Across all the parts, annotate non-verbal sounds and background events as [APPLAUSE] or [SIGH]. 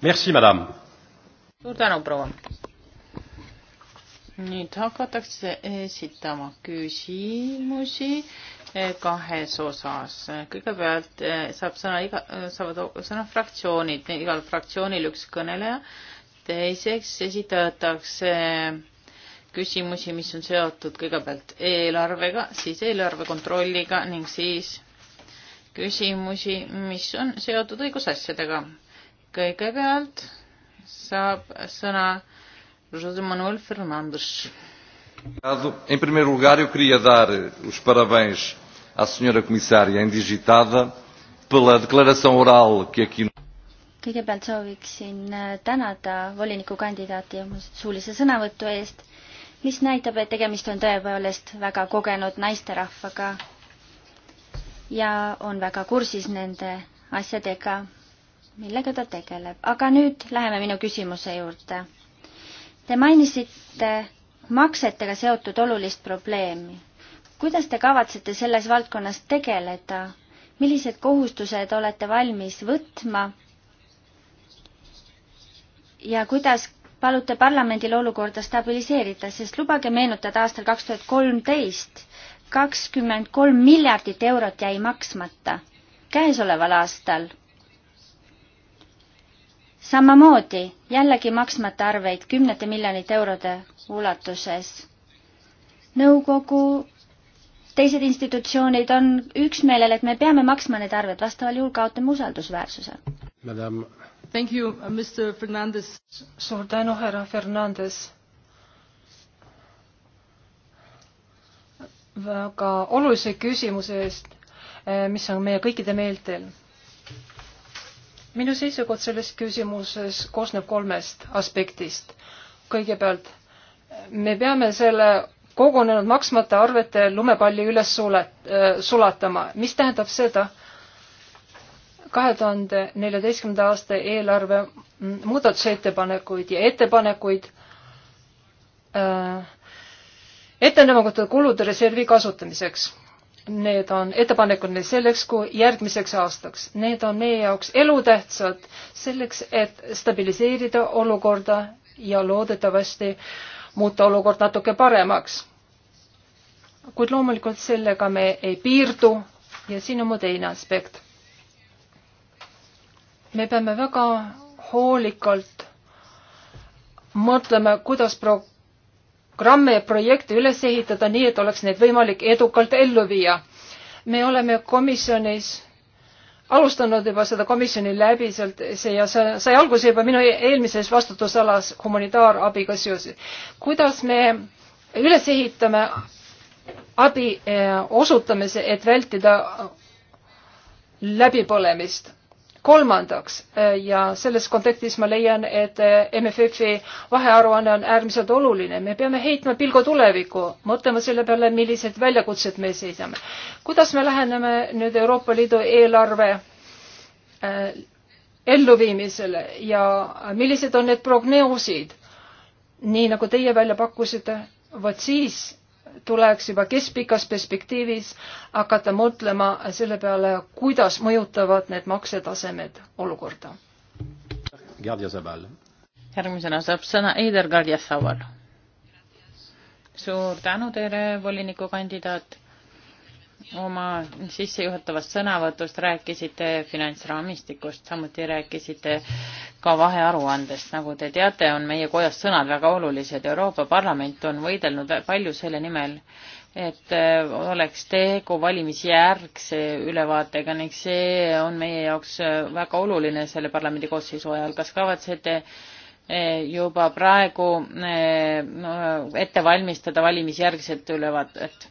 Merci, madame. suur tänu, proua. nüüd hakatakse esitama küsimusi eh, kahes osas. kõigepealt eh, saab sõna iga, eh, saavad sõna fraktsioonid, igal fraktsioonil üks kõneleja. teiseks esitatakse küsimusi, mis on seotud kõigepealt eelarvega, siis eelarve kontrolliga ning siis küsimusi, mis on seotud õigusasjadega kõigepealt saab sõna José Manuel Fernandes. Em primeiro lugar, eu queria dar os parabéns à senhora comissária indigitada pela declaração oral que aqui kõigepealt sooviksin äh, tänada volinikukandidaati suulise sõnavõtu eest, mis näitab, et tegemist on tõepoolest väga kogenud naisterahvaga ja on väga kursis nende asjadega millega ta tegeleb. aga nüüd läheme minu küsimuse juurde. Te mainisite maksetega seotud olulist probleemi. kuidas te kavatsete selles valdkonnas tegeleda? millised kohustused olete valmis võtma? ja kuidas palute parlamendil olukorda stabiliseerida, sest lubage meenutada aastal kaks tuhat kolmteist, kakskümmend kolm miljardit eurot jäi maksmata käesoleval aastal samamoodi jällegi maksmata arveid kümnete miljonite eurode ulatuses. nõukogu teised institutsioonid on üksmeelel, et me peame maksma need arved, vastaval juhul kaotame usaldusväärsuse. Thank you, uh, Mr Fernandes. suur tänu, härra Fernandes. väga olulise küsimuse eest, eh, mis on meie kõikide meeltel minu seisukoht selles küsimuses koosneb kolmest aspektist. kõigepealt, me peame selle kogunenud maksmata arvete lumepalli üles sulet-, äh, sulatama, mis tähendab seda, kahe tuhande neljateistkümnenda aasta eelarve mm, muudatusettepanekuid ja ettepanekuid äh, ettenähtud kulude reservi kasutamiseks need on ettepanekud neil selleks kui järgmiseks aastaks. Need on meie jaoks elutähtsad selleks, et stabiliseerida olukorda ja loodetavasti muuta olukord natuke paremaks. kuid loomulikult sellega me ei piirdu ja siin on mu teine aspekt. me peame väga hoolikalt mõtlema, kuidas pro-, programme ja projekte üles ehitada nii, et oleks neid võimalik edukalt ellu viia. me oleme komisjonis alustanud juba seda komisjoni läbi sealt see ja see sai alguse juba minu eelmises vastutusalas humanitaarabiga seoses. kuidas me üles ehitame abi eh, osutamise, et vältida läbipõlemist kolmandaks äh, ja selles kontekstis ma leian, et äh, MFF-i vahearuanne on äärmiselt oluline, me peame heitma pilgu tulevikku, mõtlema selle peale, millised väljakutsed me seisame. kuidas me läheneme nüüd Euroopa Liidu eelarve äh, elluviimisele ja millised on need prognoosid, nii nagu teie välja pakkusite, vot siis tuleks juba keskpikas perspektiivis hakata mõtlema selle peale, kuidas mõjutavad need maksetasemed olukorda. järgmisena saab sõna Eider Garjasaval. suur tänu teile, volinikukandidaat oma sissejuhatavast sõnavõtust rääkisite finantsraamistikust, samuti rääkisite ka vahearuandest. nagu te teate, on meie kojas sõnad väga olulised. Euroopa Parlament on võidelnud palju selle nimel, et oleks tegu valimisjärgse ülevaatega ning see on meie jaoks väga oluline selle parlamendi koosseisu ajal. kas kavatsete eh, juba praegu eh, ette valmistada valimisjärgset ülevaadet?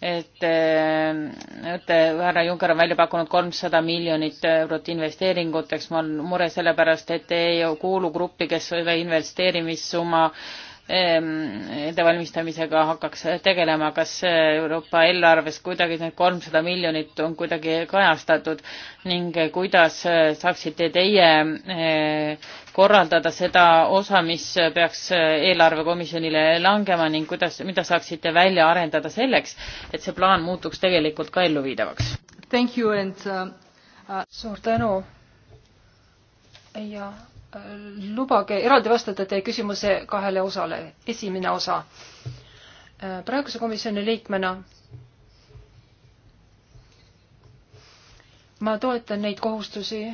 et õte eh, eh, härra Juncker on välja pakkunud kolmsada miljonit eurot investeeringuteks, ma olen mures sellepärast, et ei kuulu gruppi, kes selle investeerimissumma Ehm, ettevalmistamisega hakkaks tegelema, kas eh, Euroopa eelarves kuidagi need kolmsada miljonit on kuidagi kajastatud ning eh, kuidas eh, saaksite teie korraldada seda osa, mis peaks eelarvekomisjonile langema ning kuidas, mida saaksite välja arendada selleks, et see plaan muutuks tegelikult ka elluviidavaks? Thank you and uh, uh... suur tänu ja lubage eraldi vastata teie küsimuse kahele osale. esimene osa. Äh, praeguse komisjoni liikmena ma toetan neid kohustusi,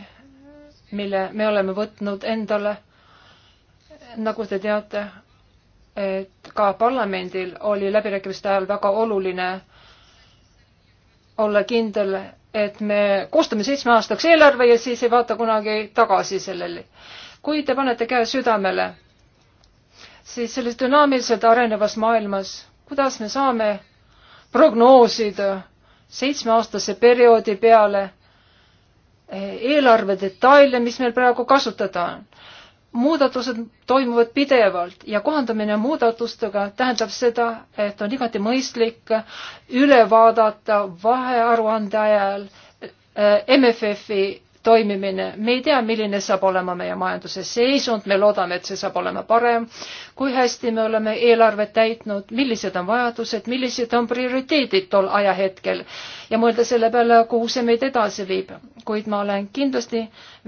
mille me oleme võtnud endale. nagu te teate, et ka parlamendil oli läbirääkimiste ajal väga oluline olla kindel, et me koostame seitsme aastaks eelarve ja siis ei vaata kunagi tagasi sellele kui te panete käe südamele, siis selles dünaamiliselt arenevas maailmas, kuidas me saame prognoosida seitsmeaastase perioodi peale eh, eelarve detaile, mis meil praegu kasutada on. muudatused toimuvad pidevalt ja kohandamine muudatustega tähendab seda, et on igati mõistlik üle vaadata vahearuande ajal eh, MFF-i toimimine. me ei tea, milline saab olema meie majanduse seisund, me loodame, et see saab olema parem, kui hästi me oleme eelarvet täitnud, millised on vajadused, millised on prioriteedid tol ajahetkel ja mõelda selle peale, kuhu see meid edasi viib. kuid ma olen kindlasti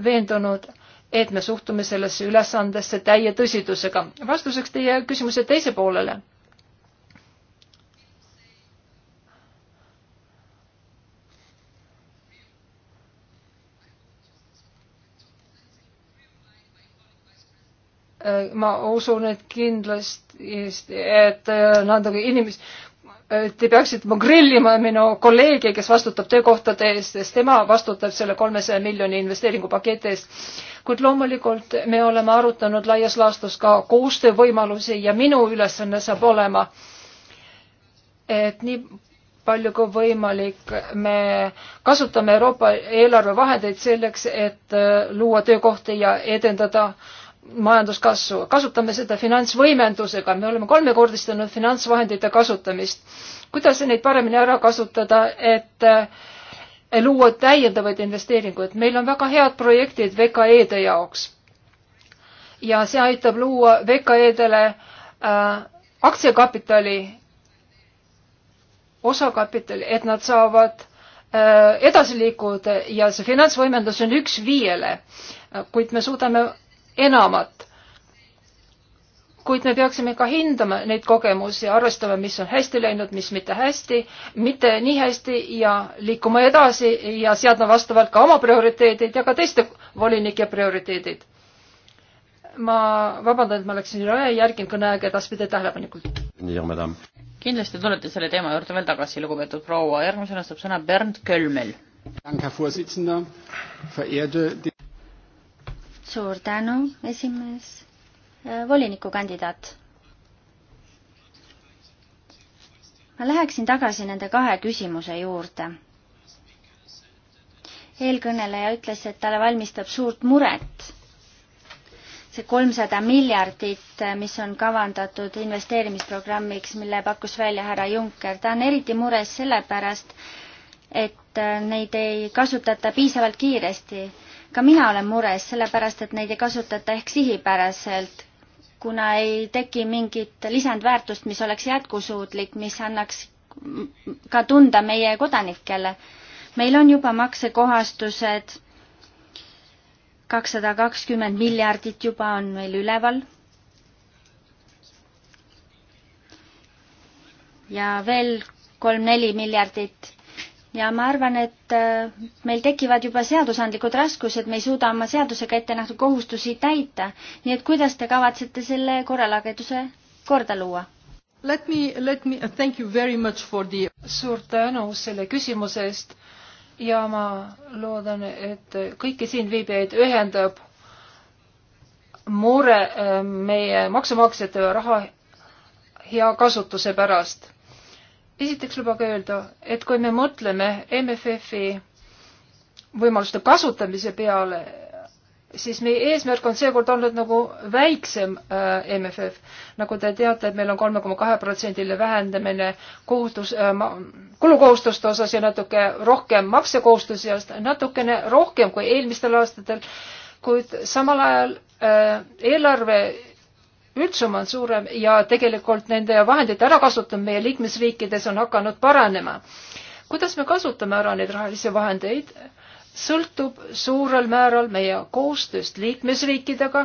veendunud, et me suhtume sellesse ülesandesse täie tõsidusega. vastuseks teie küsimuse teise poolele ma usun, et kindlasti, et äh, nad nagu inimes-, te peaksite grillima minu kolleegi, kes vastutab töökohtade eest, sest tema vastutab selle kolmesaja miljoni investeeringupaketi eest. kuid loomulikult me oleme arutanud laias laastus ka koostöövõimalusi ja minu ülesanne saab olema, et nii palju kui võimalik, me kasutame Euroopa eelarvevahendeid selleks, et äh, luua töökohti ja edendada äh, majanduskasvu, kasutame seda finantsvõimendusega, me oleme kolmekordistanud finantsvahendite kasutamist. kuidas neid paremini ära kasutada, et eh, luua täiendavaid investeeringuid, meil on väga head projektid VKE-de jaoks. ja see aitab luua VKE-dele äh, aktsiakapitali, osakapitali, et nad saavad äh, edasi liikuda ja see finantsvõimendus on üks viiele, kuid me suudame enamat. kuid me peaksime ka hindama neid kogemusi, arvestama, mis on hästi läinud, mis mitte hästi, mitte nii hästi ja liikuma edasi ja seadma vastavalt ka oma prioriteedid ja ka teiste volinike prioriteedid ma vabandan, et ma läksin üle aja, järgin kõneaega edaspidi tähelepanelikult. nii on, madam. kindlasti tulete selle teema juurde veel tagasi, lugupeetud proua, järgmisena saab sõna Bernd Kölmel suur tänu, esimees, äh, volinikukandidaat. ma läheksin tagasi nende kahe küsimuse juurde. eelkõneleja ütles, et talle valmistab suurt muret see kolmsada miljardit, mis on kavandatud investeerimisprogrammiks, mille pakkus välja härra Juncker, ta on eriti mures sellepärast, et neid ei kasutata piisavalt kiiresti ka mina olen mures, sellepärast et neid ei kasutata ehk sihipäraselt, kuna ei teki mingit lisandväärtust, mis oleks jätkusuutlik, mis annaks ka tunda meie kodanikele. meil on juba maksekohastused, kakssada kakskümmend miljardit juba on meil üleval. ja veel kolm-neli miljardit ja ma arvan, et äh, meil tekivad juba seadusandlikud raskused, me ei suuda oma seadusega ette nähtud kohustusi täita. nii et kuidas te kavatsete selle korralageduse korda luua? Let me, let me uh, thank you very much for the suur tänu selle küsimuse eest ja ma loodan, et kõiki siin viibijaid ühendab mure äh, meie maksumaksjate raha hea kasutuse pärast esiteks lubage öelda, et kui me mõtleme MFF-i võimaluste kasutamise peale, siis meie eesmärk on seekord olnud nagu väiksem äh, MFF. nagu te teate, et meil on kolme koma kahe protsendiline vähendamine kohustus äh,, kulukohustuste osas ja natuke rohkem maksekohustusi ja natukene rohkem kui eelmistel aastatel, kuid samal ajal äh, eelarve üldsumma on suurem ja tegelikult nende vahendite ärakasutamine meie liikmesriikides on hakanud paranema. kuidas me kasutame ära neid rahalisi vahendeid, sõltub suurel määral meie koostööst liikmesriikidega.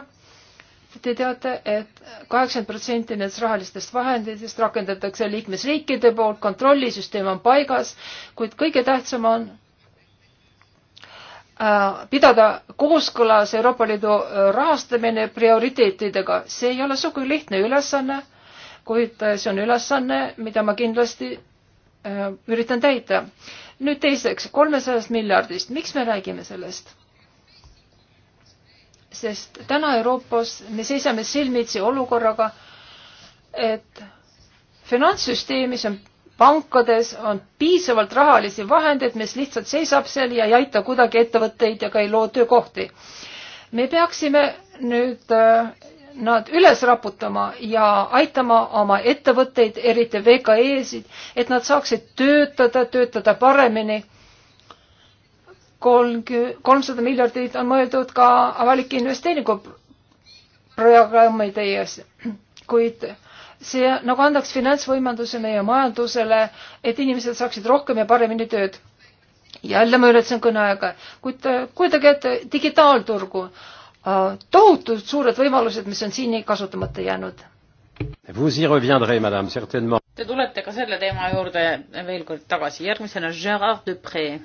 Te teate et, et kaheksakümmend protsenti nendest rahalistest vahenditest rakendatakse liikmesriikide poolt, kontrollisüsteem on paigas, kuid kõige tähtsam on Äh, pidada kooskõlas Euroopa Liidu äh, rahastamine prioriteetidega. see ei ole sugugi lihtne ülesanne, kuid äh, see on ülesanne, mida ma kindlasti üritan täita. nüüd teiseks, kolmesajast miljardist, miks me räägime sellest? sest täna Euroopas me seisame silmitsi olukorraga, et finantssüsteemis on pankades on piisavalt rahalisi vahendeid, mis lihtsalt seisab seal ja ei aita kuidagi ettevõtteid ja ka ei loo töökohti. me peaksime nüüd äh, nad üles raputama ja aitama oma ettevõtteid, eriti VKE-sid, et nad saaksid töötada, töötada paremini. kolmkümmend, kolmsada miljardit on mõeldud ka avalike investeeringuprogrammide ees, kuid see nagu andaks finantsvõimenduse meie majandusele, et inimesed saaksid rohkem ja paremini tööd. jälle ma ületasin kõneaega, kuid äh, kujutage ette digitaalturgu, äh, tohutud suured võimalused, mis on siiani kasutamata jäänud. Te tulete ka selle teema juurde veel kord tagasi, järgmisena Gerard Dupre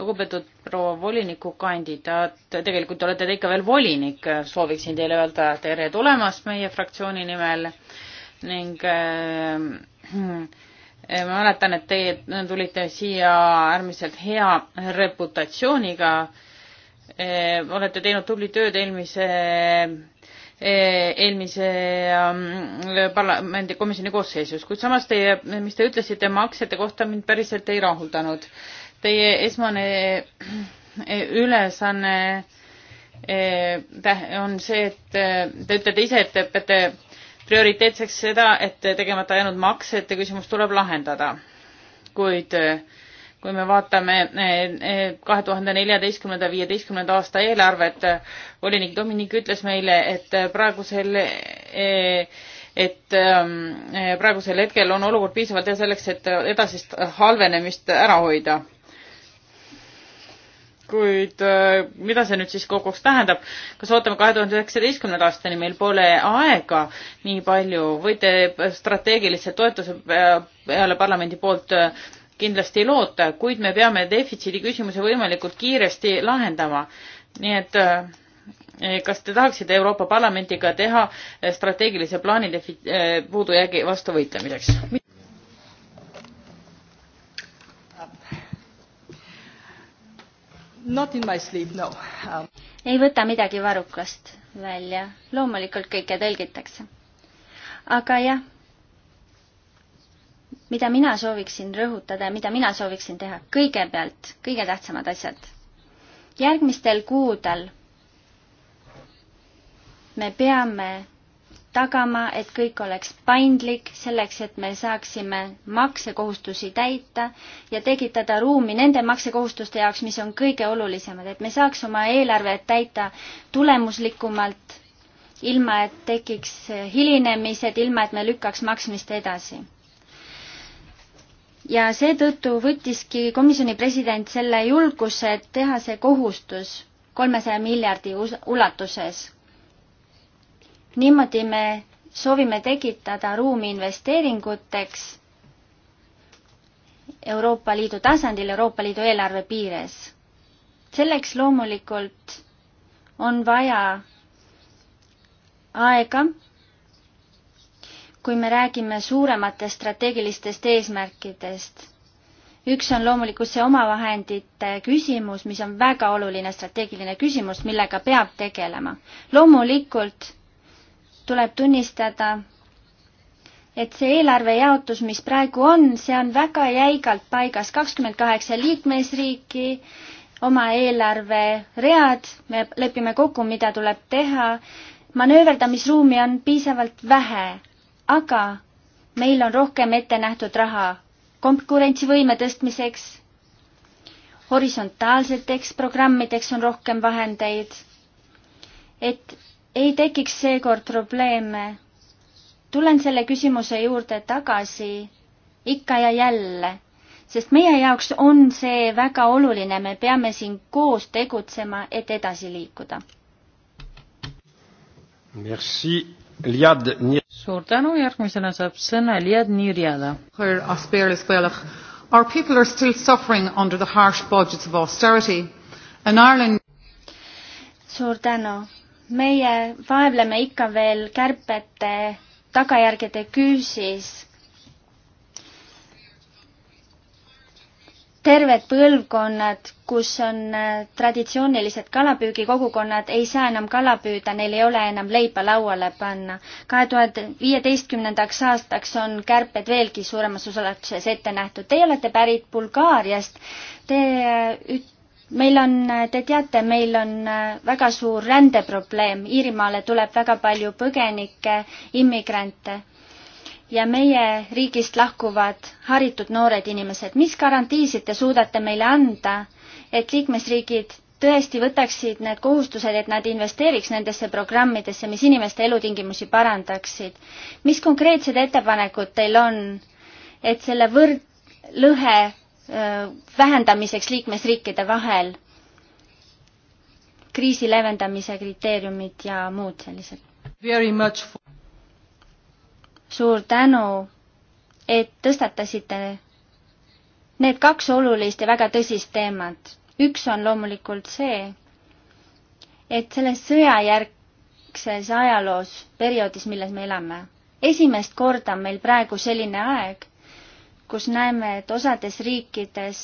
lugupeetud proua volinikukandidaat, tegelikult olete te ikka veel volinik, sooviksin teile öelda tere tulemast meie fraktsiooni nimel ning äh, [CLEARS THROAT] ma mäletan, et teie tulite siia äärmiselt hea reputatsiooniga äh,. olete teinud tubli tööd eelmise äh, eelmise ähm, parlamendi komisjoni koosseisus, kuid samas teie, mis te ütlesite maksete kohta mind päriselt ei rahuldanud äh, Teie esmane eh, ülesanne eh, on see, et eh, te ütlete ise, et te peate prioriteetseks seda, et tegemata jäänud maksete küsimus tuleb lahendada. kuid kui me vaatame kahe tuhande neljateistkümnenda, viieteistkümnenda aasta eelarvet, volinik Dominik ütles meile, et praegusel, et ehm, praegusel hetkel on olukord piisavalt hea selleks, et edasist halvenemist ära hoida kuid äh, mida see nüüd siis koguks tähendab? kas ootame kahe tuhande üheksateistkümnenda aastani, meil pole aega nii palju, võite strateegilise toetuse äh, peale parlamendi poolt äh, kindlasti loota, kuid me peame defitsiidi küsimuse võimalikult kiiresti lahendama. nii et kas te tahaksite Euroopa Parlamendiga teha strateegilise plaani defi-, puudujäägi vastu võitlemiseks? Not in my sleep, no um.... ei võta midagi varrukast välja, loomulikult kõike tõlgitakse. aga jah, mida mina sooviksin rõhutada ja mida mina sooviksin teha, kõigepealt kõige tähtsamad asjad. järgmistel kuudel me peame tagama, et kõik oleks paindlik, selleks et me saaksime maksekohustusi täita ja tekitada ruumi nende maksekohustuste jaoks, mis on kõige olulisemad, et me saaks oma eelarvet täita tulemuslikumalt, ilma et tekiks hilinemised, ilma et me lükkaks maksmist edasi. ja seetõttu võttiski komisjoni president selle julguse, et teha see kohustus kolmesaja miljardi ulatuses niimoodi me soovime tekitada ruumi investeeringuteks Euroopa Liidu tasandil, Euroopa Liidu eelarve piires. selleks loomulikult on vaja aega, kui me räägime suurematest strateegilistest eesmärkidest. üks on loomulikult see omavahendite küsimus, mis on väga oluline strateegiline küsimus, millega peab tegelema. loomulikult tuleb tunnistada, et see eelarve jaotus, mis praegu on, see on väga jäigalt paigas, kakskümmend kaheksa liikmesriiki, oma eelarveread, me lepime kokku, mida tuleb teha, manööverdamisruumi on piisavalt vähe, aga meil on rohkem ette nähtud raha konkurentsivõime tõstmiseks, horisontaalseteks programmideks on rohkem vahendeid, et ei tekiks seekord probleeme. tulen selle küsimuse juurde tagasi ikka ja jälle, sest meie jaoks on see väga oluline, me peame siin koos tegutsema, et edasi liikuda. Merci. Liad Nir-. suur tänu, järgmisena saab sõna Liad Nirjada. Our people are still suffering under the harsh budgets of austerity and Ireland suur tänu meie vaevleme ikka veel kärbete tagajärgede küüsis. terved põlvkonnad, kus on äh, traditsioonilised kalapüügikogukonnad, ei saa enam kala püüda, neil ei ole enam leiba lauale panna. kahe tuhande viieteistkümnendaks aastaks on kärped veelgi suuremas usalduses ette nähtud. Teie olete pärit Bulgaariast. Te äh, üt-, meil on, te teate, meil on äh, väga suur rändeprobleem, Iirimaale tuleb väga palju põgenikke, immigrante ja meie riigist lahkuvad haritud noored inimesed. mis garantiisid te suudate meile anda, et liikmesriigid tõesti võtaksid need kohustused, et nad investeeriks nendesse programmidesse, mis inimeste elutingimusi parandaksid? mis konkreetsed ettepanekud teil on, et selle võrd-, lõhe vähendamiseks liikmesriikide vahel, kriisi leevendamise kriteeriumid ja muud sellised. suur tänu, et tõstatasite need kaks olulist ja väga tõsist teemat. üks on loomulikult see, et selles sõjajärgses ajaloos, perioodis, milles me elame, esimest korda on meil praegu selline aeg, kus näeme, et osades riikides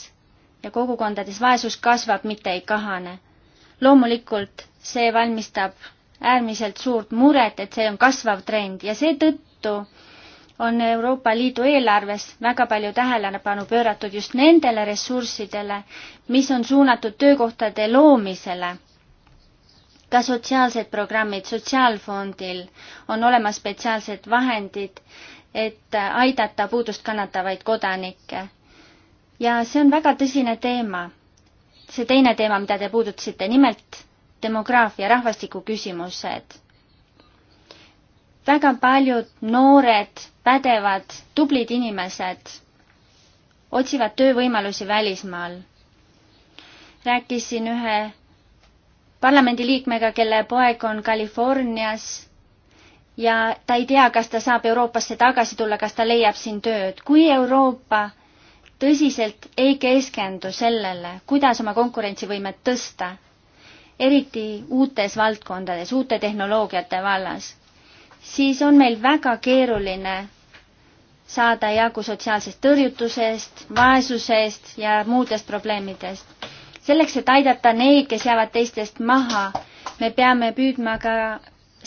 ja kogukondades vaesus kasvab, mitte ei kahane. loomulikult see valmistab äärmiselt suurt muret, et see on kasvav trend ja seetõttu on Euroopa Liidu eelarves väga palju tähelepanu pööratud just nendele ressurssidele, mis on suunatud töökohtade loomisele. ka sotsiaalsed programmid Sotsiaalfondil on olemas spetsiaalsed vahendid et aidata puudust kannatavaid kodanikke. ja see on väga tõsine teema. see teine teema, mida te puudutasite, nimelt demograafia, rahvastiku küsimused. väga paljud noored, pädevad, tublid inimesed otsivad töövõimalusi välismaal. rääkisin ühe parlamendiliikmega, kelle poeg on Californias ja ta ei tea, kas ta saab Euroopasse tagasi tulla, kas ta leiab siin tööd. kui Euroopa tõsiselt ei keskendu sellele, kuidas oma konkurentsivõimet tõsta, eriti uutes valdkondades, uute tehnoloogiate vallas, siis on meil väga keeruline saada jagu sotsiaalsest tõrjutusest, vaesusest ja muudest probleemidest. selleks, et aidata neid, kes jäävad teistest maha, me peame püüdma ka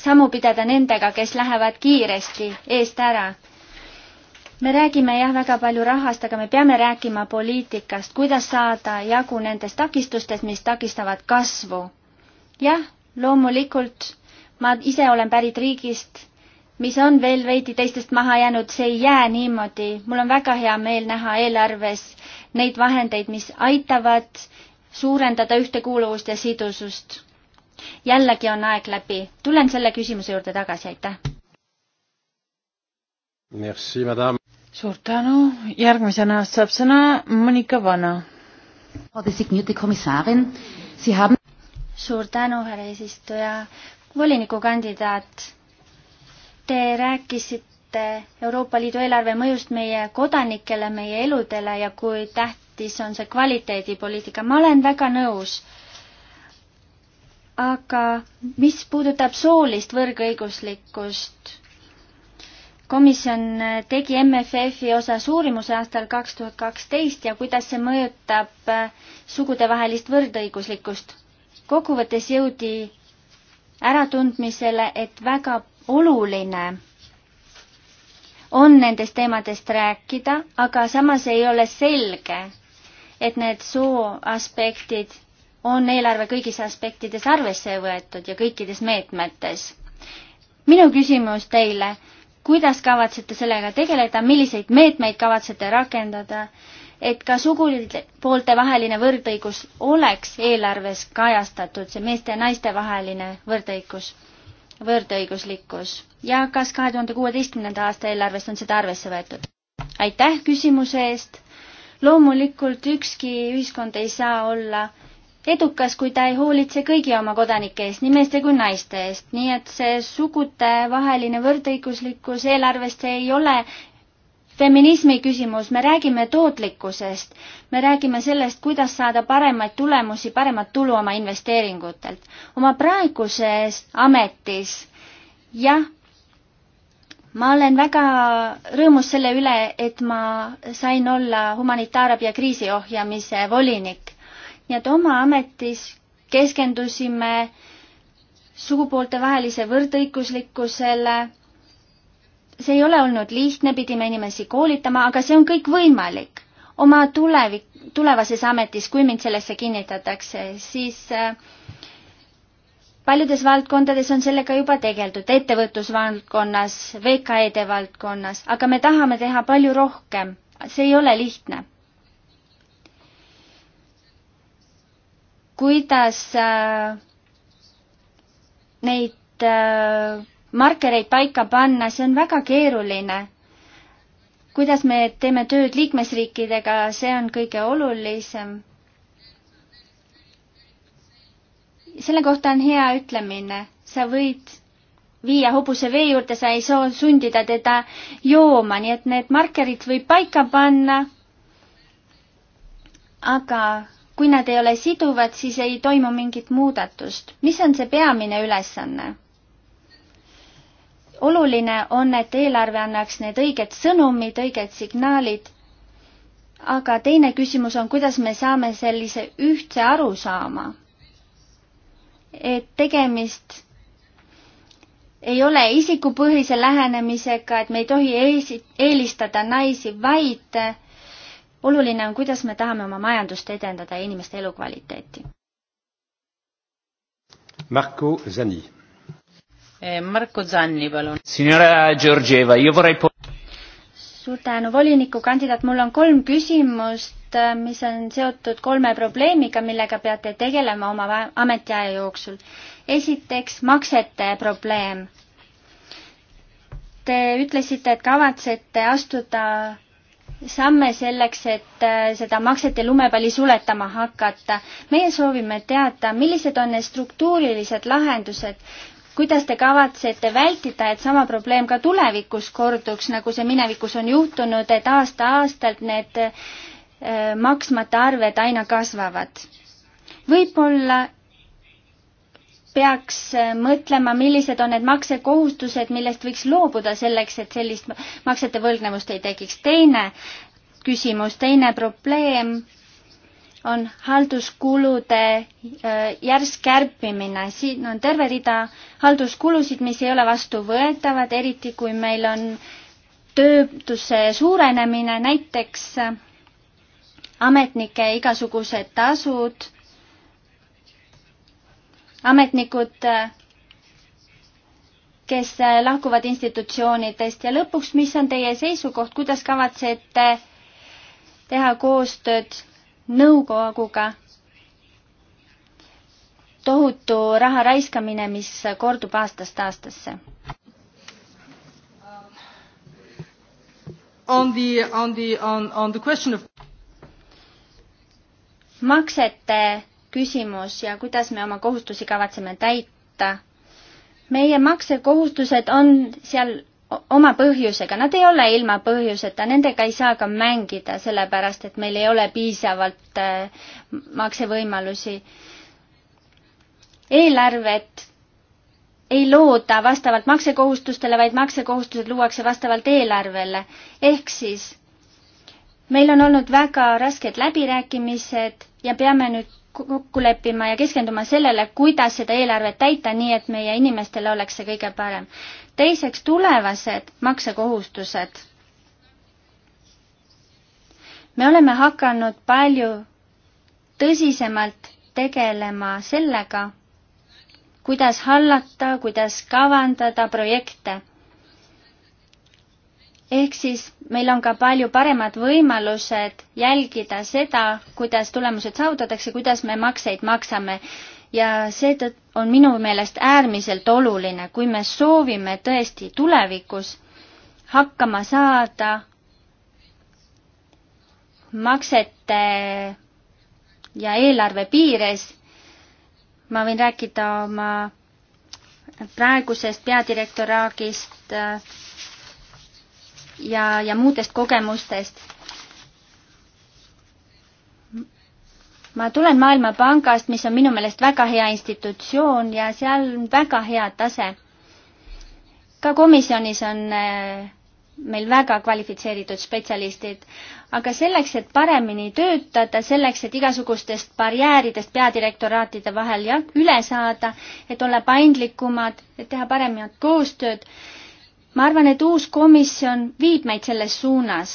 sammu pidada nendega, kes lähevad kiiresti eest ära. me räägime jah, väga palju rahast, aga me peame rääkima poliitikast, kuidas saada jagu nendest takistustest, mis takistavad kasvu. jah, loomulikult ma ise olen pärit riigist, mis on veel veidi teistest maha jäänud, see ei jää niimoodi. mul on väga hea meel näha eelarves neid vahendeid, mis aitavad suurendada ühtekuuluvust ja sidusust jällegi on aeg läbi, tulen selle küsimuse juurde tagasi, aitäh. Merci, madame. suur tänu, järgmisena saab sõna Monika Vana. suur tänu, härra eesistuja. volinikukandidaat, te rääkisite Euroopa Liidu eelarve mõjust meie kodanikele, meie eludele ja kui tähtis on see kvaliteedipoliitika, ma olen väga nõus aga mis puudutab soolist võrgõiguslikkust, komisjon tegi MFF-i osas uurimuse aastal kaks tuhat kaksteist ja kuidas see mõjutab äh, sugudevahelist võrdõiguslikkust. kokkuvõttes jõudi äratundmisele, et väga oluline on nendest teemadest rääkida, aga samas ei ole selge, et need sooaspektid on eelarve kõigis aspektides arvesse võetud ja kõikides meetmetes. minu küsimus teile, kuidas kavatsete sellega tegeleda, milliseid meetmeid kavatsete rakendada, et ka sugupoolte vaheline võrdõigus oleks eelarves kajastatud, see meeste ja naiste vaheline võrdõigus, võrdõiguslikkus ja kas kahe tuhande kuueteistkümnenda aasta eelarvest on seda arvesse võetud? aitäh küsimuse eest! loomulikult ükski ühiskond ei saa olla edukas, kui ta ei hoolitse kõigi oma kodanike eest, nii meeste kui naiste eest, nii et see sugudevaheline võrdõiguslikkus eelarvest, see ei ole feminismi küsimus, me räägime tootlikkusest, me räägime sellest, kuidas saada paremaid tulemusi, paremat tulu oma investeeringutelt. oma praeguses ametis, jah, ma olen väga rõõmus selle üle, et ma sain olla humanitaarabi ja kriisiohjamise volinik nii et oma ametis keskendusime sugupooltevahelise võrdõiguslikkusele. see ei ole olnud lihtne, pidime inimesi koolitama, aga see on kõik võimalik. oma tulevik, tulevases ametis, kui mind sellesse kinnitatakse, siis äh, paljudes valdkondades on sellega juba tegeldud, ettevõtlusvaldkonnas, VKE-de valdkonnas, aga me tahame teha palju rohkem. see ei ole lihtne kuidas äh, neid äh, markereid paika panna, see on väga keeruline. kuidas me teeme tööd liikmesriikidega, see on kõige olulisem. selle kohta on hea ütlemine, sa võid viia hobuse vee juurde, sa ei saa sundida teda jooma, nii et need markerid võib paika panna. aga kui nad ei ole siduvad, siis ei toimu mingit muudatust. mis on see peamine ülesanne? oluline on, et eelarve annaks need õiged sõnumid, õiged signaalid, aga teine küsimus on, kuidas me saame sellise ühtse arusaama, et tegemist ei ole isikupõhise lähenemisega, et me ei tohi eesi-, eelistada naisi, vaid oluline on, kuidas me tahame oma majandust edendada ja inimeste elukvaliteeti. Marko Zanni. Eh, Marko Zanni, palun. Signora Georgieva, io vorrei suur tänu, volinikukandidaat, mul on kolm küsimust, eh, mis on seotud kolme probleemiga, millega peate tegelema oma ametiaja jooksul. esiteks, maksete probleem. Te ütlesite, et kavatsete astuda samme selleks, et äh, seda maksete lumepalli suletama hakata. meie soovime teada, millised on need struktuurilised lahendused, kuidas te kavatsete vältida, et sama probleem ka tulevikus korduks, nagu see minevikus on juhtunud, et aasta-aastalt need äh, maksmata arved aina kasvavad? võib-olla peaks äh, mõtlema, millised on need maksekohustused, millest võiks loobuda selleks, et sellist maksete võlgnevust ei tekiks. teine küsimus, teine probleem on halduskulude äh, järsk kärpimine. siin on terve rida halduskulusid, mis ei ole vastuvõetavad, eriti kui meil on töötuse suurenemine, näiteks äh, ametnike igasugused tasud ametnikud, kes lahkuvad institutsioonidest ja lõpuks, mis on teie seisukoht, kuidas kavatsete teha koostööd nõukoguga? tohutu raha raiskamine, mis kordub aastast aastasse. On the, on the, on, on the question of maksete küsimus ja kuidas me oma kohustusi kavatseme täita. meie maksekohustused on seal oma põhjusega, nad ei ole ilma põhjuseta, nendega ei saa ka mängida, sellepärast et meil ei ole piisavalt äh, maksevõimalusi. eelarvet ei looda vastavalt maksekohustustele, vaid maksekohustused luuakse vastavalt eelarvele. ehk siis meil on olnud väga rasked läbirääkimised ja peame nüüd kokku leppima ja keskenduma sellele, kuidas seda eelarvet täita, nii et meie inimestele oleks see kõige parem. teiseks, tulevased maksekohustused. me oleme hakanud palju tõsisemalt tegelema sellega, kuidas hallata, kuidas kavandada projekte ehk siis meil on ka palju paremad võimalused jälgida seda, kuidas tulemused saavutatakse, kuidas me makseid maksame. ja see on minu meelest äärmiselt oluline, kui me soovime tõesti tulevikus hakkama saada maksete ja eelarve piires. ma võin rääkida oma praegusest peadirektoraagist äh, ja, ja muudest kogemustest. ma tulen Maailmapangast, mis on minu meelest väga hea institutsioon ja seal on väga hea tase. ka komisjonis on äh, meil väga kvalifitseeritud spetsialistid, aga selleks, et paremini töötada, selleks, et igasugustest barjääridest peadirektoraatide vahel ja üle saada, et olla paindlikumad, et teha paremat koostööd ma arvan, et uus komisjon viib meid selles suunas.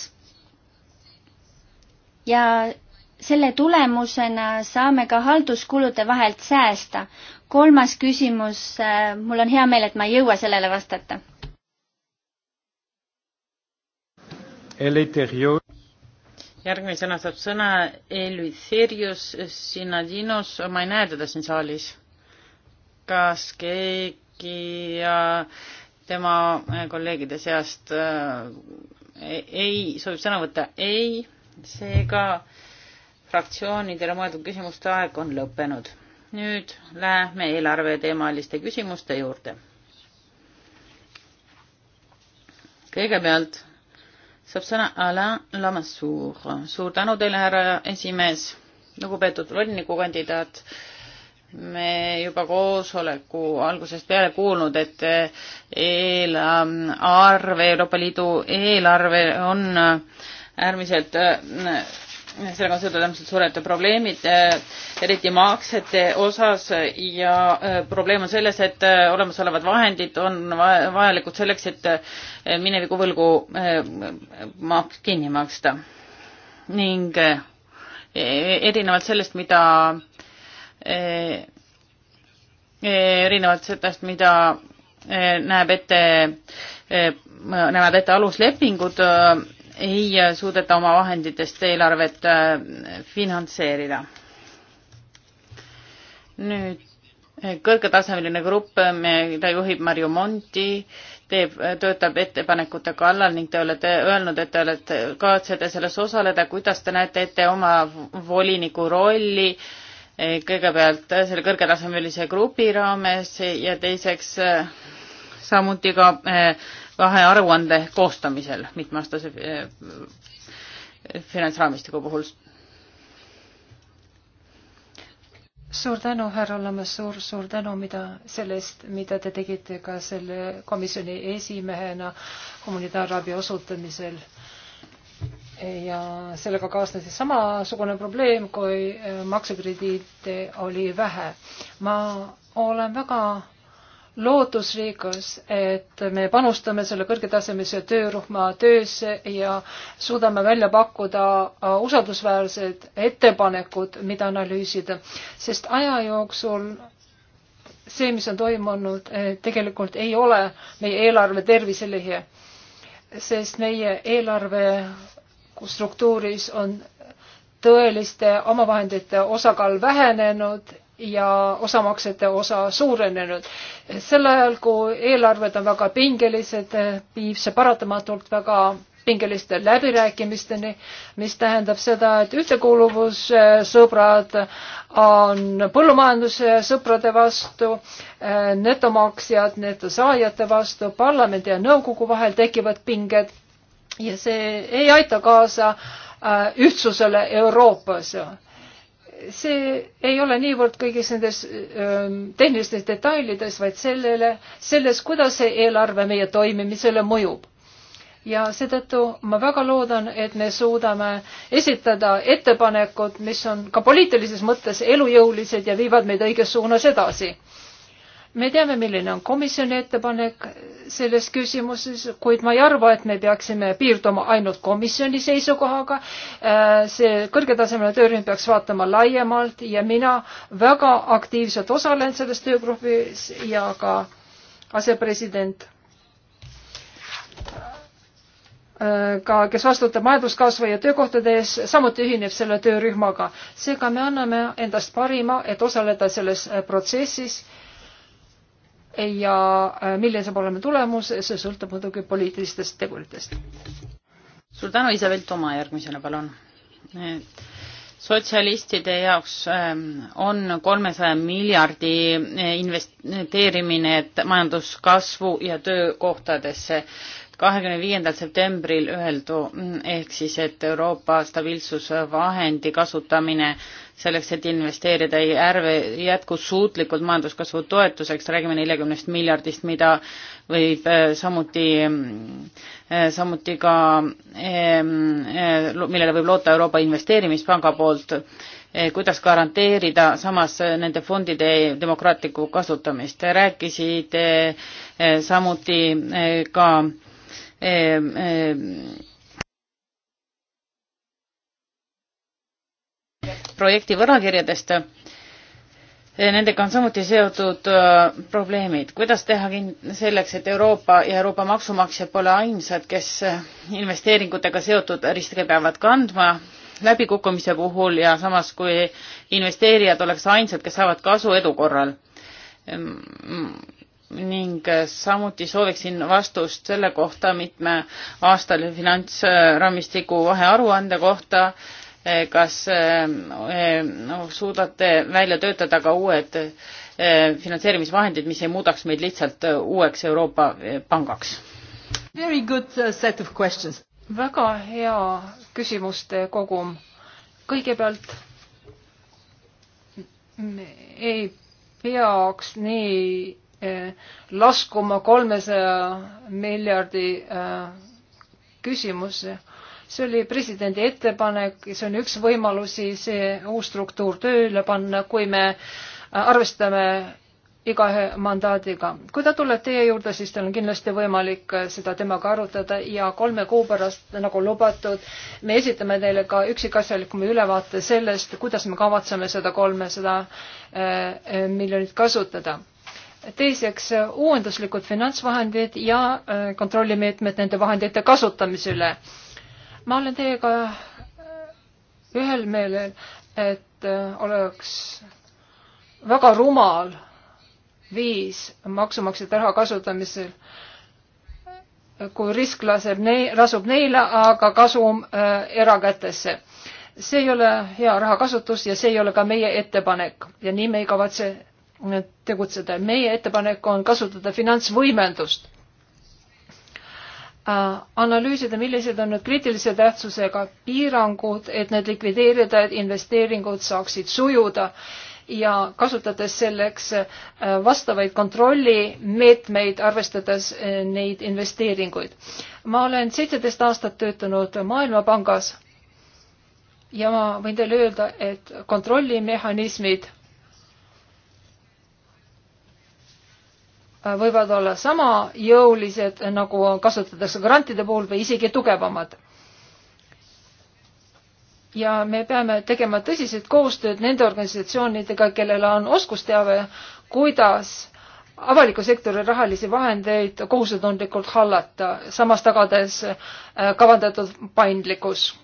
ja selle tulemusena saame ka halduskulude vahelt säästa. kolmas küsimus, äh, mul on hea meel, et ma ei jõua sellele vastata. järgmisena saab sõna Elvitherius Sinadinos, ma ei näe teda siin saalis. kas keegi ja äh, tema äh, kolleegide seast äh, e-, ei, soovib sõna võtta ei, seega fraktsioonidele mõeldud küsimuste aeg on lõppenud. nüüd läheme eelarveteemaliste küsimuste juurde. kõigepealt saab sõna Alain Lamassoure. suur tänu teile, härra esimees, lugupeetud volinikukandidaat me juba koosoleku algusest peale kuulnud, et eelarve, Euroopa Liidu eelarve on äärmiselt, sellega on seotud äärmiselt suured probleemid, eriti maksete osas ja probleem on selles, et olemasolevad vahendid on vajalikud selleks, et mineviku võlgu maks kinni maksta. ning e-, erinevalt sellest, mida Eh, eh, erinevalt sellest, mida eh, näeb ette, näevad ette aluslepingud, ei suudeta oma vahenditest eelarvet finantseerida. nüüd kõrgetasemeline grupp, mida juhib Marju Monti, teeb, töötab ettepanekute kallal ning te olete öelnud, et te olete, kavatsete selles osaleda, kuidas te näete ette oma voliniku rolli äh, Eh, kõigepealt eh, selle kõrgetasemelise grupi raames ja teiseks eh, samuti ka vahearuande koostamisel mitmeaastase finantsraamistiku puhul. suur tänu, härra Lammas, suur, suur tänu, mida sellest, mida te tegite ka selle komisjoni esimehena humanitaarabi osutamisel ja sellega kaasnes samasugune probleem, kui äh, maksukrediite oli vähe. ma olen väga lootusriigas, et me panustame selle kõrgetasemelise töörühma töösse ja suudame välja pakkuda äh, usaldusväärsed ettepanekud, mida analüüsida, sest aja jooksul see, mis on toimunud, äh, tegelikult ei ole meie eelarve tervisele hea, sest meie eelarve struktuuris on tõeliste omavahendite osakaal vähenenud ja osamaksete osa suurenenud. sel ajal, kui eelarved on väga pingelised, viib see paratamatult väga pingeliste läbirääkimisteni, mis tähendab seda, et ühtekuuluvussõbrad on põllumajanduse sõprade vastu, netomaksjad netosaajate vastu, parlamendi ja nõukogu vahel tekivad pinged ja see ei aita kaasa äh, ühtsusele Euroopas. see ei ole niivõrd kõigis nendes ähm, tehnilistes detailides, vaid sellele, selles, kuidas see eelarve meie toimimisele mõjub ja seetõttu ma väga loodan, et me suudame esitada ettepanekud, mis on ka poliitilises mõttes elujõulised ja viivad meid õiges suunas edasi me teame, milline on komisjoni ettepanek selles küsimuses, kuid ma ei arva, et me peaksime piirduma ainult komisjoni seisukohaga. Äh, see kõrgetasemeline töörühm peaks vaatama laiemalt ja mina väga aktiivselt osalen selles töögrupis ja ka asepresident äh, ka, kes vastutab majanduskasvu ja töökohtade ees, samuti ühineb selle töörühmaga. seega me anname endast parima, et osaleda selles protsessis ja äh, milline saab olema tulemus, see sõltub muidugi poliitilistest teguritest. suur tänu, Isabel Toma järgmisena, palun. sotsialistide jaoks ähm, on kolmesaja miljardi äh, investeerimine majanduskasvu ja töökohtadesse kahekümne viiendal septembril öeldu, ehk siis, et Euroopa stabiilsusvahendi kasutamine selleks, et investeerida järve jätkusuutlikult majanduskasvu toetuseks, räägime neljakümnest miljardist, mida võib äh, samuti, mm, äh, samuti ka, äh, millele võib loota Euroopa Investeerimispanga poolt kuidas garanteerida samas nende fondide demokraatlikku kasutamist. rääkisite samuti ka projekti võlakirjadest. Eh, nendega on samuti seotud eh, probleemid. kuidas teha selleks, et Euroopa ja Euroopa maksumaksjad pole ainsad, kes eh, investeeringutega seotud riske peavad kandma läbikukkumise puhul ja samas, kui investeerijad oleks ainsad, kes saavad kasu edu korral ning samuti sooviksin vastust selle kohta mitme aastane finantsraamistiku vahearuande kohta. kas no, eh, eh, suudate välja töötada ka uued eh, finantseerimisvahendid, mis ei muudaks meid lihtsalt uueks Euroopa pangaks? Very good uh, set of questions. väga hea küsimuste kogum. kõigepealt me ei peaks nii Eh, laskuma kolmesaja miljardi eh, küsimusse. see oli presidendi ettepanek, see on üks võimalusi see uus struktuur tööle panna, kui me eh, arvestame igaühe mandaadiga. kui ta tuleb teie juurde, siis tal on kindlasti võimalik seda temaga arutada ja kolme kuu pärast, nagu lubatud, me esitame teile ka üksikasjalikuma ülevaate sellest, kuidas me kavatseme seda kolmesada miljonit kasutada teiseks uuenduslikud finantsvahendid ja äh, kontrollimeetmed nende vahendite kasutamise üle. ma olen teiega äh, ühel meelel, et äh, oleks väga rumal viis maksumaksjate raha kasutamisel, kui risk laseb nei-, lasub neile, aga kasum äh, erakätesse. see ei ole hea rahakasutus ja see ei ole ka meie ettepanek ja nii me ei kavatse tegutseda. meie ettepanek on kasutada finantsvõimendust äh, analüüsida, millised on need kriitilise tähtsusega piirangud, et need likvideerida, et investeeringud saaksid sujuda ja kasutades selleks äh, vastavaid kontrollimeetmeid, arvestades äh, neid investeeringuid. ma olen seitseteist aastat töötanud Maailmapangas ja ma võin teile öelda, et kontrollimehhanismid võivad olla sama jõulised, nagu kasutatakse grantide puhul või isegi tugevamad. ja me peame tegema tõsiselt koostööd nende organisatsioonidega, kellel on oskusteave, kuidas avaliku sektori rahalisi vahendeid kohusetundlikult hallata, samas tagades äh, kavandatud paindlikkus.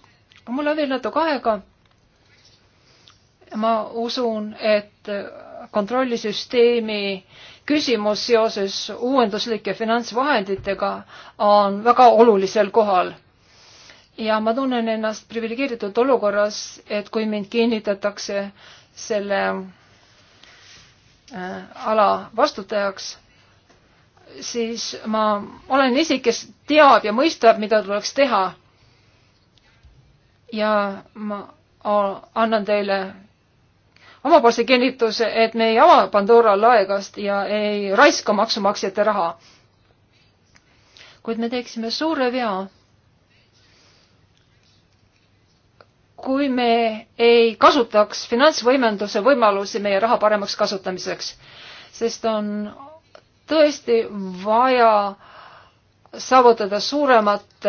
mul on veel natuke aega. ma usun, et kontrollisüsteemi küsimus seoses uuenduslike finantsvahenditega on väga olulisel kohal. ja ma tunnen ennast priviligeeritud olukorras, et kui mind kinnitatakse selle äh, ala vastutajaks, siis ma olen isik, kes teab ja mõistab, mida tuleks teha. ja ma annan teile omapoolse kinnituse, et me ei ava Pandora laegast ja ei raiska maksumaksjate raha. kuid me teeksime suure vea, kui me ei kasutaks finantsvõimenduse võimalusi meie raha paremaks kasutamiseks, sest on tõesti vaja saavutada suuremat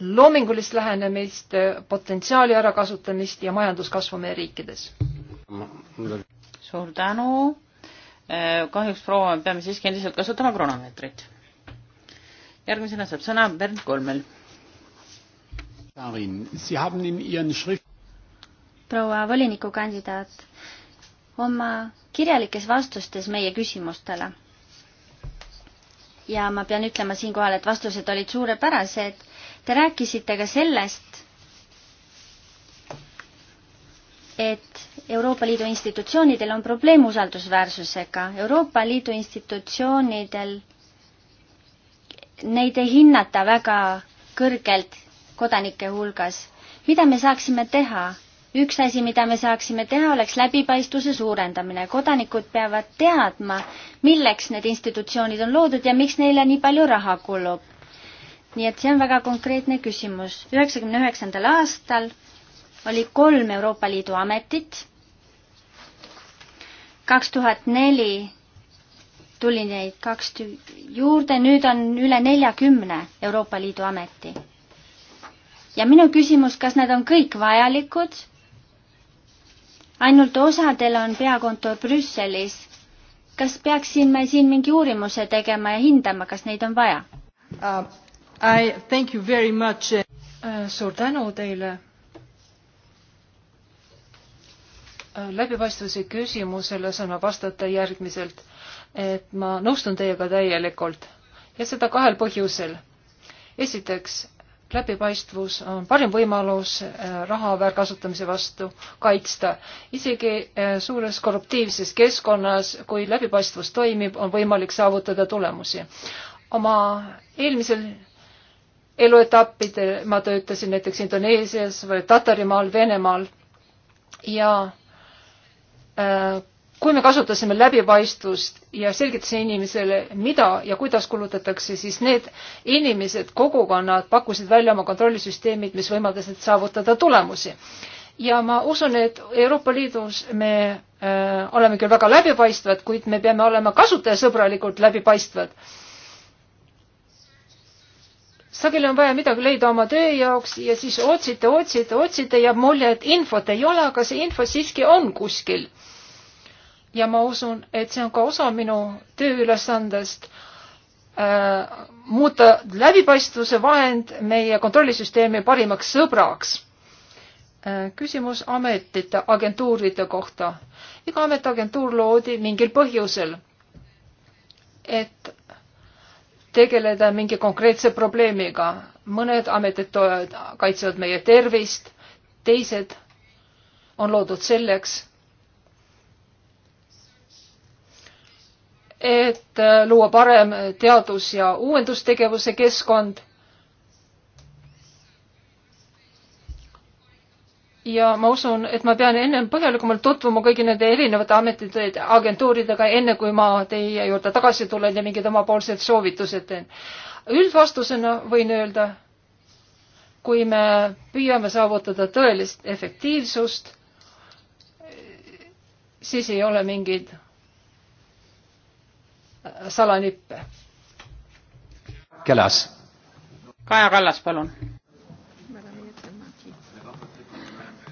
loomingulist lähenemist, potentsiaali ärakasutamist ja majanduskasvu meie riikides suur tänu. Äh, kahjuks proua, peame siiski endiselt kasutama kronomeetrit. järgmisena saab sõna Bernd Kolmel. proua volinikukandidaat, oma kirjalikes vastustes meie küsimustele ja ma pean ütlema siinkohal, et vastused olid suurepärased. Te rääkisite ka sellest, et Euroopa Liidu institutsioonidel on probleem usaldusväärsusega. Euroopa Liidu institutsioonidel, neid ei hinnata väga kõrgelt kodanike hulgas. mida me saaksime teha? üks asi, mida me saaksime teha, oleks läbipaistvuse suurendamine. kodanikud peavad teadma, milleks need institutsioonid on loodud ja miks neile nii palju raha kulub. nii et see on väga konkreetne küsimus. üheksakümne üheksandal aastal oli kolm Euroopa Liidu ametit. kaks tuhat neli tuli neid kaks juurde, nüüd on üle neljakümne Euroopa Liidu ameti. ja minu küsimus, kas need on kõik vajalikud? ainult osadel on peakontor Brüsselis. kas peaksime siin mingi uurimuse tegema ja hindama, kas neid on vaja uh,? I thank you very much uh,. suur tänu teile läbipaistvuse küsimusele saan ma vastata järgmiselt, et ma nõustun teiega täielikult ja seda kahel põhjusel. esiteks, läbipaistvus on parim võimalus äh, raha väärkasutamise vastu kaitsta. isegi äh, suures korruptiivses keskkonnas, kui läbipaistvus toimib, on võimalik saavutada tulemusi. oma eelmisel eluetappidel ma töötasin näiteks Indoneesias või Tatarimaal, Venemaal ja Äh, kui me kasutasime läbipaistvust ja selgitasime inimesele, mida ja kuidas kulutatakse, siis need inimesed, kogukonnad pakkusid välja oma kontrollisüsteemid, mis võimaldasid saavutada tulemusi. ja ma usun, et Euroopa Liidus me äh, oleme küll väga läbipaistvad, kuid me peame olema kasutajasõbralikult läbipaistvad. sageli on vaja midagi leida oma töö jaoks ja siis otsite, otsite, otsite, jääb mulje, et infot ei ole, aga see info siiski on kuskil ja ma usun, et see on ka osa minu tööülesandest äh, muuta läbipaistvuse vahend meie kontrollisüsteemi parimaks sõbraks äh,. küsimus ametite, agentuuride kohta. iga ametiagentuur loodi mingil põhjusel, et tegeleda mingi konkreetse probleemiga. mõned ametid kaitsevad meie tervist, teised on loodud selleks et äh, luua parem teadus- ja uuendustegevuse keskkond. ja ma usun, et ma pean ennem põhjalikumalt tutvuma kõigi nende erinevate ametite, agentuuridega, enne kui ma teie juurde tagasi tulen ja mingid omapoolsed soovitused teen. üldvastusena võin öelda, kui me püüame saavutada tõelist efektiivsust, siis ei ole mingeid salanippe. Kallas. Kaja Kallas, palun.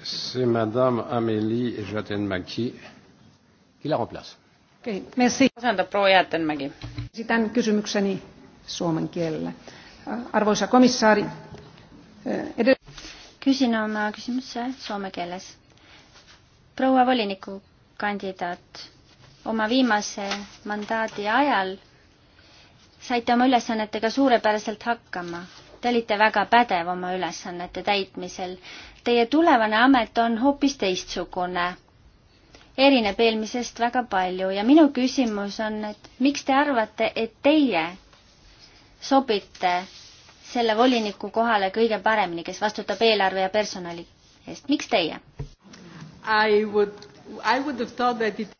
C'est madame Amélie Jatenmaki qui la remplace. Okay, merci. Asendab proua Jäätenmägi. Esitän kysymykseni suomen kielellä. Arvoisa komissaari, eh, edellä... Küsin oma küsimuse soome keeles. Proua voliniku kandidaat oma viimase mandaadi ajal saite oma ülesannetega suurepäraselt hakkama. Te olite väga pädev oma ülesannete täitmisel. Teie tulevane amet on hoopis teistsugune, erineb eelmisest väga palju ja minu küsimus on, et miks te arvate, et teie sobite selle voliniku kohale kõige paremini, kes vastutab eelarve ja personali eest, miks teie? I would, I would have thought that it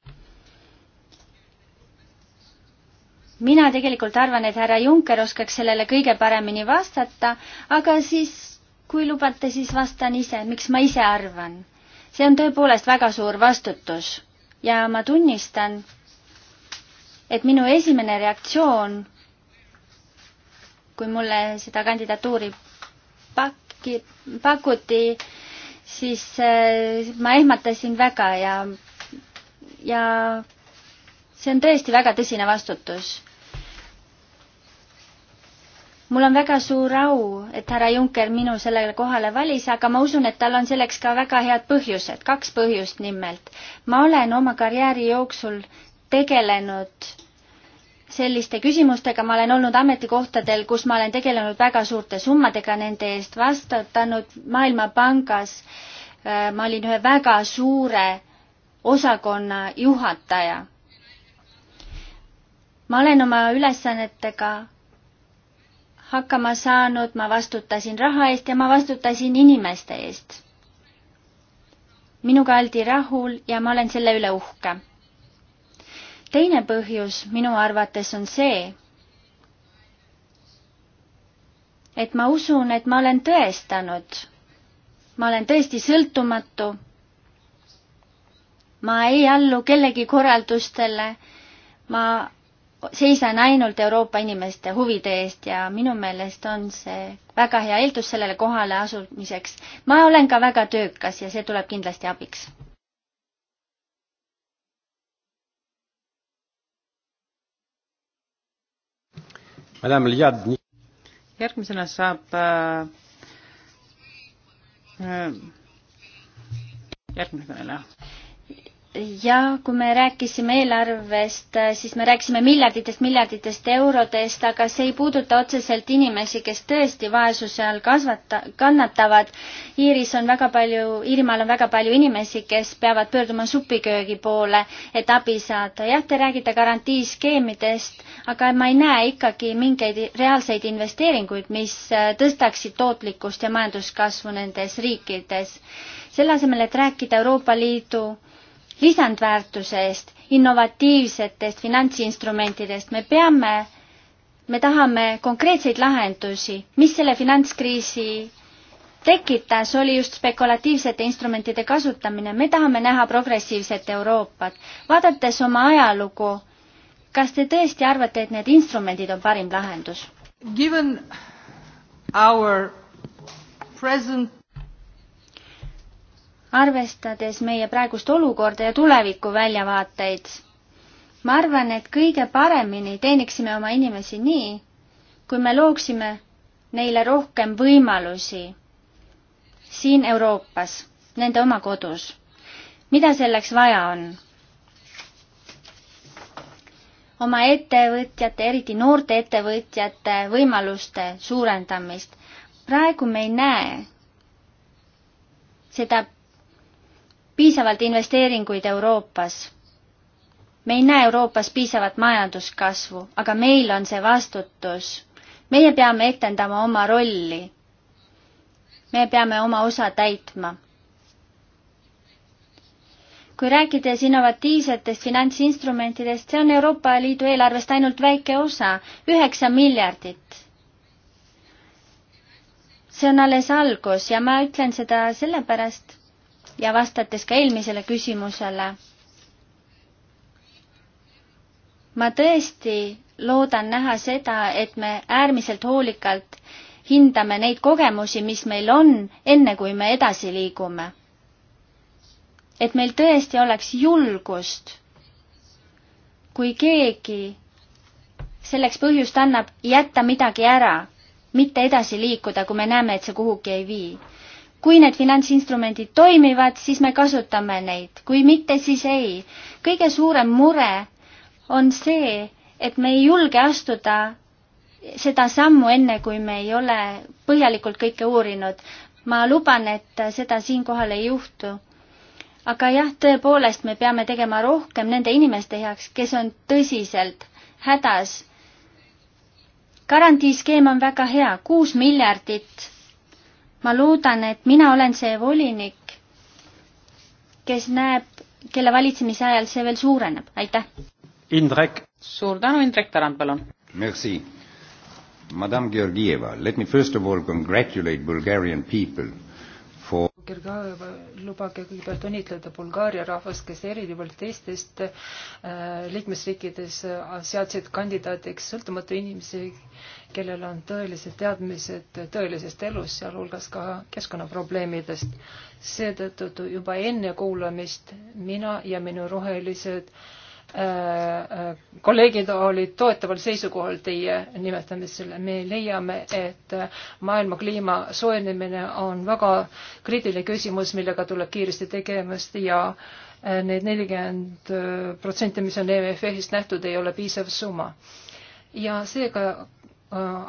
mina tegelikult arvan, et härra Juncker oskaks sellele kõige paremini vastata, aga siis, kui lubate, siis vastan ise, miks ma ise arvan. see on tõepoolest väga suur vastutus ja ma tunnistan, et minu esimene reaktsioon, kui mulle seda kandidatuuri pakki, pakuti, siis äh, ma ehmatasin väga ja, ja see on tõesti väga tõsine vastutus mul on väga suur au, et härra Juncker minu sellele kohale valis, aga ma usun, et tal on selleks ka väga head põhjused, kaks põhjust nimelt. ma olen oma karjääri jooksul tegelenud selliste küsimustega, ma olen olnud ametikohtadel, kus ma olen tegelenud väga suurte summadega, nende eest vastutanud Maailmapangas. Äh, ma olin ühe väga suure osakonna juhataja. ma olen oma ülesannetega hakkama saanud, ma vastutasin raha eest ja ma vastutasin inimeste eest. minuga oldi rahul ja ma olen selle üle uhke. teine põhjus minu arvates on see, et ma usun, et ma olen tõestanud. ma olen tõesti sõltumatu. ma ei allu kellegi korraldustele. ma seisan ainult Euroopa inimeste huvide eest ja minu meelest on see väga hea eeldus sellele kohale asumiseks. ma olen ka väga töökas ja see tuleb kindlasti abiks. järgmisena saab äh, äh järgmine kõneleja ja kui me rääkisime eelarvest, äh, siis me rääkisime miljarditest, miljarditest eurodest, aga see ei puuduta otseselt inimesi, kes tõesti vaesuse all kasvata, kannatavad. Iiris on väga palju, Iirimaal on väga palju inimesi, kes peavad pöörduma supiköögi poole, et abi saada. jah, te räägite garantiiskeemidest, aga ma ei näe ikkagi mingeid reaalseid investeeringuid, mis äh, tõstaksid tootlikkust ja majanduskasvu nendes riikides. selle asemel, et rääkida Euroopa Liidu lisandväärtuse eest, innovatiivsetest finantsinstrumentidest, me peame, me tahame konkreetseid lahendusi, mis selle finantskriisi tekitas, oli just spekulatiivsete instrumentide kasutamine, me tahame näha progressiivset Euroopat. vaadates oma ajalugu, kas te tõesti arvate, et need instrumendid on parim lahendus? Given our present arvestades meie praegust olukorda ja tuleviku väljavaateid. ma arvan, et kõige paremini teeniksime oma inimesi nii, kui me looksime neile rohkem võimalusi siin Euroopas, nende oma kodus. mida selleks vaja on? oma ettevõtjate, eriti noorte ettevõtjate võimaluste suurendamist. praegu me ei näe seda piisavalt investeeringuid Euroopas. me ei näe Euroopas piisavat majanduskasvu, aga meil on see vastutus. meie peame etendama oma rolli. me peame oma osa täitma. kui rääkides innovatiivsetest finantsinstrumentidest, see on Euroopa Liidu eelarvest ainult väike osa, üheksa miljardit see on alles algus ja ma ütlen seda sellepärast, ja vastates ka eelmisele küsimusele. ma tõesti loodan näha seda, et me äärmiselt hoolikalt hindame neid kogemusi, mis meil on, enne kui me edasi liigume. et meil tõesti oleks julgust, kui keegi selleks põhjust annab, jätta midagi ära, mitte edasi liikuda, kui me näeme, et see kuhugi ei vii kui need finantsinstrumendid toimivad, siis me kasutame neid, kui mitte, siis ei. kõige suurem mure on see, et me ei julge astuda seda sammu, enne kui me ei ole põhjalikult kõike uurinud. ma luban, et seda siinkohal ei juhtu. aga jah, tõepoolest, me peame tegema rohkem nende inimeste heaks, kes on tõsiselt hädas. garantiiskeem on väga hea, kuus miljardit ma loodan, et mina olen see volinik, kes näeb, kelle valitsemise ajal see veel suureneb, aitäh! Indrek. suur tänu, Indrek Tarand, palun! Merci. Madame Georgieva, let me first of all congratulate Bulgarian people Kirgaeva, lubage kõigepealt õnnitleda Bulgaaria rahvast, kes erinevalt teistest äh, liikmesriikides äh, seadsid kandidaadiks sõltumatu inimesi, kellel on tõelised teadmised tõelisest elust, sealhulgas ka keskkonnaprobleemidest. seetõttu juba enne kuulamist mina ja minu rohelised äh, Äh, äh, kolleegid olid toetaval seisukohal teie nimetamisele. me leiame, et maailma kliima soojenemine on väga kriitiline küsimus, millega tuleb kiiresti tegemist ja äh, need nelikümmend protsenti, mis on EMF-ist nähtud, ei ole piisav summa. ja seega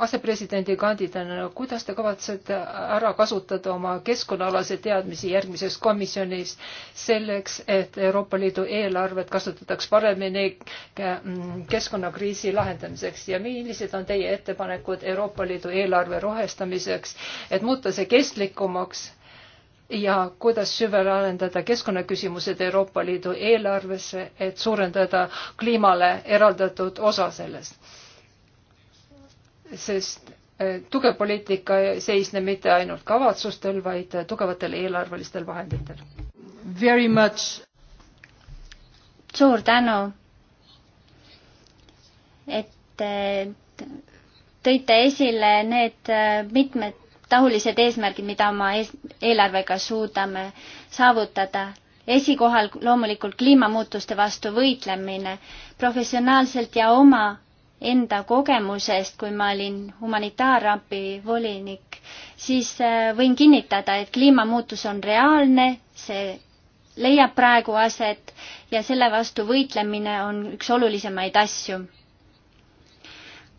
asepresidendi kandidaadina, kuidas te kavatsete ära kasutada oma keskkonnaalase teadmisi järgmises komisjonis selleks, et Euroopa Liidu eelarvet kasutataks paremini mm, keskkonnakriisi lahendamiseks ja millised on teie ettepanekud Euroopa Liidu eelarve rohestamiseks, et muuta see kestlikumaks ja kuidas süvele arendada keskkonnaküsimused Euroopa Liidu eelarvesse, et suurendada kliimale eraldatud osa sellest sest äh, tugev poliitika ei seisne mitte ainult kavatsustel, vaid äh, tugevatel eelarvelistel vahenditel. Very much. suur tänu, et äh, tõite esile need mitmed tahulised eesmärgid, mida oma eelarvega suudame saavutada. esikohal loomulikult kliimamuutuste vastu võitlemine professionaalselt ja oma enda kogemusest, kui ma olin humanitaarabi volinik, siis äh, võin kinnitada, et kliimamuutus on reaalne, see leiab praegu aset ja selle vastu võitlemine on üks olulisemaid asju.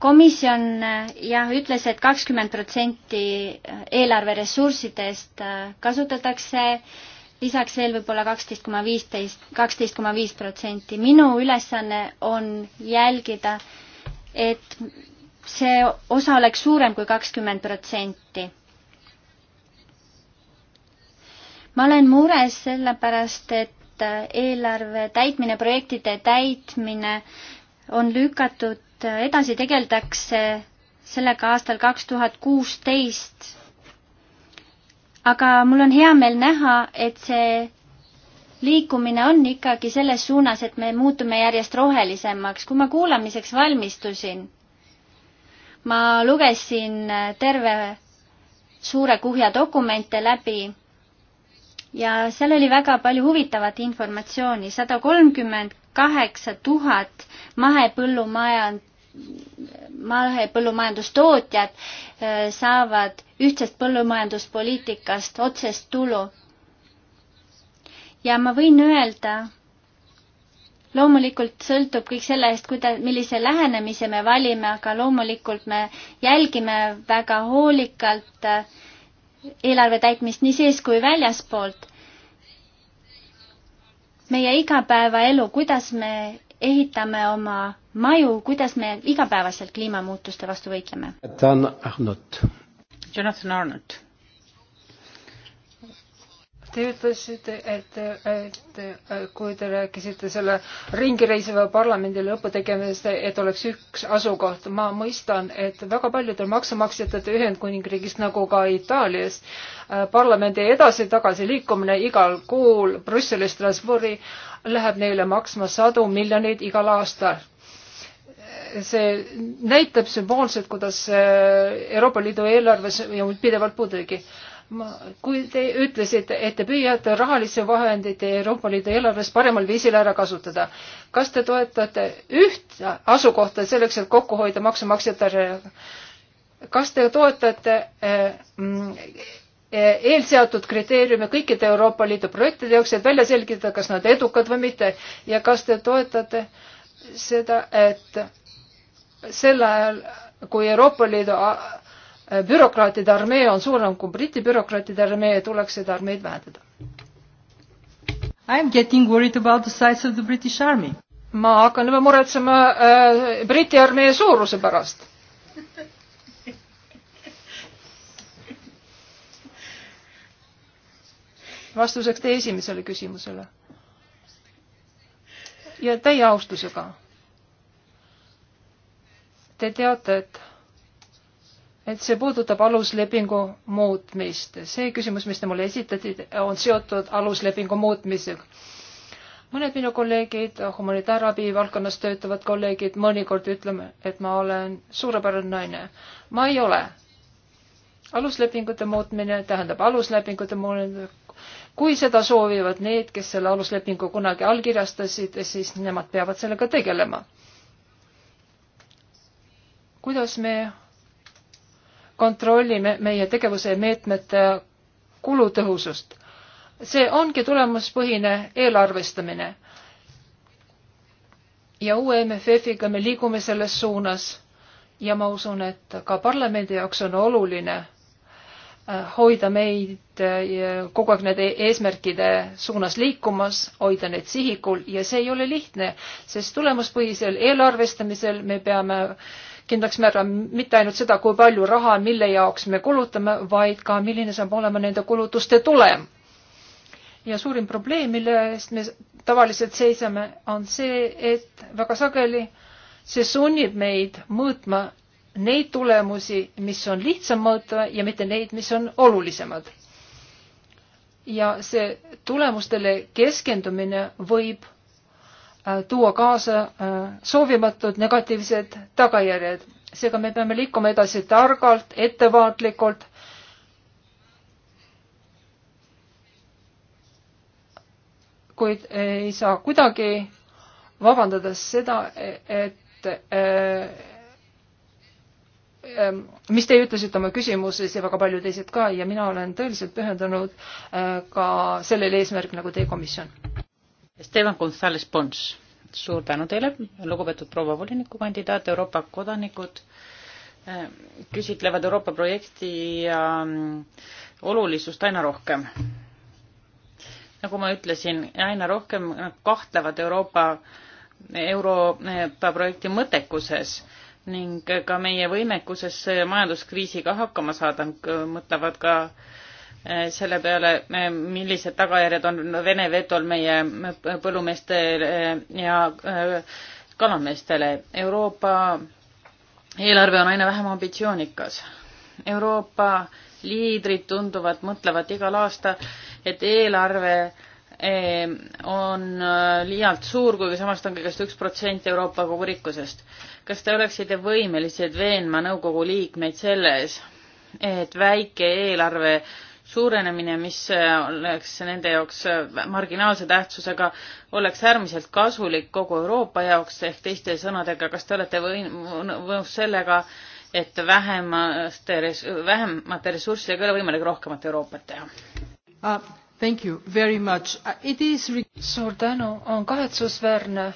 komisjon äh, jah, ütles et, et kakskümmend protsenti eelarveressurssidest äh, kasutatakse lisaks veel võib-olla kaksteist koma viisteist, kaksteist koma viis protsenti. minu ülesanne on jälgida, et see osa oleks suurem kui kakskümmend protsenti. ma olen mures sellepärast, et eelarve täitmine, projektide täitmine on lükatud edasi, tegeldakse sellega aastal kaks tuhat kuusteist. aga mul on hea meel näha, et see liikumine on ikkagi selles suunas, et me muutume järjest rohelisemaks. kui ma kuulamiseks valmistusin, ma lugesin terve suure kuhja dokumente läbi ja seal oli väga palju huvitavat informatsiooni, sada kolmkümmend kaheksa tuhat mahepõllumajand-, mahepõllumajandustootjad äh, saavad ühtsest põllumajanduspoliitikast otsest tulu ja ma võin öelda, loomulikult sõltub kõik selle eest, kuida-, millise lähenemise me valime, aga loomulikult me jälgime väga hoolikalt äh, eelarve täitmist nii sees kui väljaspoolt. meie igapäevaelu, kuidas me ehitame oma maju, kuidas me igapäevaselt kliimamuutuste vastu võitleme? Jonathan Arnold. Jonathan Arnold Te ütlesite, et, et kui te rääkisite selle ringireisiva parlamendi lõpu tegemist, et oleks üks asukoht. ma mõistan, et väga paljudel maksumaksjatel Ühendkuningriigist nagu ka Itaalias äh, parlamendi edasi-tagasi liikumine igal kuul Brüsselist Strasbourgi läheb neile maksma sadu miljoneid igal aastal see näitab sümboolselt, kuidas äh, Euroopa Liidu eelarves on pidevalt puudujäägi ma, kui te ütlesite, et te püüate rahalisi vahendeid Euroopa Liidu eelarves paremal viisil ära kasutada, kas te toetate üht asukohta selleks, et kokku hoida maksumaksjate, kas te toetate eh, eh, eelseatud kriteeriume kõikide Euroopa Liidu projektide jaoks, et välja selgitada, kas nad edukad või mitte ja kas te toetate seda, et sel ajal, kui Euroopa Liidu Äh, bürokraatide armee on suurem kui Briti bürokraatide armee ja tuleks seda armeed vähendada. I am getting worried about the size of the British army. ma hakkan juba muretsema äh, Briti armee suuruse pärast vastuseks teie esimesele küsimusele. ja täie austusega. Te teate, et et see puudutab aluslepingu muutmist. see küsimus, mis te mulle esitasite, on seotud aluslepingu muutmisega. mõned minu kolleegid, humanitaarabi valdkonnas töötavad kolleegid, mõnikord ütleme, et ma olen suurepärane naine. ma ei ole. aluslepingute muutmine tähendab aluslepingute muutmine. kui seda soovivad need, kes selle aluslepingu kunagi allkirjastasid, siis nemad peavad sellega tegelema. kuidas me kontrollime meie tegevuse ja meetmete kulutõhusust. see ongi tulemuspõhine eelarvestamine. ja uue MFF-iga me liigume selles suunas ja ma usun, et ka parlamendi jaoks on oluline äh, hoida meid äh, kogu aeg nende eesmärkide suunas liikumas, hoida neid sihikul ja see ei ole lihtne, sest tulemuspõhisel eelarvestamisel me peame äh, kindlaks määrama mitte ainult seda, kui palju raha, mille jaoks me kulutame, vaid ka milline saab olema nende kulutuste tulem. ja suurim probleem, mille eest me tavaliselt seisame, on see, et väga sageli see sunnib meid mõõtma neid tulemusi, mis on lihtsam mõõta ja mitte neid, mis on olulisemad. ja see tulemustele keskendumine võib Äh, tuua kaasa äh, soovimatud negatiivsed tagajärjed. seega me peame liikuma edasi targalt, ettevaatlikult. kuid ei saa kuidagi vabandada seda, et äh, mis teie ütlesite oma küsimuses ja väga paljud teised ka ja mina olen tõeliselt pühendunud ka sellele eesmärgile nagu teie komisjon Esteban Gonzalez Pons. suur tänu teile, lugupeetud proua volinikukandidaat, Euroopa kodanikud eh, küsitlevad Euroopa projekti ja mm, olulisust aina rohkem. nagu ma ütlesin, aina rohkem nad kahtlevad Euroopa, Euroopa projekti mõttekuses ning ka meie võimekuses majanduskriisiga hakkama saada, mõtlevad ka äh, Eh, selle peale, eh, millised tagajärjed on Vene vetol meie põllumeestele eh, ja kalameestele. Euroopa eelarve on aina vähem ambitsioonikas. Euroopa liidrid tunduvad, mõtlevad igal aastal, et eelarve on liialt suur, kuigi samas ta on kõigest üks protsent Euroopa kogu rikkusest. kas te oleksite võimelised veenma nõukogu liikmeid selles, et väike eelarve äh, suurenemine, mis äh, oleks nende jaoks äh, marginaalse tähtsusega, oleks äärmiselt kasulik kogu Euroopa jaoks ehk teiste sõnadega, kas te olete nõus sellega, et vähemaste, vähemate ressurssidega ei ole võimalik rohkemat Euroopat teha uh,? Thank you very much uh,. Is... suur tänu, on kahetsusväärne,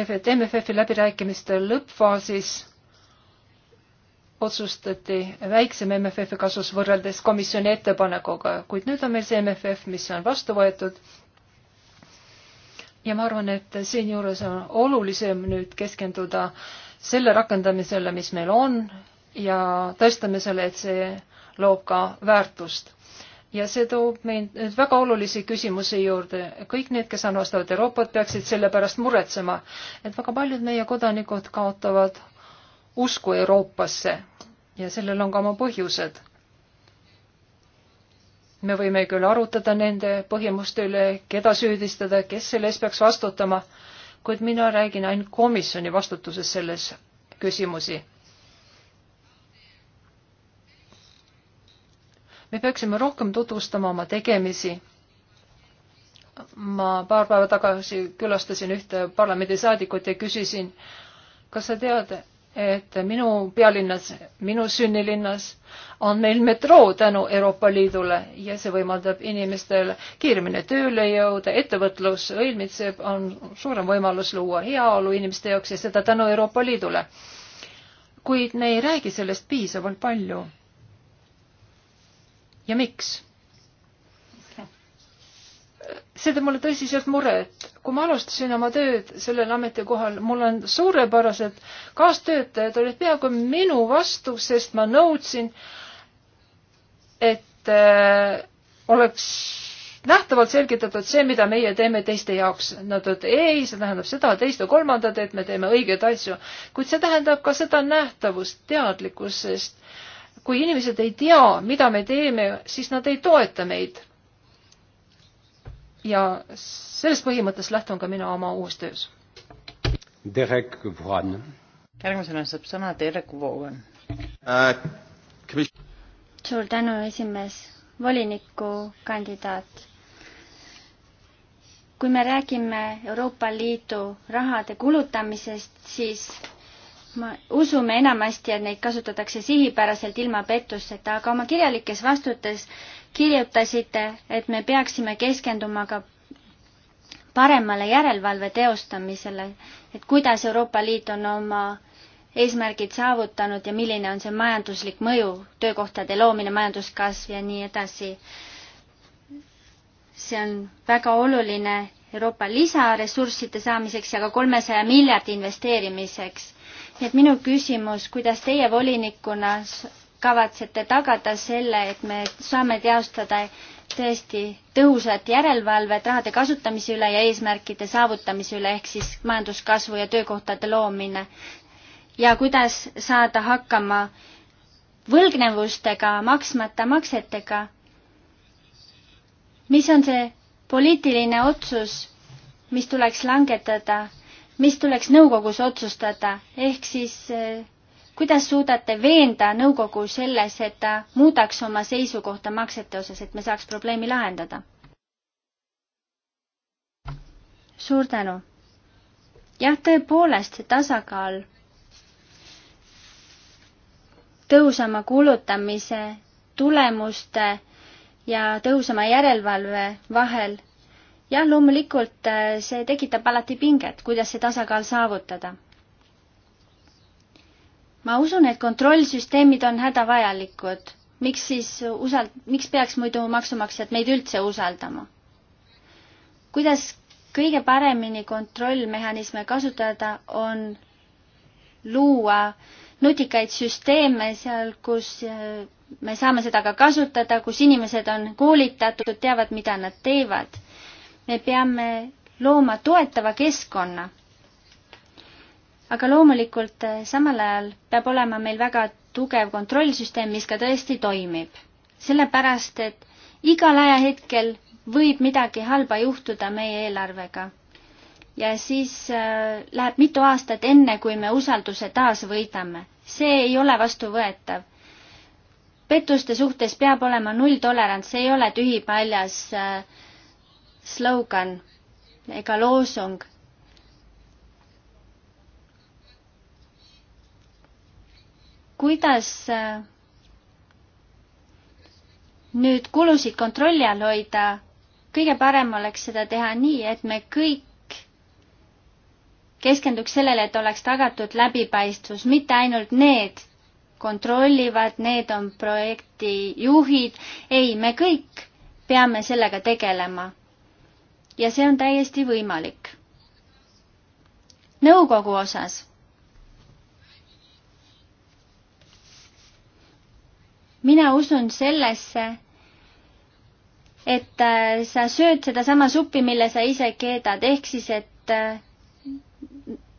et MFF-i läbirääkimiste lõppfaasis otsustati väiksem MFF-i kasus võrreldes komisjoni ettepanekuga, kuid nüüd on meil see MFF, mis on vastu võetud. ja ma arvan, et siinjuures on olulisem nüüd keskenduda selle rakendamisele, mis meil on ja tõestamisele, et see loob ka väärtust. ja see toob meid nüüd väga olulisi küsimusi juurde. kõik need, kes armastavad Euroopat, peaksid selle pärast muretsema, et väga paljud meie kodanikud kaotavad usku Euroopasse ja sellel on ka oma põhjused. me võime küll arutada nende põhjimuste üle, keda süüdistada, kes selle eest peaks vastutama, kuid mina räägin ainult komisjoni vastutuses selles küsimusi me peaksime rohkem tutvustama oma tegemisi. ma paar päeva tagasi külastasin ühte parlamendisaadikut ja küsisin, kas sa tead, et minu pealinnas, minu sünnilinnas on meil metroo tänu Euroopa Liidule ja see võimaldab inimestel kiiremini tööle jõuda, ettevõtlus õilmitseb, on suurem võimalus luua heaolu inimeste jaoks ja seda tänu Euroopa Liidule. kuid me ei räägi sellest piisavalt palju. ja miks? see teeb mulle tõsiselt muret. kui ma alustasin oma tööd sellel ametikohal, mul on suurepärased kaastöötajad olid peaaegu minu vastu, sest ma nõudsin, et äh, oleks nähtavalt selgitatud see, mida meie teeme teiste jaoks. Nad ütlevad ei, see tähendab seda, teist ja kolmandat, et me teeme õigeid asju. kuid see tähendab ka seda nähtavust, teadlikkust, sest kui inimesed ei tea, mida me teeme, siis nad ei toeta meid ja sellest põhimõttest lähtun ka mina oma uues töös. Derek Vaughan. järgmisena saab sõna Derek Vaughan äh,. suur tänu, esimees, volinikukandidaat. kui me räägime Euroopa Liidu rahade kulutamisest, siis ma usume enamasti, et neid kasutatakse sihipäraselt ilma pettuseta, aga oma kirjalikes vastutes kirjutasite, et me peaksime keskenduma ka paremale järelevalve teostamisele, et kuidas Euroopa Liit on oma eesmärgid saavutanud ja milline on see majanduslik mõju, töökohtade loomine, majanduskasv ja nii edasi. see on väga oluline Euroopa lisaressursside saamiseks ja ka kolmesaja miljardi investeerimiseks nii et minu küsimus, kuidas teie volinikuna kavatsete tagada selle, et me saame teostada tõesti tõhusat järelevalvet rahade kasutamise üle ja eesmärkide saavutamise üle, ehk siis majanduskasvu ja töökohtade loomine. ja kuidas saada hakkama võlgnevustega, maksmata maksetega. mis on see poliitiline otsus, mis tuleks langetada mis tuleks nõukogus otsustada, ehk siis eh, kuidas suudate veenda nõukogu selles, et ta muudaks oma seisukohta maksete osas, et me saaks probleemi lahendada? suur tänu. jah, tõepoolest, see tasakaal tõhusama kulutamise tulemuste ja tõhusama järelevalve vahel jah, loomulikult äh, see tekitab alati pinget, kuidas see tasakaal saavutada. ma usun, et kontrollsüsteemid on hädavajalikud. miks siis usald-, miks peaks muidu maksumaksjad meid üldse usaldama? kuidas kõige paremini kontrollmehhanisme kasutada, on luua nutikaid süsteeme seal, kus äh, me saame seda ka kasutada, kus inimesed on koolitatud, teavad, mida nad teevad me peame looma toetava keskkonna. aga loomulikult eh, samal ajal peab olema meil väga tugev kontrollsüsteem, mis ka tõesti toimib. sellepärast, et igal ajahetkel võib midagi halba juhtuda meie eelarvega. ja siis äh, läheb mitu aastat, enne kui me usalduse taas võidame. see ei ole vastuvõetav pettuste suhtes peab olema nulltolerants, see ei ole tühipaljas äh, eh, slogan ega loosung. kuidas äh, nüüd kulusid kontrolli all hoida, kõige parem oleks seda teha nii, et me kõik keskenduks sellele, et oleks tagatud läbipaistvus, mitte ainult need kontrollivad, need on projektijuhid, ei, me kõik peame sellega tegelema ja see on täiesti võimalik. nõukogu osas. mina usun sellesse, et äh, sa sööd sedasama suppi, mille sa ise keedad, ehk siis, et äh,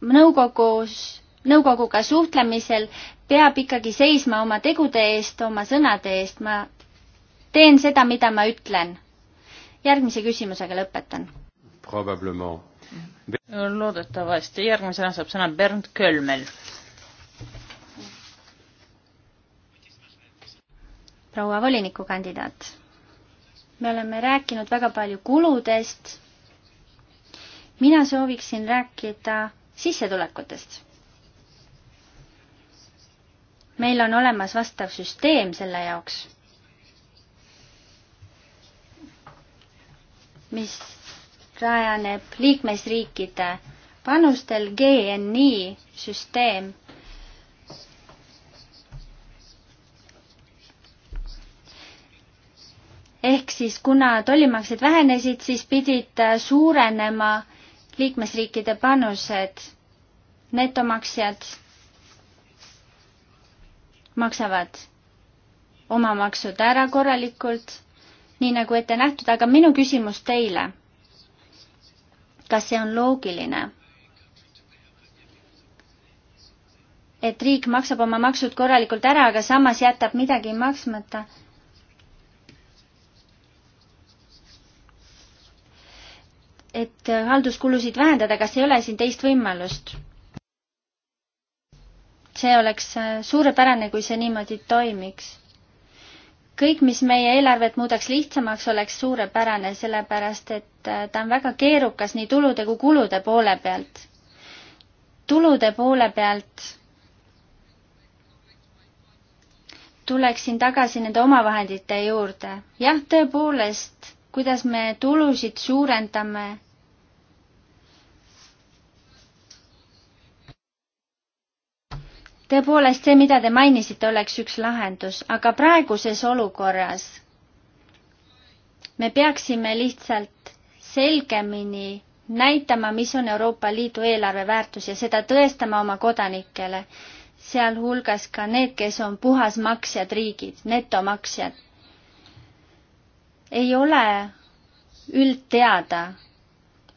nõukogus, nõukoguga suhtlemisel peab ikkagi seisma oma tegude eest, oma sõnade eest, ma teen seda, mida ma ütlen järgmise küsimusega lõpetan. loodetavasti, järgmisena saab sõna Bernd Kölmel. proua volinikukandidaat, me oleme rääkinud väga palju kuludest. mina sooviksin rääkida sissetulekutest meil on olemas vastav süsteem selle jaoks. mis rajaneb liikmesriikide panustel GNI süsteem. ehk siis kuna tollimaksed vähenesid, siis pidid suurenema liikmesriikide panused. netomaksjad maksavad oma maksud ära korralikult nii nagu ette nähtud, aga minu küsimus teile. kas see on loogiline? et riik maksab oma maksud korralikult ära, aga samas jätab midagi maksmata. et halduskulusid vähendada, kas ei ole siin teist võimalust? see oleks suurepärane, kui see niimoodi toimiks kõik, mis meie eelarvet muudaks lihtsamaks, oleks suurepärane, sellepärast et äh, ta on väga keerukas nii tulude kui kulude poole pealt. tulude poole pealt tuleksin tagasi nende omavahendite juurde. jah, tõepoolest, kuidas me tulusid suurendame tõepoolest see, mida te mainisite, oleks üks lahendus, aga praeguses olukorras me peaksime lihtsalt selgemini näitama, mis on Euroopa Liidu eelarve väärtus ja seda tõestama oma kodanikele, sealhulgas ka need, kes on puhasmaksjad riigid, netomaksjad. ei ole üldteada,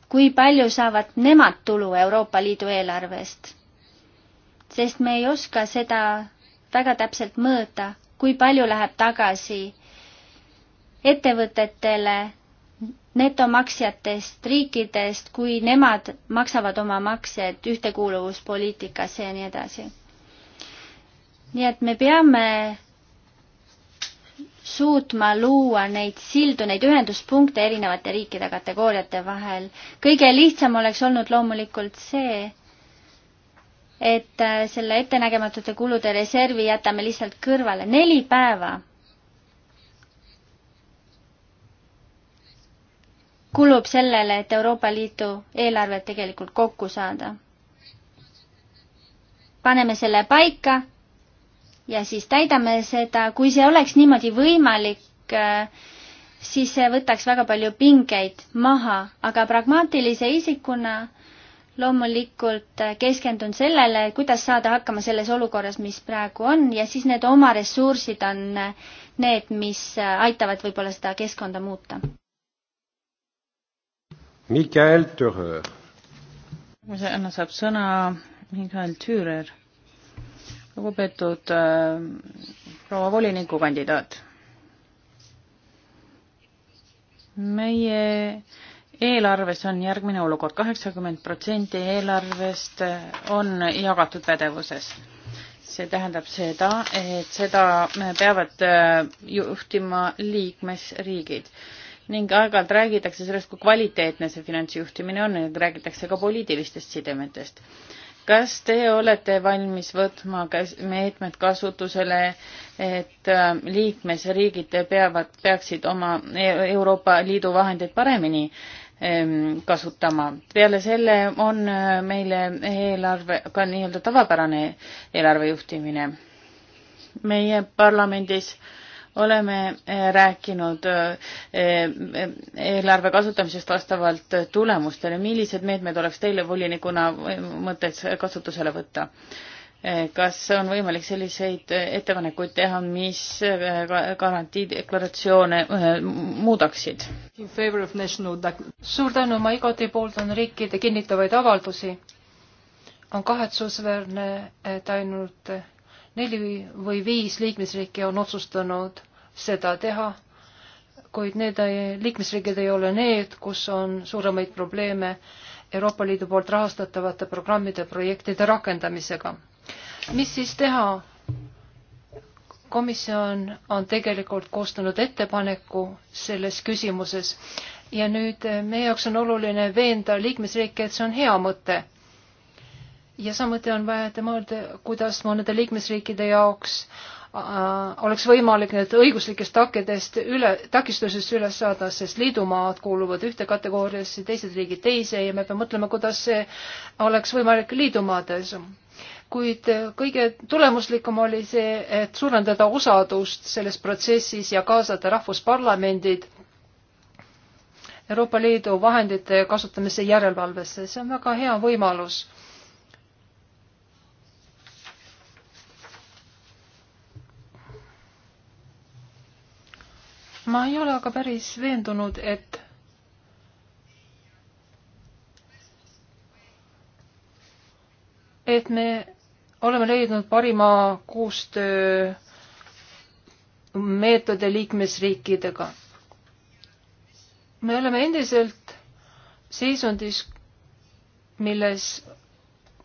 kui palju saavad nemad tulu Euroopa Liidu eelarvest sest me ei oska seda väga täpselt mõõta, kui palju läheb tagasi ettevõtetele netomaksjatest riikidest, kui nemad maksavad oma maksed ühtekuuluvuspoliitikasse ja nii edasi. nii et me peame suutma luua neid sildu, neid ühenduspunkte erinevate riikide kategooriate vahel. kõige lihtsam oleks olnud loomulikult see, et äh, selle ettenägematute kulude reservi jätame lihtsalt kõrvale. neli päeva kulub sellele, et Euroopa Liidu eelarvet tegelikult kokku saada. paneme selle paika ja siis täidame seda, kui see oleks niimoodi võimalik, äh, siis see võtaks väga palju pingeid maha, aga pragmaatilise isikuna loomulikult keskendun sellele, kuidas saada hakkama selles olukorras, mis praegu on ja siis need oma ressursid on need, mis aitavad võib-olla seda keskkonda muuta. Mikael Türer. sõna saab sõna Mikael Türer. lugupeetud äh, proua volinikukandidaat. meie äh, eelarves on järgmine olukord, kaheksakümmend protsenti eelarvest on jagatud pädevuses. see tähendab seda, et seda peavad äh, juhtima liikmesriigid ning aeg-ajalt räägitakse sellest, kui kvaliteetne see finantsjuhtimine on, räägitakse ka poliitilistest sidemetest. kas teie olete valmis võtma meetmed kasutusele, et äh, liikmesriigid peavad, peaksid oma Euroopa Liidu vahendeid paremini Ehm, kasutama. peale selle on äh, meile eelarve ka nii-öelda tavapärane eelarve juhtimine. meie parlamendis oleme äh, rääkinud äh, eelarve kasutamisest vastavalt tulemustele. millised meetmed oleks teile volinikuna mõtet kasutusele võtta? kas on võimalik selliseid ettepanekuid teha, mis äh, garantiideklaratsioone äh, muudaksid? suur tänu, ma igati pooldan riikide kinnitavaid avaldusi. on kahetsusväärne, et ainult neli või viis liikmesriiki on otsustanud seda teha, kuid need liikmesriigid ei ole need, kus on suuremaid probleeme Euroopa Liidu poolt rahastatavate programmide ja projektide rakendamisega mis siis teha? komisjon on tegelikult koostanud ettepaneku selles küsimuses ja nüüd eh, meie jaoks on oluline veenda liikmesriike, et see on hea mõte. ja samuti on vaja mõelda, kuidas mõnede liikmesriikide jaoks äh, oleks võimalik need õiguslikest takkedest üle, takistusest üles saada, sest liidumaad kuuluvad ühte kategooriasse, teised riigid teise ja me peame mõtlema, kuidas see oleks võimalik liidumaades kuid kõige tulemuslikum oli see, et suurendada osadust selles protsessis ja kaasata rahvusparlamendid Euroopa Liidu vahendite kasutamise järelevalvesse, see on väga hea võimalus ma ei ole aga päris veendunud, et et me oleme leidnud parima koostöö meetode liikmesriikidega. me oleme endiselt seisundis, milles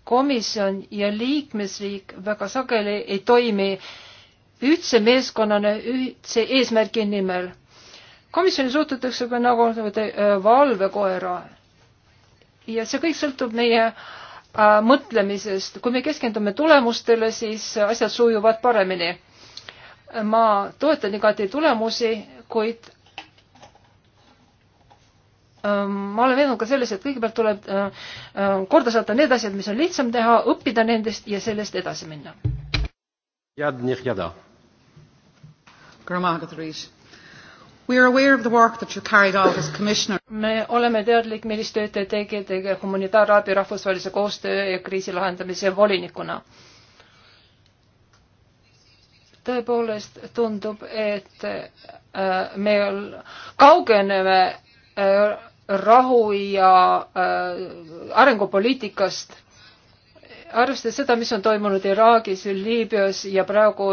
komisjon ja liikmesriik väga sageli ei toimi ühtse meeskonnana ühtse eesmärgi nimel. komisjoni suhtutakse nagu äh, valvekoera ja see kõik sõltub meie äh, Äh, mõtlemisest. kui me keskendume tulemustele, siis asjad sujuvad paremini. ma toetan igati tulemusi, kuid ähm, ma olen veendunud ka selles, et kõigepealt tuleb äh, äh, korda saata need asjad, mis on lihtsam teha, õppida nendest ja sellest edasi minna. Jad Nihjada. Grammatikat Riis We are aware of the work that you carried out as commissioner. me oleme teadlik, millist tööd te tegite humanitaarabi, rahvusvahelise koostöö ja kriisi lahendamise volinikuna. tõepoolest tundub, et äh, me kaugeneme äh, rahu ja äh, arengupoliitikast arvestades seda, mis on toimunud Iraagis, Liibüas ja praegu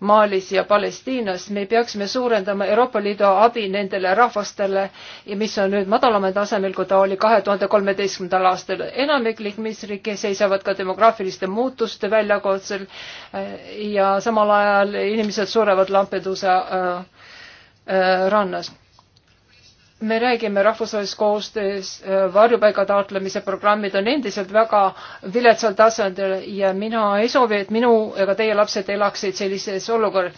Malis ja Palestiinas, me peaksime suurendama Euroopa Liidu abi nendele rahvastele, mis on nüüd madalamal tasemel, kui ta oli kahe tuhande kolmeteistkümnendal aastal. enamik liikmesriike seisavad ka demograafiliste muutuste väljakutsel äh, ja samal ajal inimesed surevad Lampedusa äh, äh, rannas me räägime rahvusvahelisest koostööst, äh, varjupaiga taotlemise programmid on endiselt väga viletsal tasandil ja mina ei soovi, et minu ega teie lapsed elaksid sellises olukorras.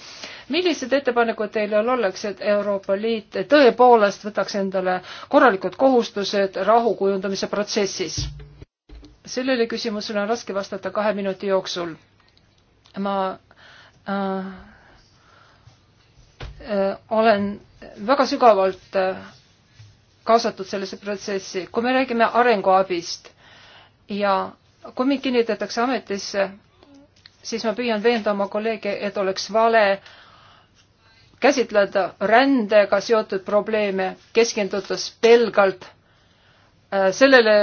millised ettepanekud teil veel oleks, et Euroopa Liit tõepoolest võtaks endale korralikud kohustused rahu kujundamise protsessis? sellele küsimusele on raske vastata kahe minuti jooksul. ma äh, äh, olen väga sügavalt äh, kaasatud sellesse protsessi. kui me räägime arenguabist ja kui mind kinnitatakse ametisse, siis ma püüan veenda oma kolleege, et oleks vale käsitleda rändega seotud probleeme, keskendudes pelgalt äh, sellele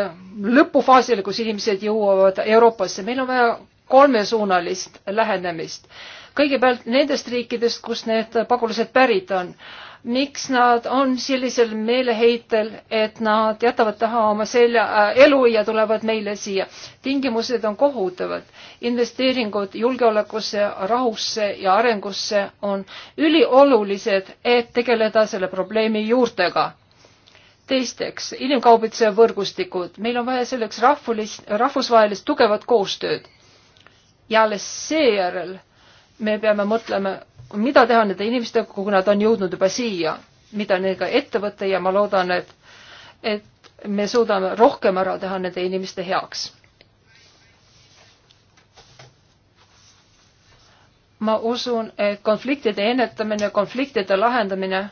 lõpufaasile, kus inimesed jõuavad Euroopasse. meil on vaja kolmesuunalist lähenemist. kõigepealt nendest riikidest, kust need pagulased pärit on miks nad on sellisel meeleheitel, et nad jätavad taha oma selja äh,, elu ja tulevad meile siia. tingimused on kohutavad. investeeringud julgeolekusse, rahusse ja arengusse on üliolulised, et tegeleda selle probleemi juurtega. teisteks, inimkaubitseja võrgustikud. meil on vaja selleks rahvulist, rahvusvahelist tugevat koostööd. ja alles seejärel me peame mõtlema mida teha nende inimestega, kui nad on jõudnud juba siia, mida nendega ette võtta ja ma loodan, et, et me suudame rohkem ära teha nende inimeste heaks. ma usun, et konfliktide ennetamine, konfliktide lahendamine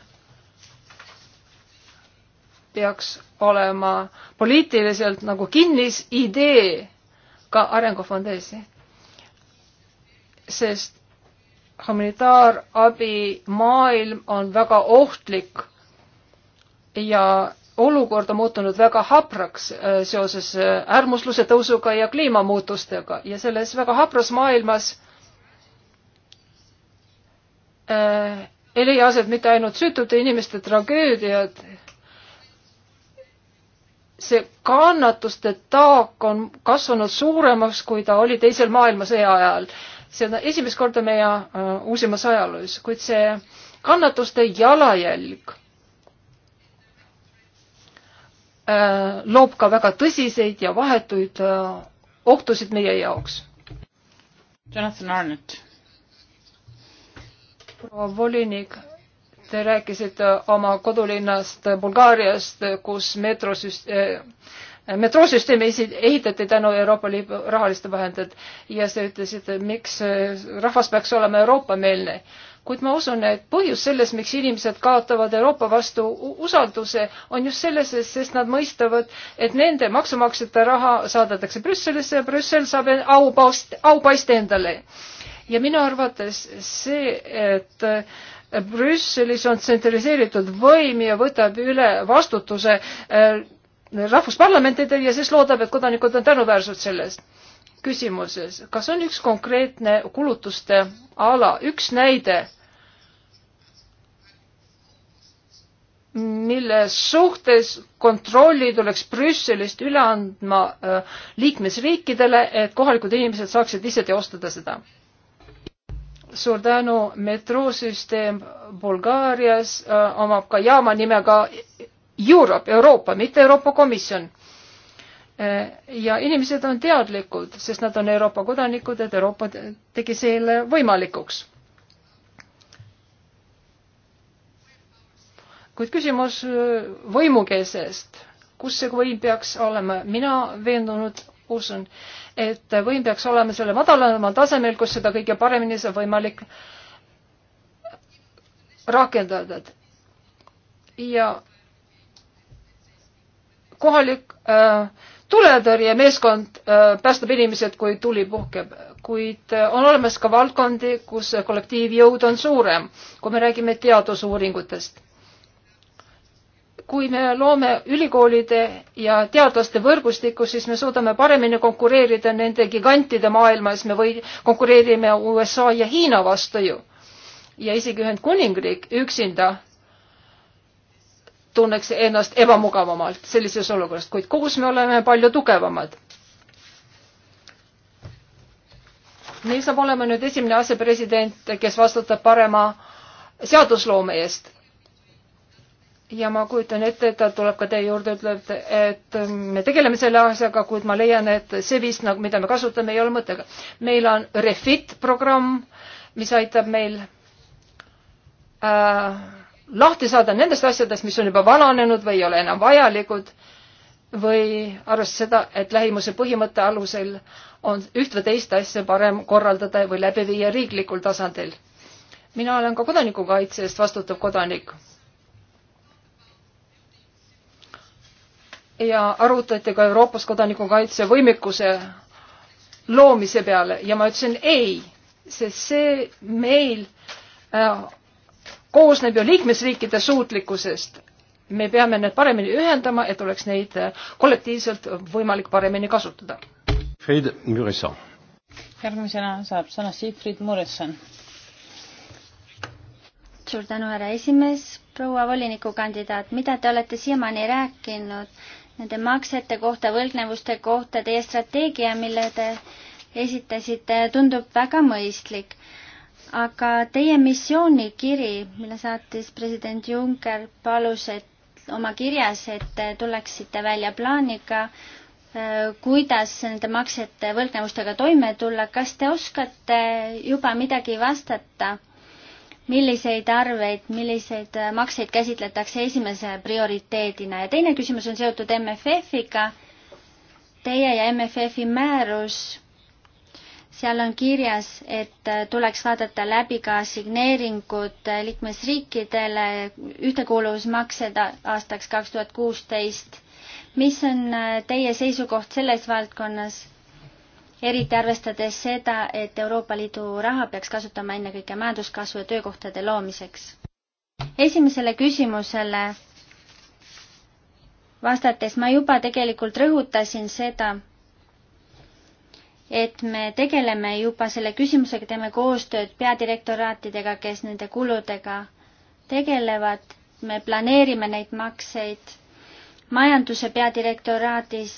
peaks olema poliitiliselt nagu kinnis idee ka arengufondeesi. sest humanitaarabi maailm on väga ohtlik ja olukord on muutunud väga hapraks äh, seoses äh, äärmusluse tõusuga ja kliimamuutustega ja selles väga hapras maailmas äh, ei leia aset mitte ainult süütute inimeste tragöödiad, see kannatuste taak on kasvanud suuremaks, kui ta oli Teisel maailmasõja ajal äh, seda esimest korda meie äh, uusimas ajaloos, kuid see kannatuste jalajälg äh, loob ka väga tõsiseid ja vahetuid äh, ohtusid meie jaoks. Jonathan Arnett. proua volinik, te rääkisite oma kodulinnast Bulgaariast, kus meetrosüst-, metroosüsteem ehitati tänu Euroopa Liidu rahaliste vahendid ja sa ütlesid, miks äh, rahvas peaks olema Euroopa-meelne. kuid ma usun, et põhjus selles, miks inimesed kaotavad Euroopa vastu usalduse, on just selles, sest nad mõistavad, et nende maksumaksjate raha saadetakse Brüsselisse ja Brüssel saab aupaist, aupaiste endale. ja minu arvates see, et äh, Brüsselis on tsentraliseeritud võim ja võtab üle vastutuse äh, rahvusparlamentidel ja siis loodab, et kodanikud on tänuväärsed selles küsimuses. kas on üks konkreetne kulutuste ala, üks näide, mille suhtes kontrolli tuleks Brüsselist üle andma äh, liikmesriikidele, et kohalikud inimesed saaksid ise teostada seda? suur tänu, metroosüsteem Bulgaarias äh, omab ka jaama nimega Europe, Euroopa, mitte Euroopa Komisjon. Äh, ja inimesed on teadlikud, sest nad on Euroopa kodanikud, et Euroopa tegi selle võimalikuks. kuid küsimus äh, võimukeelsest, kus see võim peaks olema, mina veendunud usun, et võim peaks olema selle madalamal tasemel, kus seda kõige paremini saab võimalik rakendada. ja kohalik äh, tuletõrjemeeskond äh, päästab inimesed, kui tuli puhkeb, kuid äh, on olemas ka valdkondi, kus kollektiivjõud on suurem, kui me räägime teadusuuringutest. kui me loome ülikoolide ja teadlaste võrgustiku, siis me suudame paremini konkureerida nende gigantide maailmas, me või konkureerime USA ja Hiina vastu ju. ja isegi Ühendkuningriik üksinda tunneks ennast ebamugavamalt sellises olukorras, kuid koos me oleme palju tugevamad. nii saab olema nüüd esimene asepresident, kes vastutab parema seadusloome eest. ja ma kujutan ette, et ta tuleb ka teie juurde, ütleb, et me tegeleme selle asjaga, kuid ma leian, et see viis, nagu, mida me kasutame, ei ole mõttega. meil on Refit programm, mis aitab meil äh, lahti saada nendest asjadest, mis on juba vananenud või ei ole enam vajalikud või arvestades seda, et lähimuse põhimõtte alusel on üht või teist asja parem korraldada või läbi viia riiklikul tasandil. mina olen ka kodanikukaitse eest vastutav kodanik. ja arutati ka Euroopas kodanikukaitse võimekuse loomise peale ja ma ütlesin ei, sest see meil äh, koosneb ju liikmesriikide suutlikkusest. me peame need paremini ühendama, et oleks neid äh, kollektiivselt võimalik paremini kasutada. järgmisena saab sõna Siegfried Muresson. suur tänu, härra esimees, proua volinikukandidaat, mida te olete siiamaani rääkinud nende maksete kohta, võlgnevuste kohta, teie strateegia, mille te esitasite, tundub väga mõistlik aga teie missioonikiri, mille saatis president Juncker, palus, et oma kirjas, et te tuleksite välja plaaniga, äh, kuidas nende maksete võlgnevustega toime tulla, kas te oskate juba midagi vastata? milliseid arveid, milliseid äh, makseid käsitletakse esimese prioriteedina ja teine küsimus on seotud MFF-iga. Teie ja MFF-i määrus seal on kirjas, et äh, tuleks vaadata läbi ka signeeringud äh, liikmesriikidele, ühtekuuluvusmaksed aastaks kaks tuhat kuusteist. mis on äh, teie seisukoht selles valdkonnas, eriti arvestades seda, et Euroopa Liidu raha peaks kasutama ennekõike majanduskasvu ja töökohtade loomiseks? esimesele küsimusele vastates ma juba tegelikult rõhutasin seda et me tegeleme juba selle küsimusega, teeme koostööd peadirektoraatidega, kes nende kuludega tegelevad, me planeerime neid makseid. majanduse peadirektoraadis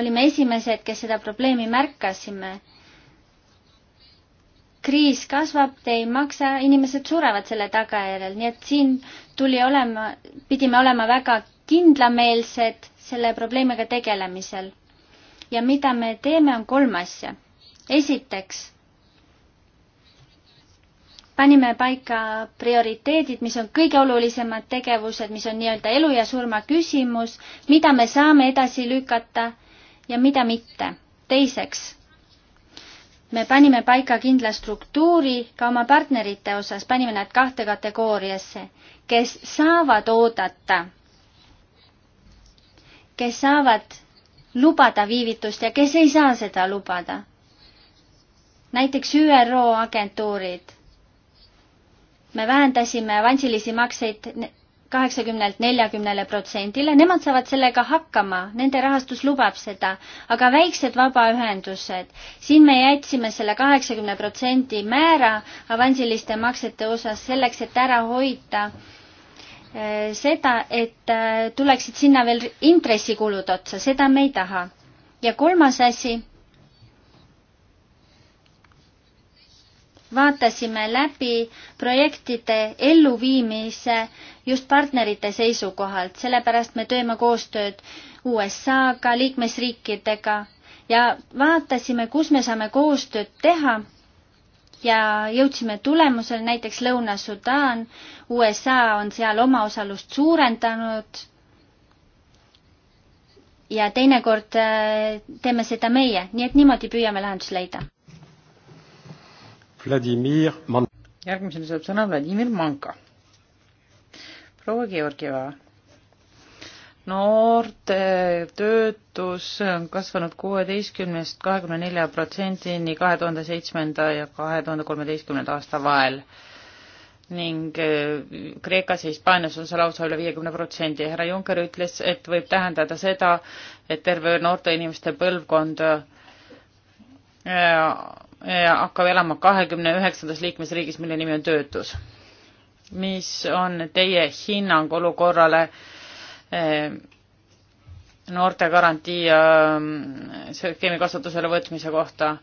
olime esimesed, kes seda probleemi märkasime. kriis kasvab, te ei maksa, inimesed surevad selle tagajärjel, nii et siin tuli olema, pidime olema väga kindlameelsed selle probleemiga tegelemisel ja mida me teeme, on kolm asja. esiteks panime paika prioriteedid, mis on kõige olulisemad tegevused, mis on nii-öelda elu ja surma küsimus, mida me saame edasi lükata ja mida mitte. teiseks, me panime paika kindla struktuuri ka oma partnerite osas, panime nad kahte kategooriasse, kes saavad oodata, kes saavad lubada viivitust ja kes ei saa seda lubada. näiteks ÜRO agentuurid. me vähendasime avansilisi makseid kaheksakümnelt neljakümnele protsendile, nemad saavad sellega hakkama, nende rahastus lubab seda, aga väiksed vabaühendused, siin me jätsime selle kaheksakümne protsendi määra avansiliste maksete osas selleks, et ära hoida äh, Eh, seda, et eh, tuleksid sinna veel intressikulud otsa, seda me ei taha. ja kolmas asi, vaatasime läbi projektide elluviimise just partnerite seisukohalt, sellepärast me teeme koostööd USA-ga, liikmesriikidega ja vaatasime, kus me saame koostööd teha ja jõudsime tulemusele, näiteks Lõuna-Sudaan, USA on seal omaosalust suurendanud ja teinekord äh, teeme seda meie, nii et niimoodi püüame lahendust leida. Vladimir Man-. järgmisena saab sõna Vladimir Manka. proua Georgieva noorte töötus on kasvanud kuueteistkümnest kahekümne nelja protsendini kahe tuhande seitsmenda ja kahe tuhande kolmeteistkümnenda aasta vahel ning eh, Kreekas ja Hispaanias on see lausa üle viiekümne protsendi. härra Juncker ütles, et võib tähendada seda, et terve noorte inimeste põlvkond eh, eh, hakkab elama kahekümne üheksandas liikmesriigis, mille nimi on töötus. mis on teie hinnang olukorrale äh, Eh, noorte garantii ja eh, skeemi kasutusele võtmise kohta.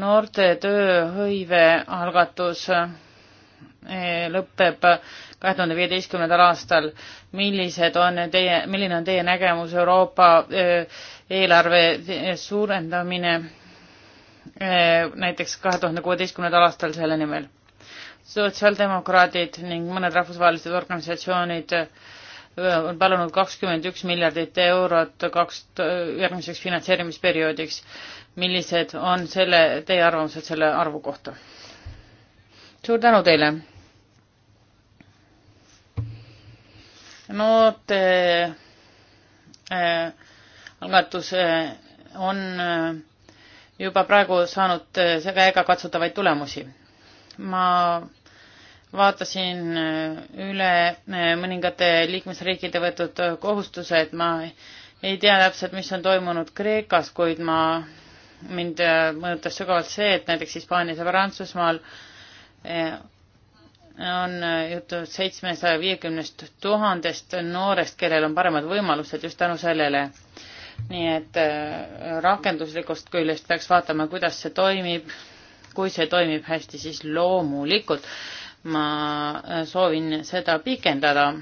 noorte tööhõive algatus eh, lõpeb kahe tuhande viieteistkümnendal aastal. millised on teie, milline on teie nägemus Euroopa eelarve suurendamine näiteks kahe tuhande kuueteistkümnendal aastal selle nimel? sotsiaaldemokraadid ning mõned rahvusvahelised organisatsioonid äh, on palunud kakskümmend üks miljardit eurot kaks, järgmiseks finantseerimisperioodiks. millised on selle, teie arvamused selle arvu kohta? suur tänu teile. no te äh, algatus äh, on äh, juba praegu saanud äh, käega katsutavaid tulemusi. ma äh, vaatasin äh, üle äh, mõningate liikmesriikide võetud äh, kohustused, ma ei tea täpselt, mis on toimunud Kreekas, kuid ma, mind mõjutas sügavalt see, et näiteks Hispaanias ja Prantsusmaal on juttu seitsmesaja viiekümnest tuhandest noorest, kellel on paremad võimalused just tänu sellele. nii et rakenduslikust küljest peaks vaatama, kuidas see toimib. kui see toimib hästi, siis loomulikult äh, ma äh, soovin seda pikendada.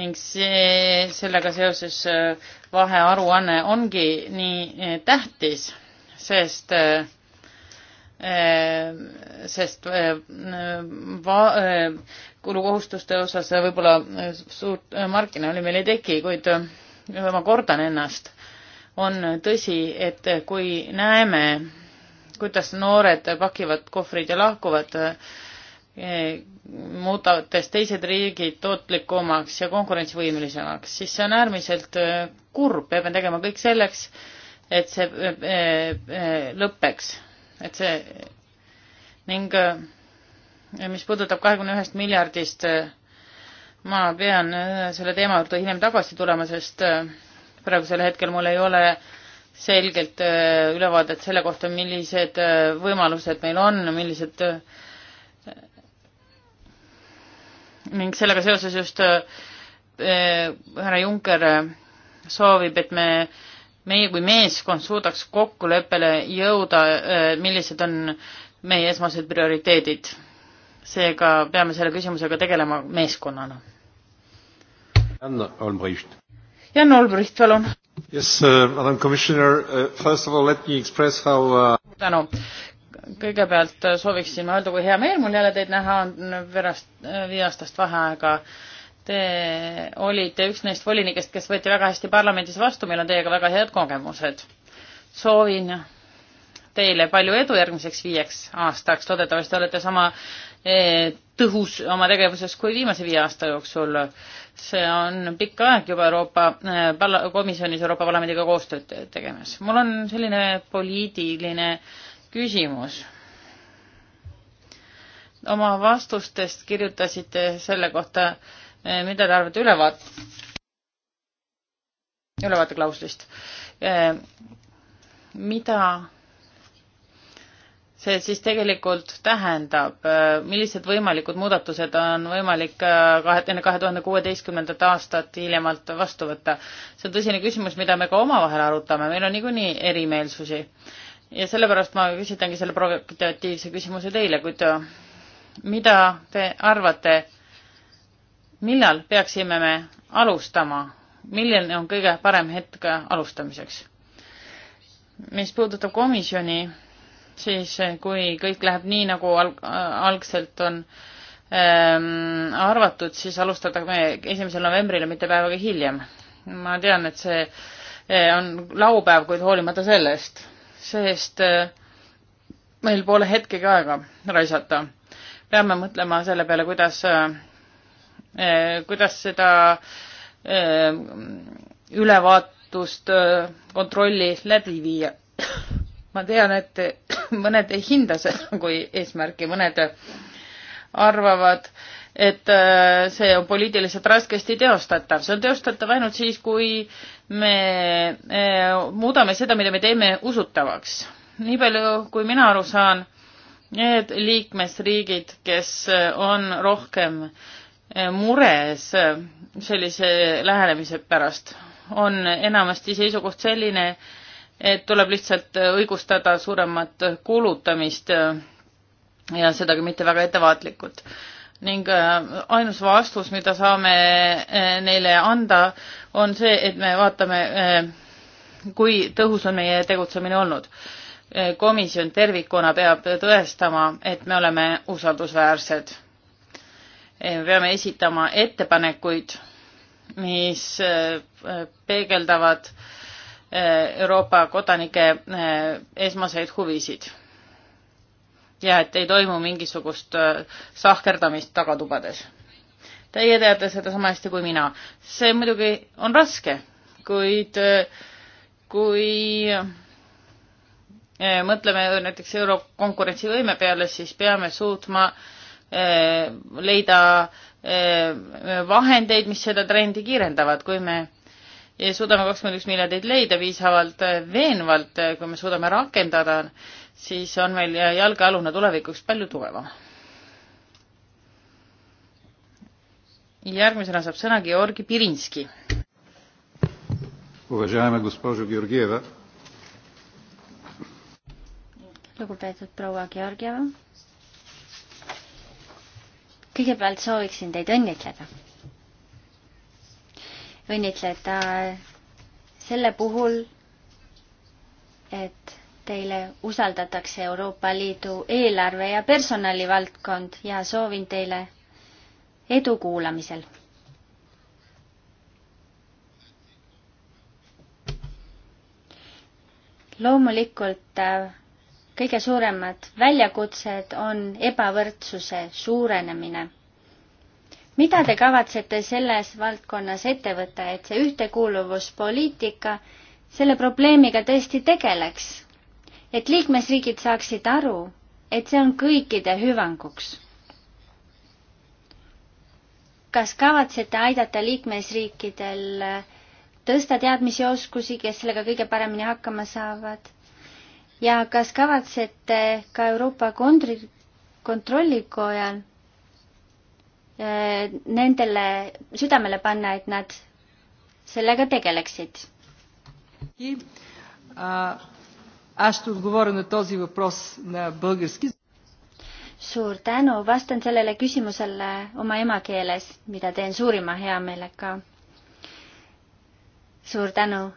ning see, sellega seoses äh, vahearuanne ongi nii äh, tähtis, sest sest va-, kulukohustuste osas võib-olla suurt marginaali meil ei teki, kuid ma kordan ennast, on tõsi, et kui näeme kuidas noored pakivad kohvrid ja lahkuvad, eh, muutes teised riigid tootlikumaks ja konkurentsivõimelisemaks, siis see on äärmiselt eh, kurb ja peame tegema kõik selleks, et see eh, lõpeks, et see ning mis puudutab kahekümne ühest miljardist, ma pean selle teema juurde hiljem tagasi tulema, sest praegusel hetkel mul ei ole äh, selgelt äh, ülevaadet selle kohta, millised äh, võimalused meil on, millised äh, ning sellega seoses just härra Juncker soovib, et me, meie kui meeskond suudaks kokkuleppele jõuda, millised on meie esmased prioriteedid. seega peame selle küsimusega tegelema meeskonnana. Jan Olbricht. Jan Olbricht, palun Yes, uh, Madam Commissioner, uh, first of all let me express how uh... tänu. kõigepealt äh, sooviksin ma öelda, kui hea meel mul jälle teid näha on pärast äh, viieaastast vaheaega. Te olite üks neist volinikest, kes võeti väga hästi parlamendis vastu, meil on teiega väga head kogemused. soovin teile palju edu järgmiseks viieks aastaks, loodetavasti olete sama äh, tõhus oma tegevuses kui viimase viie aasta jooksul see on pikka aeg juba Euroopa äh, pala-, komisjonis Euroopa Parlamendiga koostööd tegemas. mul on selline poliitiline küsimus. oma vastustest kirjutasite selle kohta, äh, mida te arvate ülevaat-, ülevaateklauslist. Äh, mida see siis tegelikult tähendab, millised võimalikud muudatused on võimalik äh, kahe, enne kahe tuhande kuueteistkümnendat aastat hiljemalt vastu võtta? see on tõsine küsimus, mida me ka omavahel arutame, meil on niikuinii erimeelsusi. ja sellepärast ma küsitangi selle provokatiivse küsimuse teile, kuid äh, mida te arvate, millal peaksime me alustama, milline on kõige parem hetk alustamiseks? mis puudutab komisjoni, siis eh, kui kõik läheb nii, nagu alg-, äh, algselt on ähm, arvatud, siis alustatame esimesel novembril ja mitte päevagi hiljem. ma tean, et see eh, on laupäev, kuid hoolimata sellest, sest äh, meil pole hetkegi aega raisata. peame mõtlema selle peale, kuidas äh,, kuidas seda äh, ülevaatust, kontrolli läbi viia ma tean, et [CLEARS THROAT] mõned ei hinda seda kui eesmärki, mõned arvavad, et äh, see on poliitiliselt raskesti teostatav. see on teostatav ainult siis, kui me äh, muudame seda, mida me teeme, usutavaks. nii palju, kui mina aru saan, need liikmesriigid, kes äh, on rohkem mures sellise lähenemise pärast, on enamasti seisukoht selline, et et tuleb lihtsalt õigustada suuremat kulutamist ja sedagi mitte väga ettevaatlikult. ning äh, ainus vastus, mida saame äh, neile anda, on see, et me vaatame, äh, kui tõhus on meie tegutsemine olnud. komisjon tervikuna peab tõestama, et me oleme usaldusväärsed. peame esitama ettepanekuid, mis peegeldavad äh, Euroopa kodanike eh, esmaseid huvisid. ja et ei toimu mingisugust eh, sahkerdamist tagatubades. Teie teate seda sama hästi kui mina. see muidugi on raske, kuid eh, kui mõtleme näiteks euro konkurentsivõime peale, siis peame suutma leida vahendeid, mis seda trendi kiirendavad, kui me ja suudame kakskümmend üks miljardit leida piisavalt äh, veenvalt, äh, kui me suudame rakendada, siis on meil äh, jalgealune tulevikuks palju tugevam. järgmisena saab sõna Georgi Pirinski. lugupeetud proua Georgieva. kõigepealt sooviksin teid õnnitleda õnnitleda selle puhul, et teile usaldatakse Euroopa Liidu eelarve ja personalivaldkond ja soovin teile edu kuulamisel. loomulikult äh, kõige suuremad väljakutsed on ebavõrdsuse suurenemine mida te kavatsete selles valdkonnas ette võtta, et see ühtekuuluvuspoliitika selle probleemiga tõesti tegeleks? et liikmesriigid saaksid aru, et see on kõikide hüvanguks. kas kavatsete aidata liikmesriikidel tõsta teadmisi ja oskusi, kes sellega kõige paremini hakkama saavad? ja kas kavatsete ka Euroopa kontri-, kontrollikojal Äh, nendele südamele panna, et nad sellega tegeleksid. suur tänu, vastan sellele küsimusele oma emakeeles, mida teen suurima heameelega. suur tänu,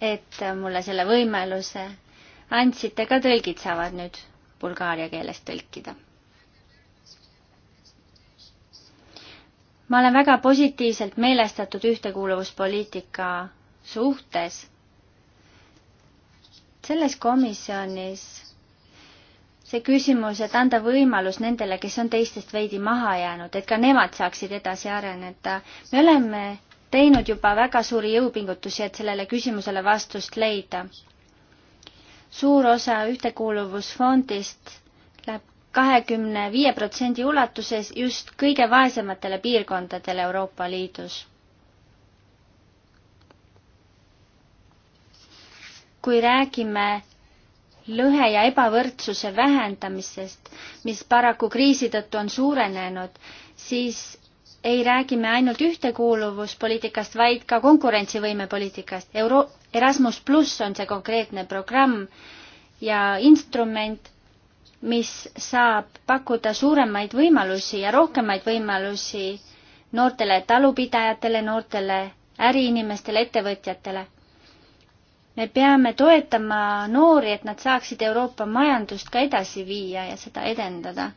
et mulle selle võimaluse andsite, ka tõlgid saavad nüüd bulgaaria keeles tõlkida ma olen väga positiivselt meelestatud ühtekuuluvuspoliitika suhtes. selles komisjonis see küsimus, et anda võimalus nendele, kes on teistest veidi maha jäänud, et ka nemad saaksid edasi areneda. me oleme teinud juba väga suuri jõupingutusi, et sellele küsimusele vastust leida. suur osa ühtekuuluvusfondist kahekümne viie protsendi ulatuses just kõige vaesematele piirkondadele Euroopa Liidus. kui räägime lõhe ja ebavõrdsuse vähendamisest, mis paraku kriisi tõttu on suurenenud, siis ei räägi me ainult ühtekuuluvuspoliitikast, vaid ka konkurentsivõimepoliitikast. Euro-, Erasmus pluss on see konkreetne programm ja instrument, mis saab pakkuda suuremaid võimalusi ja rohkemaid võimalusi noortele talupidajatele, noortele äriinimestele, ettevõtjatele. me peame toetama noori, et nad saaksid Euroopa majandust ka edasi viia ja seda edendada.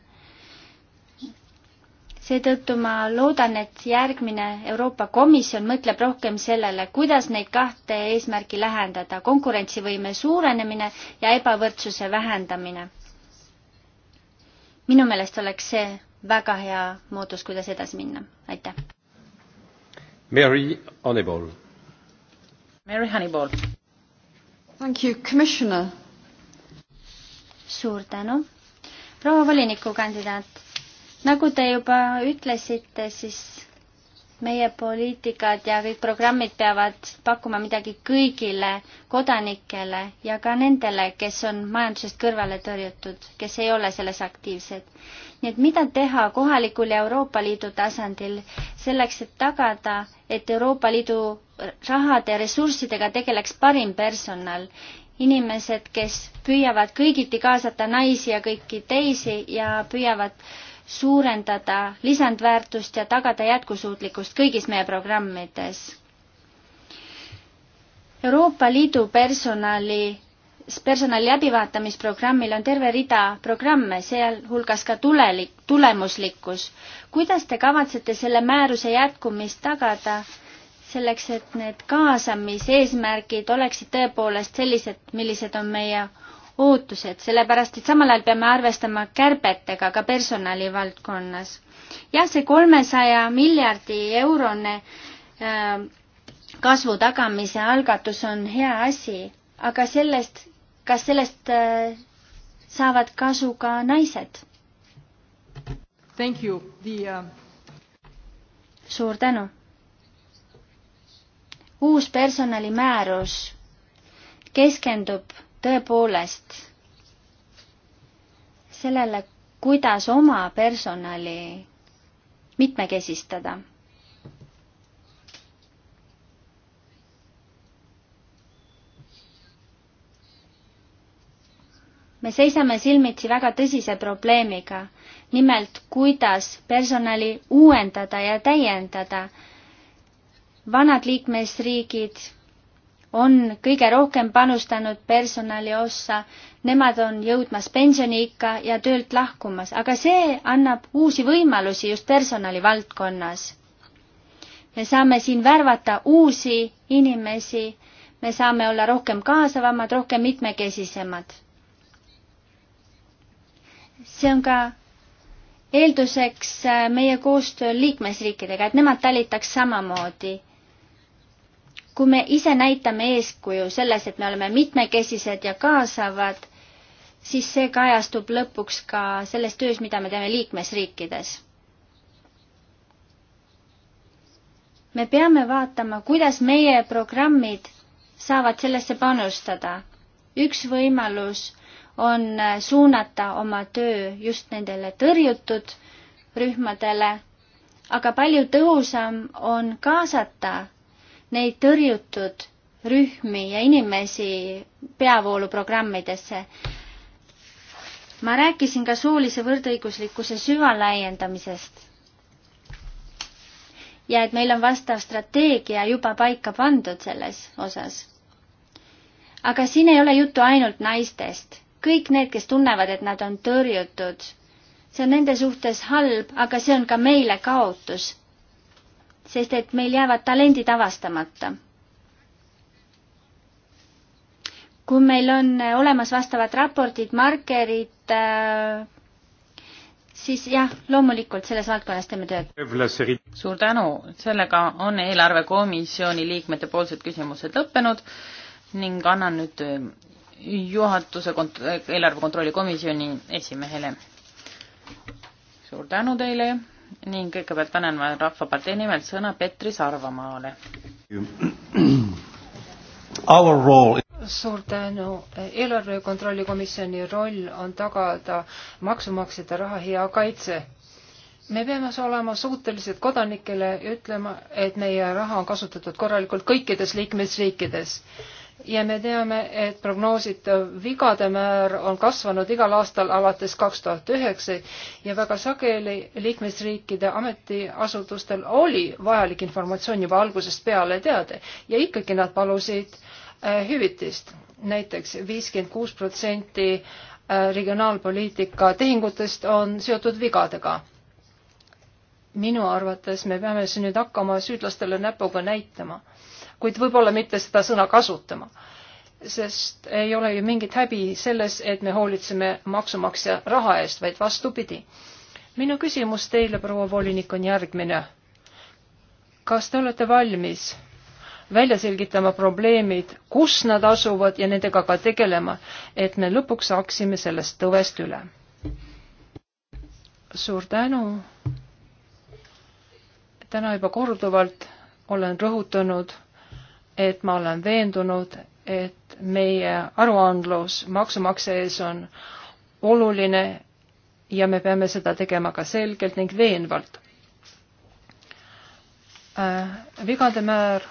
seetõttu ma loodan, et järgmine Euroopa Komisjon mõtleb rohkem sellele, kuidas neid kahte eesmärki lähendada, konkurentsivõime suurenemine ja ebavõrdsuse vähendamine minu meelest oleks see väga hea moodus, kuidas edasi minna, aitäh. Mary Honeyball. Mary Honeyball. Thank you, commissioner. suur tänu. proua volinikukandidaat, nagu te juba ütlesite, siis meie poliitikad ja kõik programmid peavad pakkuma midagi kõigile kodanikele ja ka nendele, kes on majandusest kõrvale tõrjutud, kes ei ole selles aktiivsed. nii et mida teha kohalikul ja Euroopa Liidu tasandil selleks, et tagada, et Euroopa Liidu rahade ja ressurssidega tegeleks parim personal, inimesed, kes püüavad kõigiti kaasata naisi ja kõiki teisi ja püüavad äh, suurendada lisandväärtust ja tagada jätkusuutlikkust kõigis meie programmides. Euroopa Liidu personali, personali läbivaatamisprogrammil on terve rida programme, sealhulgas ka tulelik, tulemuslikkus. kuidas te kavatsete selle määruse jätkumist tagada, selleks et need kaasamiseesmärgid oleksid tõepoolest sellised, millised on meie ootused, sellepärast et samal ajal peame arvestama kärbetega ka personali valdkonnas. jah, see kolmesaja miljardi eurone äh, kasvu tagamise algatus on hea asi, aga sellest, kas sellest äh, saavad kasu ka naised? Thank you, the uh... suur tänu. uus personalimäärus keskendub tõepoolest sellele, kuidas oma personali mitmekesistada. me seisame silmitsi väga tõsise probleemiga, nimelt kuidas personali uuendada ja täiendada. vanad liikmesriigid on kõige rohkem panustanud personali ossa, nemad on jõudmas pensioniikka ja töölt lahkumas, aga see annab uusi võimalusi just personali valdkonnas. me saame siin värvata uusi inimesi, me saame olla rohkem kaasavamad, rohkem mitmekesisemad. see on ka eelduseks äh, meie koostöö liikmesriikidega, et nemad talitaks samamoodi kui me ise näitame eeskuju selles, et me oleme mitmekesised ja kaasavad, siis see kajastub lõpuks ka selles töös, mida me teeme liikmesriikides. me peame vaatama, kuidas meie programmid saavad sellesse panustada. üks võimalus on suunata oma töö just nendele tõrjutud rühmadele, aga palju tõhusam on kaasata neid tõrjutud rühmi ja inimesi peavooluprogrammidesse. ma rääkisin ka soolise võrdõiguslikkuse süvalaiendamisest. ja et meil on vastav strateegia juba paika pandud selles osas. aga siin ei ole juttu ainult naistest. kõik need, kes tunnevad, et nad on tõrjutud, see on nende suhtes halb, aga see on ka meile kaotus sest et meil jäävad talendid avastamata. kui meil on äh, olemas vastavad raportid, markerid, äh, siis jah, loomulikult selles valdkonnas teeme tööd. suur tänu, sellega on eelarvekomisjoni liikmete poolsed küsimused lõppenud ning annan nüüd äh, juhatuse kont-, eelarve kontrolli komisjoni esimehele. suur tänu teile ning kõigepealt annan ma Rahvapartei nimel sõna Petri Sarvamaale. [CLEARS THROAT] suur tänu. eelarve kontrolli komisjoni roll on tagada maksumaksjate raha hea kaitse. me peame olema suutelised kodanikele ütlema, et meie raha on kasutatud korralikult kõikides liikmesriikides ja me teame, et prognoositav vigade määr on kasvanud igal aastal alates kaks tuhat üheksa ja väga sageli liikmesriikide ametiasutustel oli vajalik informatsioon juba algusest peale teada ja ikkagi nad palusid äh, hüvitist näiteks. näiteks viiskümmend kuus protsenti äh, regionaalpoliitika tehingutest on seotud vigadega minu arvates me peame siin nüüd hakkama süüdlastele näpuga näitama kuid võib-olla mitte seda sõna kasutama. sest ei ole ju mingit häbi selles, et me hoolitseme maksumaksja raha eest, vaid vastupidi. minu küsimus teile, proua volinik, on järgmine. kas te olete valmis välja selgitama probleemid, kus nad asuvad ja nendega ka tegelema, et me lõpuks saaksime sellest tõvest üle. suur tänu. täna juba korduvalt olen rõhutanud et ma olen veendunud, et meie aruandlus maksumaksja ees on oluline ja me peame seda tegema ka selgelt ning veenvalt. Äh, vigade määr,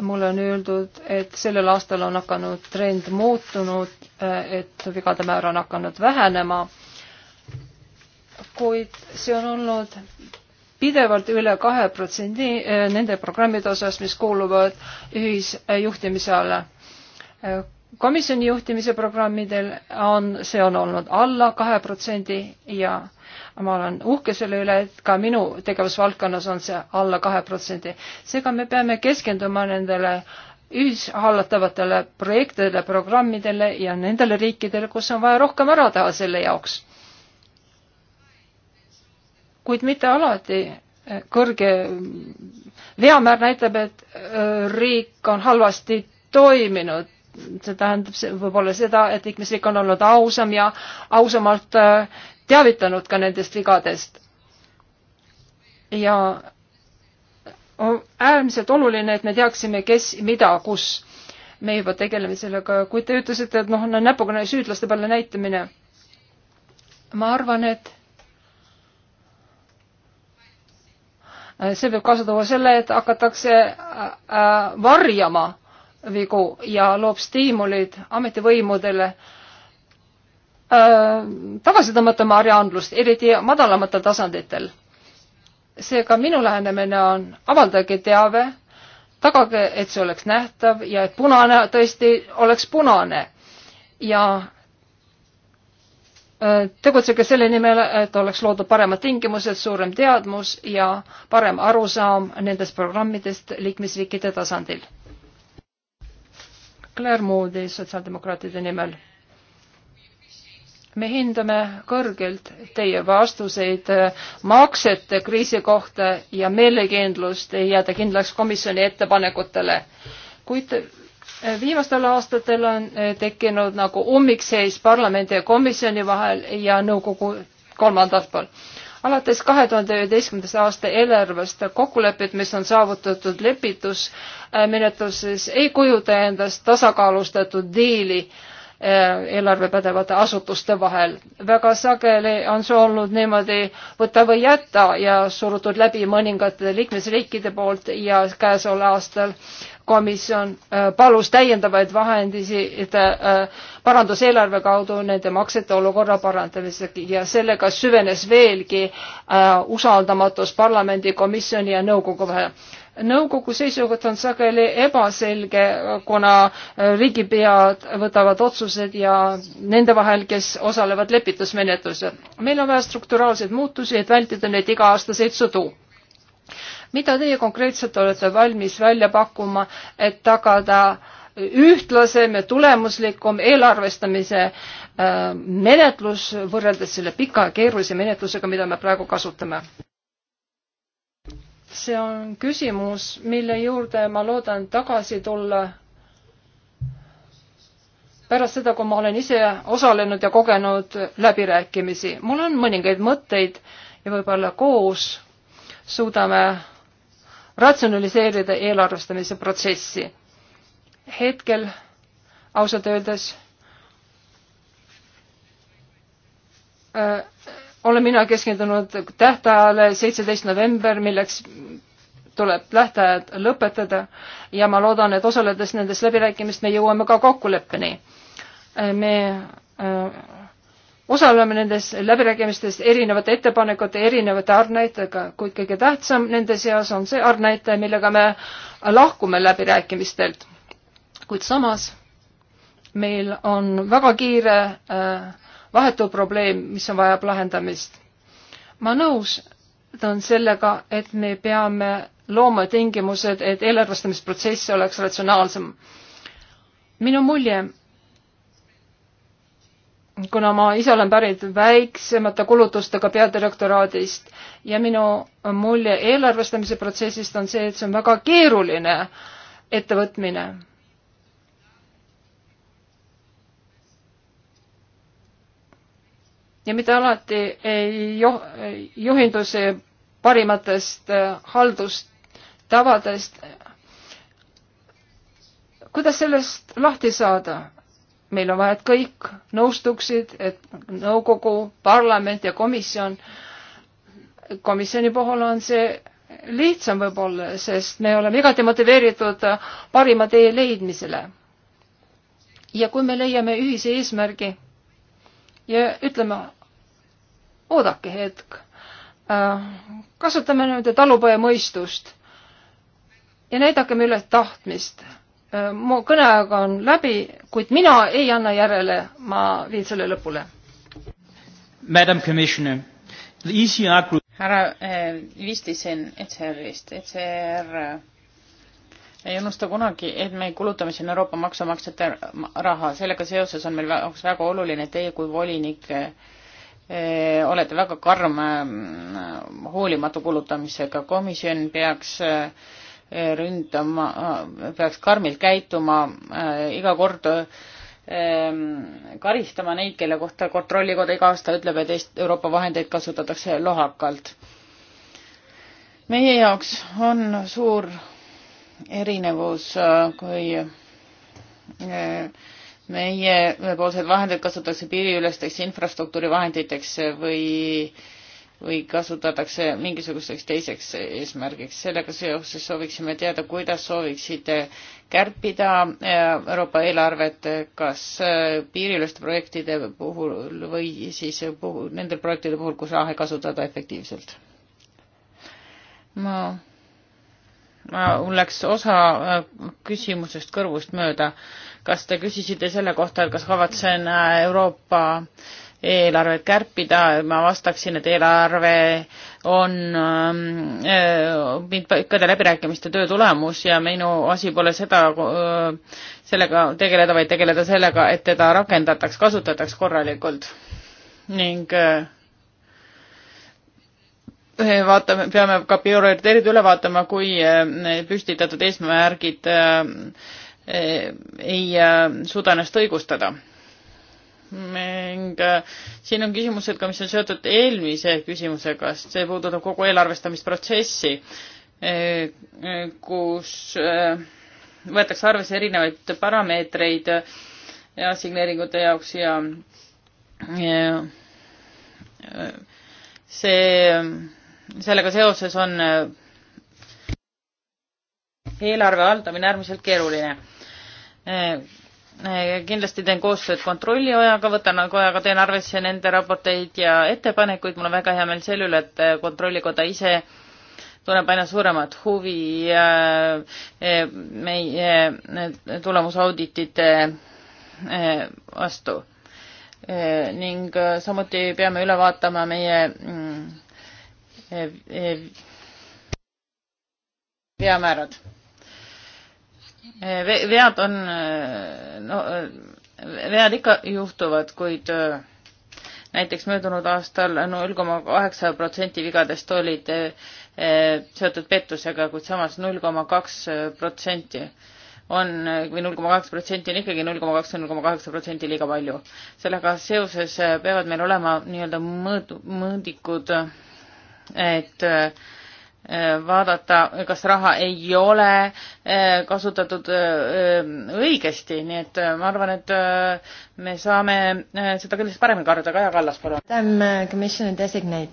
mulle on öeldud, et sellel aastal on hakanud trend muutunud, äh, et vigade määr on hakanud vähenema, kuid see on olnud pidevalt üle kahe protsendi eh, nende programmide osas, mis kuuluvad ühisjuhtimise alla. Eh, komisjoni juhtimise programmidel on, see on olnud alla kahe protsendi ja ma olen uhke selle üle, et ka minu tegevusvaldkonnas on see alla kahe protsendi. seega me peame keskenduma nendele ühishallatavatele projektidele, programmidele ja nendele riikidele, kus on vaja rohkem ära teha selle jaoks kuid mitte alati kõrge veamäär näitab, et äh, riik on halvasti toiminud. see tähendab võib-olla seda, et liikmesriik on olnud ausam ja ausamalt äh, teavitanud ka nendest vigadest. ja on äärmiselt oluline, et me teaksime, kes, mida, kus. me juba tegeleme sellega, kui te ütlesite, et noh, näpuga süüdlaste peale näitamine. ma arvan, et Äh, see võib kaasa tuua selle, et hakatakse äh, äh, varjama vigu ja loob stiimulid ametivõimudele tagasi tõmmata oma harjaandlust, eriti madalamatel tasanditel. seega minu lähenemine on avaldage teave, tagage, et see oleks nähtav ja et punane tõesti oleks punane ja tegutsege selle nimel, et oleks loodud paremad tingimused, suurem teadmus ja parem arusaam nendest programmidest liikmesriikide tasandil. Claire Moody sotsiaaldemokraatide nimel. me hindame kõrgelt teie vastuseid maksete kriisi kohta ja meelekindlust jääda kindlaks komisjoni ettepanekutele, kuid viimastel aastatel on eh, tekkinud nagu ummikseis parlamendi ja komisjoni vahel ja nõukogu kolmandalt poolt. alates kahe tuhande üheteistkümnendast aasta eelarvest kokkulepped, mis on saavutatud lepitusmenetluses, ei kujuta endast tasakaalustatud diili eh, eelarvepädevate asutuste vahel. väga sageli on see olnud niimoodi võta või jäta ja surutud läbi mõningate liikmesriikide poolt ja käesoleval aastal äh, komisjon äh, palus täiendavaid vahendisid äh, paranduseelarve kaudu nende maksete olukorra parandamiseks ja sellega süvenes veelgi äh, usaldamatus parlamendi, komisjoni ja nõukogu vahel. nõukogu seisukoht on sageli ebaselge, kuna riigipead võtavad otsused ja nende vahel, kes osalevad lepitusmenetlusel. meil on vaja strukturaalseid muutusi, et vältida neid iga-aastaseid sõdu mida teie konkreetselt olete valmis välja pakkuma, et tagada ühtlasem ja tulemuslikum eelarvestamise äh, menetlus võrreldes selle pika ja keerulise menetlusega, mida me praegu kasutame? see on küsimus, mille juurde ma loodan tagasi tulla pärast seda, kui ma olen ise osalenud ja kogenud läbirääkimisi. mul on mõningaid mõtteid ja võib-olla koos suudame ratsionaliseerida eelarvestamise protsessi. hetkel ausalt öeldes öö, äh, olen mina keskendunud tähtajale seitseteist november, milleks tuleb tähtajad lõpetada ja ma loodan, et osaledes nendes läbirääkimistes me jõuame ka kokkuleppeni. Äh, me öö, äh, osaleme nendes läbirääkimistes erinevate ettepanekute, erinevate arvnäitajatega, kuid kõige tähtsam nende seas on see arvnäitaja, millega me lahkume läbirääkimistelt. kuid samas meil on väga kiire äh, vahetu probleem, mis on, vajab lahendamist. ma nõus on sellega, et me peame looma tingimused, et eelarvestamisprotsess oleks ratsionaalsem. minu mulje kuna ma ise olen pärit väiksemate kulutustega peadirektoraadist ja minu mulje eelarvestamise protsessist on see, et see on väga keeruline ettevõtmine. ja mitte alati ei jo-, juhindus parimatest äh, haldustavadest. kuidas sellest lahti saada? meil on vaja, et kõik nõustuksid, et nõukogu, parlament ja komisjon, komisjoni puhul on see lihtsam võib-olla, sest me oleme igati motiveeritud parima tee leidmisele. ja kui me leiame ühise eesmärgi ja ütleme, oodake hetk, äh, kasutame nüüd talupoja mõistust ja näidakem üles tahtmist Äh, mu kõneaeg on läbi, kuid mina ei anna järele, ma viin selle lõpule. E härra äh, Vistisen ECR-ist, ECR äh, ei unusta kunagi, et me kulutame siin Euroopa maksumaksjate raha, sellega seoses on meil väga oluline, et teie kui volinik olete väga karm hoolimatu kulutamisega, komisjon peaks äh, ründama, peaks karmilt käituma, äh, iga kord ähm, karistama neid, kelle kohta Kontrollikoda iga aasta ütleb, et Eest-, Euroopa vahendeid kasutatakse lohakalt. meie jaoks on suur erinevus, äh, kui äh, meiepoolsed vahendid kasutatakse piiriülesteks infrastruktuurivahenditeks või äh, või kasutatakse mingisuguseks teiseks eesmärgiks. sellega seoses sooviksime teada, kuidas sooviksite kärpida eh, Euroopa eelarvet, kas eh, piiriüleste projektide puhul või siis puhul, nende projektide puhul, kus raha kasutada efektiivselt? ma, ma, mul läks osa eh, küsimusest kõrvust mööda. kas te küsisite selle kohta, et kas kavatsen Euroopa äh, eelarvet kärpida, ma vastaksin, et eelarve on ähm, äh, pikkade läbirääkimiste töö tulemus ja minu asi pole seda, äh, sellega tegeleda, vaid tegeleda sellega, et teda rakendataks, kasutataks korralikult. ning äh, vaatame, peame ka prioriteedid üle vaatama, kui püstitatud eesmärgid ei suuda ennast õigustada ning äh, siin on küsimused ka, mis on seotud eelmise küsimusega, sest see puudutab kogu eelarvestamisprotsessi, äh, äh, kus võetakse arvesse erinevaid parameetreid assigneeringute jaoks ja, ja see, sellega seoses on eelarve haldamine äärmiselt keeruline Eh, kindlasti teen koostööd kontrolliojaga, võtan kojaga, nagu teen arvesse nende raporteid ja ettepanekuid, mul on väga hea meel selle üle, et eh, kontrollikoda ise tunneb aina suuremat huvi eh, meie tulemusauditite vastu. ning samuti peame üle vaatama meie veamäärad mm, Eh, vead on, eh, no eh, vead ikka juhtuvad, kuid näiteks möödunud aastal null koma kaheksa protsenti vigadest olid seotud pettusega, kuid samas null koma kaks protsenti on või null koma kaheksa protsenti on ikkagi null koma kaks, null koma kaheksa protsenti liiga palju. sellega seoses peavad meil olema nii-öelda mõõdu, mõõdikud, et äh, Äh, vaadata, kas raha ei ole äh, kasutatud äh, õigesti, nii et ma arvan, et me saame seda kindlasti paremini korraldada. Kaja Kallas, palun.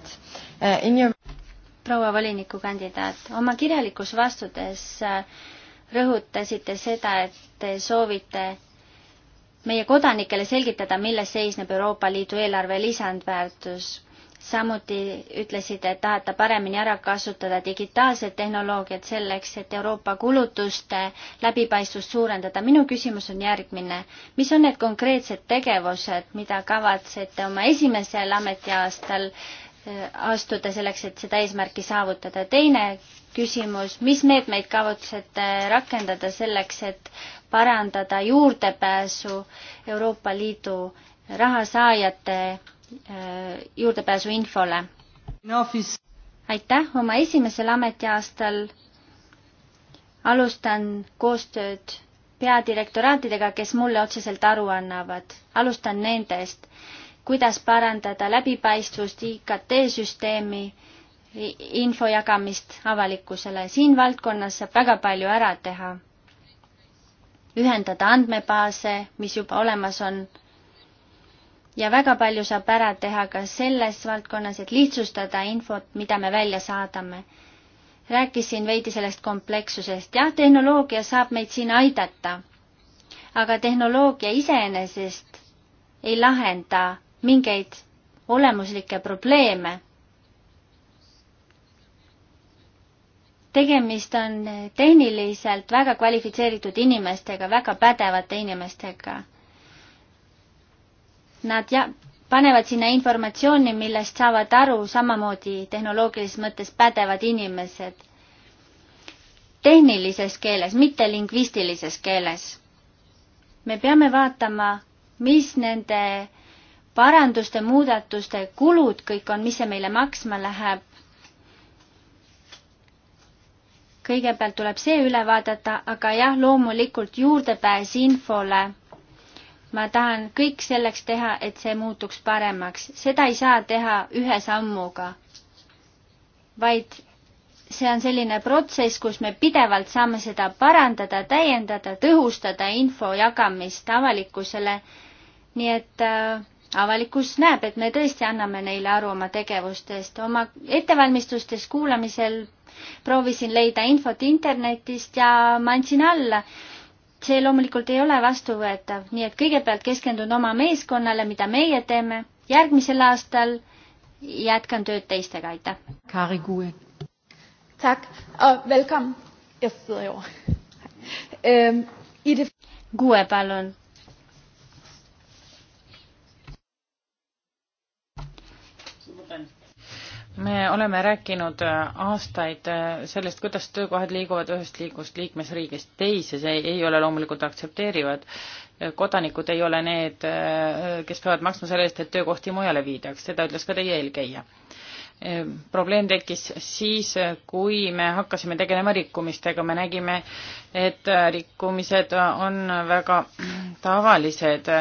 proua volinikukandidaat, oma kirjalikus vastudes rõhutasite seda, et soovite meie kodanikele selgitada, milles seisneb Euroopa Liidu eelarve lisandväärtus samuti ütlesid, et tahate paremini ära kasutada digitaalset tehnoloogiat selleks, et Euroopa kulutuste läbipaistvust suurendada. minu küsimus on järgmine. mis on need konkreetsed tegevused, mida kavatsete oma esimesel ametiaastal äh, astuda selleks, et seda eesmärki saavutada? teine küsimus, mis meetmeid kavatsete rakendada selleks, et parandada juurdepääsu Euroopa Liidu rahasaajate Äh, juurdepääsu infole. aitäh, oma esimesel ametiaastal alustan koostööd peadirektoraatidega, kes mulle otseselt aru annavad. alustan nendest, kuidas parandada läbipaistvust IKT-süsteemi, info jagamist avalikkusele. siin valdkonnas saab väga palju ära teha. ühendada andmebaase, mis juba olemas on ja väga palju saab ära teha ka selles valdkonnas, et lihtsustada infot, mida me välja saadame. rääkisin veidi sellest komplekssusest, jah, tehnoloogia saab meid siin aidata, aga tehnoloogia iseenesest ei lahenda mingeid olemuslikke probleeme. tegemist on tehniliselt väga kvalifitseeritud inimestega, väga pädevate inimestega nad ja, panevad sinna informatsiooni, millest saavad aru samamoodi tehnoloogilises mõttes pädevad inimesed. tehnilises keeles, mitte lingvistilises keeles. me peame vaatama, mis nende paranduste, muudatuste kulud kõik on, mis see meile maksma läheb. kõigepealt tuleb see üle vaadata, aga jah, loomulikult juurdepääs infole ma tahan kõik selleks teha, et see muutuks paremaks. seda ei saa teha ühe sammuga, vaid see on selline protsess, kus me pidevalt saame seda parandada, täiendada, tõhustada info jagamist avalikkusele. nii et äh, avalikkus näeb, et me tõesti anname neile aru oma tegevustest. oma ettevalmistustes kuulamisel proovisin leida infot internetist ja ma andsin alla äh, see loomulikult ei ole vastuvõetav, nii et kõigepealt keskendun oma meeskonnale, mida meie teeme, järgmisel aastal jätkan tööd teistega, aitäh. Kari Kuue. tak uh,, welcome. jah, seda ei ole. Kuue, palun me oleme rääkinud äh, aastaid äh, sellest, kuidas töökohad liiguvad ühest liigust liikmesriigist teise, see ei ole loomulikult aktsepteerivad. Äh, kodanikud ei ole need, kes peavad maksma selle eest, et töökohti mujale viidaks, seda ütles ka teie eelkäija. probleem tekkis siis, kui me hakkasime tegelema rikkumistega, me nägime, et rikkumised on väga tavalised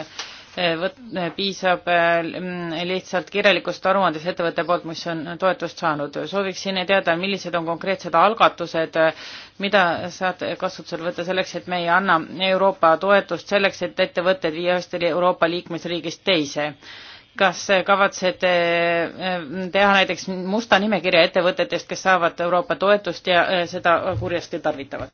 võt-, piisab mm, lihtsalt kirjalikust aruandest ettevõtte poolt, mis on toetust saanud. sooviksin teada, millised on konkreetsed algatused, mida saate kasutusele võtta selleks, et me ei anna Euroopa toetust selleks, et ettevõtted viia ühest Euroopa liikmesriigist teise kas kavatsete mm, teha näiteks musta nimekirja ettevõtetest, kes saavad Euroopa toetust ja eh, seda kurjasti tarvitavad?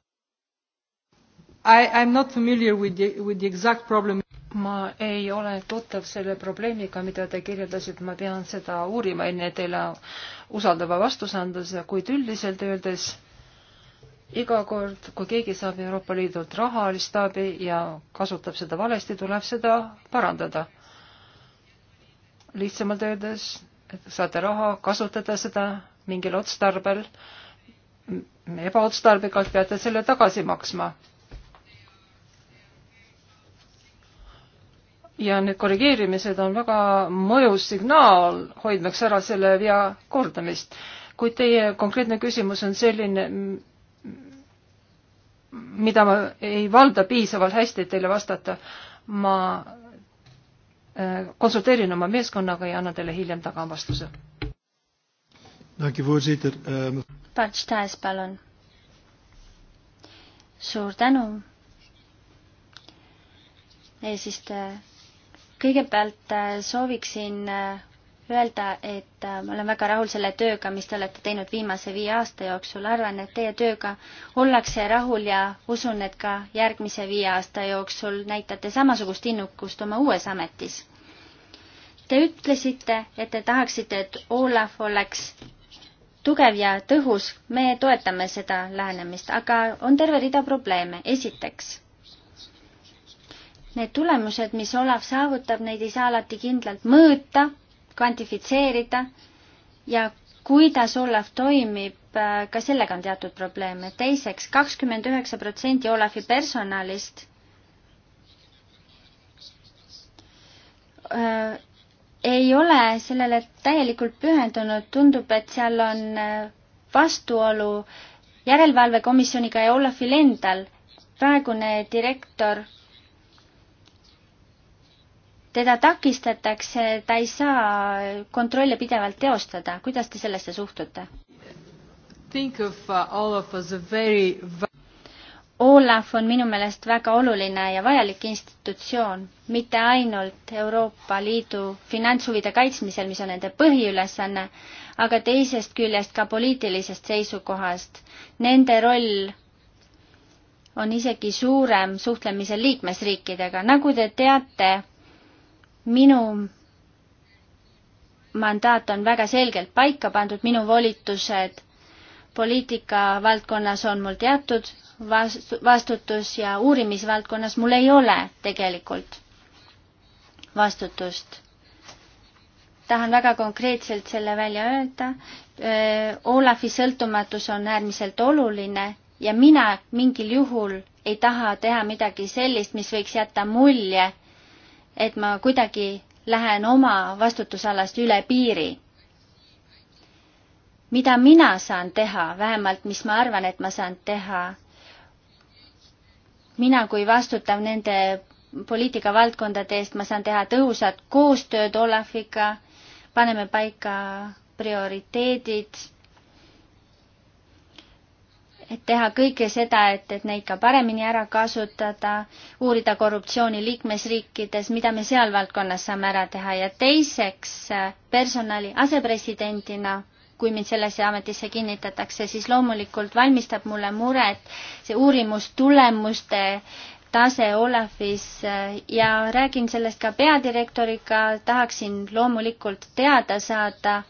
I am not familiar with the, with the exact problem ma ei ole tuttav selle probleemiga, mida te kirjeldasite, ma pean seda uurima, enne teile usaldava vastuse anda, kuid üldiselt öeldes iga kord, kui keegi saab Euroopa Liidult rahalist abi ja kasutab seda valesti, tuleb seda parandada. lihtsamalt öeldes, et saate raha, kasutada seda mingil otstarbel, ebaotstarbekalt peate selle tagasi maksma ja need korrigeerimised on väga mõjus signaal, hoidmaks ära selle vea kordamist. kuid teie konkreetne küsimus on selline, mida ma ei valda piisavalt hästi, et teile vastata. ma consulteerin äh, oma meeskonnaga ja annan teile hiljem taga vastuse. Parts ehm, Tähes, palun. suur tänu, eesistuja kõigepealt äh, sooviksin äh, öelda, et äh, ma olen väga rahul selle tööga, mis te olete teinud viimase viie aasta jooksul. arvan, et teie tööga ollakse rahul ja usun, et ka järgmise viie aasta jooksul näitate samasugust innukust oma uues ametis. Te ütlesite, et te tahaksite, et Olav oleks tugev ja tõhus. me toetame seda lähenemist, aga on terve rida probleeme. esiteks Need tulemused, mis Olav saavutab, neid ei saa alati kindlalt mõõta, kvantifitseerida ja kuidas Olav toimib, äh, ka sellega on teatud probleeme. teiseks, kakskümmend üheksa protsenti Olavi personalist äh, ei ole sellele täielikult pühendunud, tundub, et seal on äh, vastuolu järelevalvekomisjoniga ja Olafil endal. praegune direktor teda takistatakse, ta ei saa kontrolle pidevalt teostada, kuidas te sellesse suhtute? Uh, very... Olaf on minu meelest väga oluline ja vajalik institutsioon, mitte ainult Euroopa Liidu finantshuvide kaitsmisel, mis on nende põhiülesanne, aga teisest küljest ka poliitilisest seisukohast. Nende roll on isegi suurem suhtlemisel liikmesriikidega, nagu te teate minu mandaat on väga selgelt paika pandud, minu volitused poliitika valdkonnas on mul teatud vastutus ja uurimisvaldkonnas mul ei ole tegelikult vastutust. tahan väga konkreetselt selle välja öelda. Olafi sõltumatus on äärmiselt oluline ja mina mingil juhul ei taha teha midagi sellist, mis võiks jätta mulje, et ma kuidagi lähen oma vastutusalast üle piiri. mida mina saan teha, vähemalt mis ma arvan, et ma saan teha, mina kui vastutav nende poliitikavaldkondade eest, ma saan teha tõhusat koostööd Olafiga, paneme paika prioriteedid et teha kõike seda, et, et neid ka paremini ära kasutada, uurida korruptsiooni liikmesriikides, mida me seal valdkonnas saame ära teha ja teiseks personali asepresidendina, kui mind sellesse ametisse kinnitatakse, siis loomulikult valmistab mulle muret see uurimustulemuste tase Olafis ja räägin sellest ka peadirektoriga, tahaksin loomulikult teada saada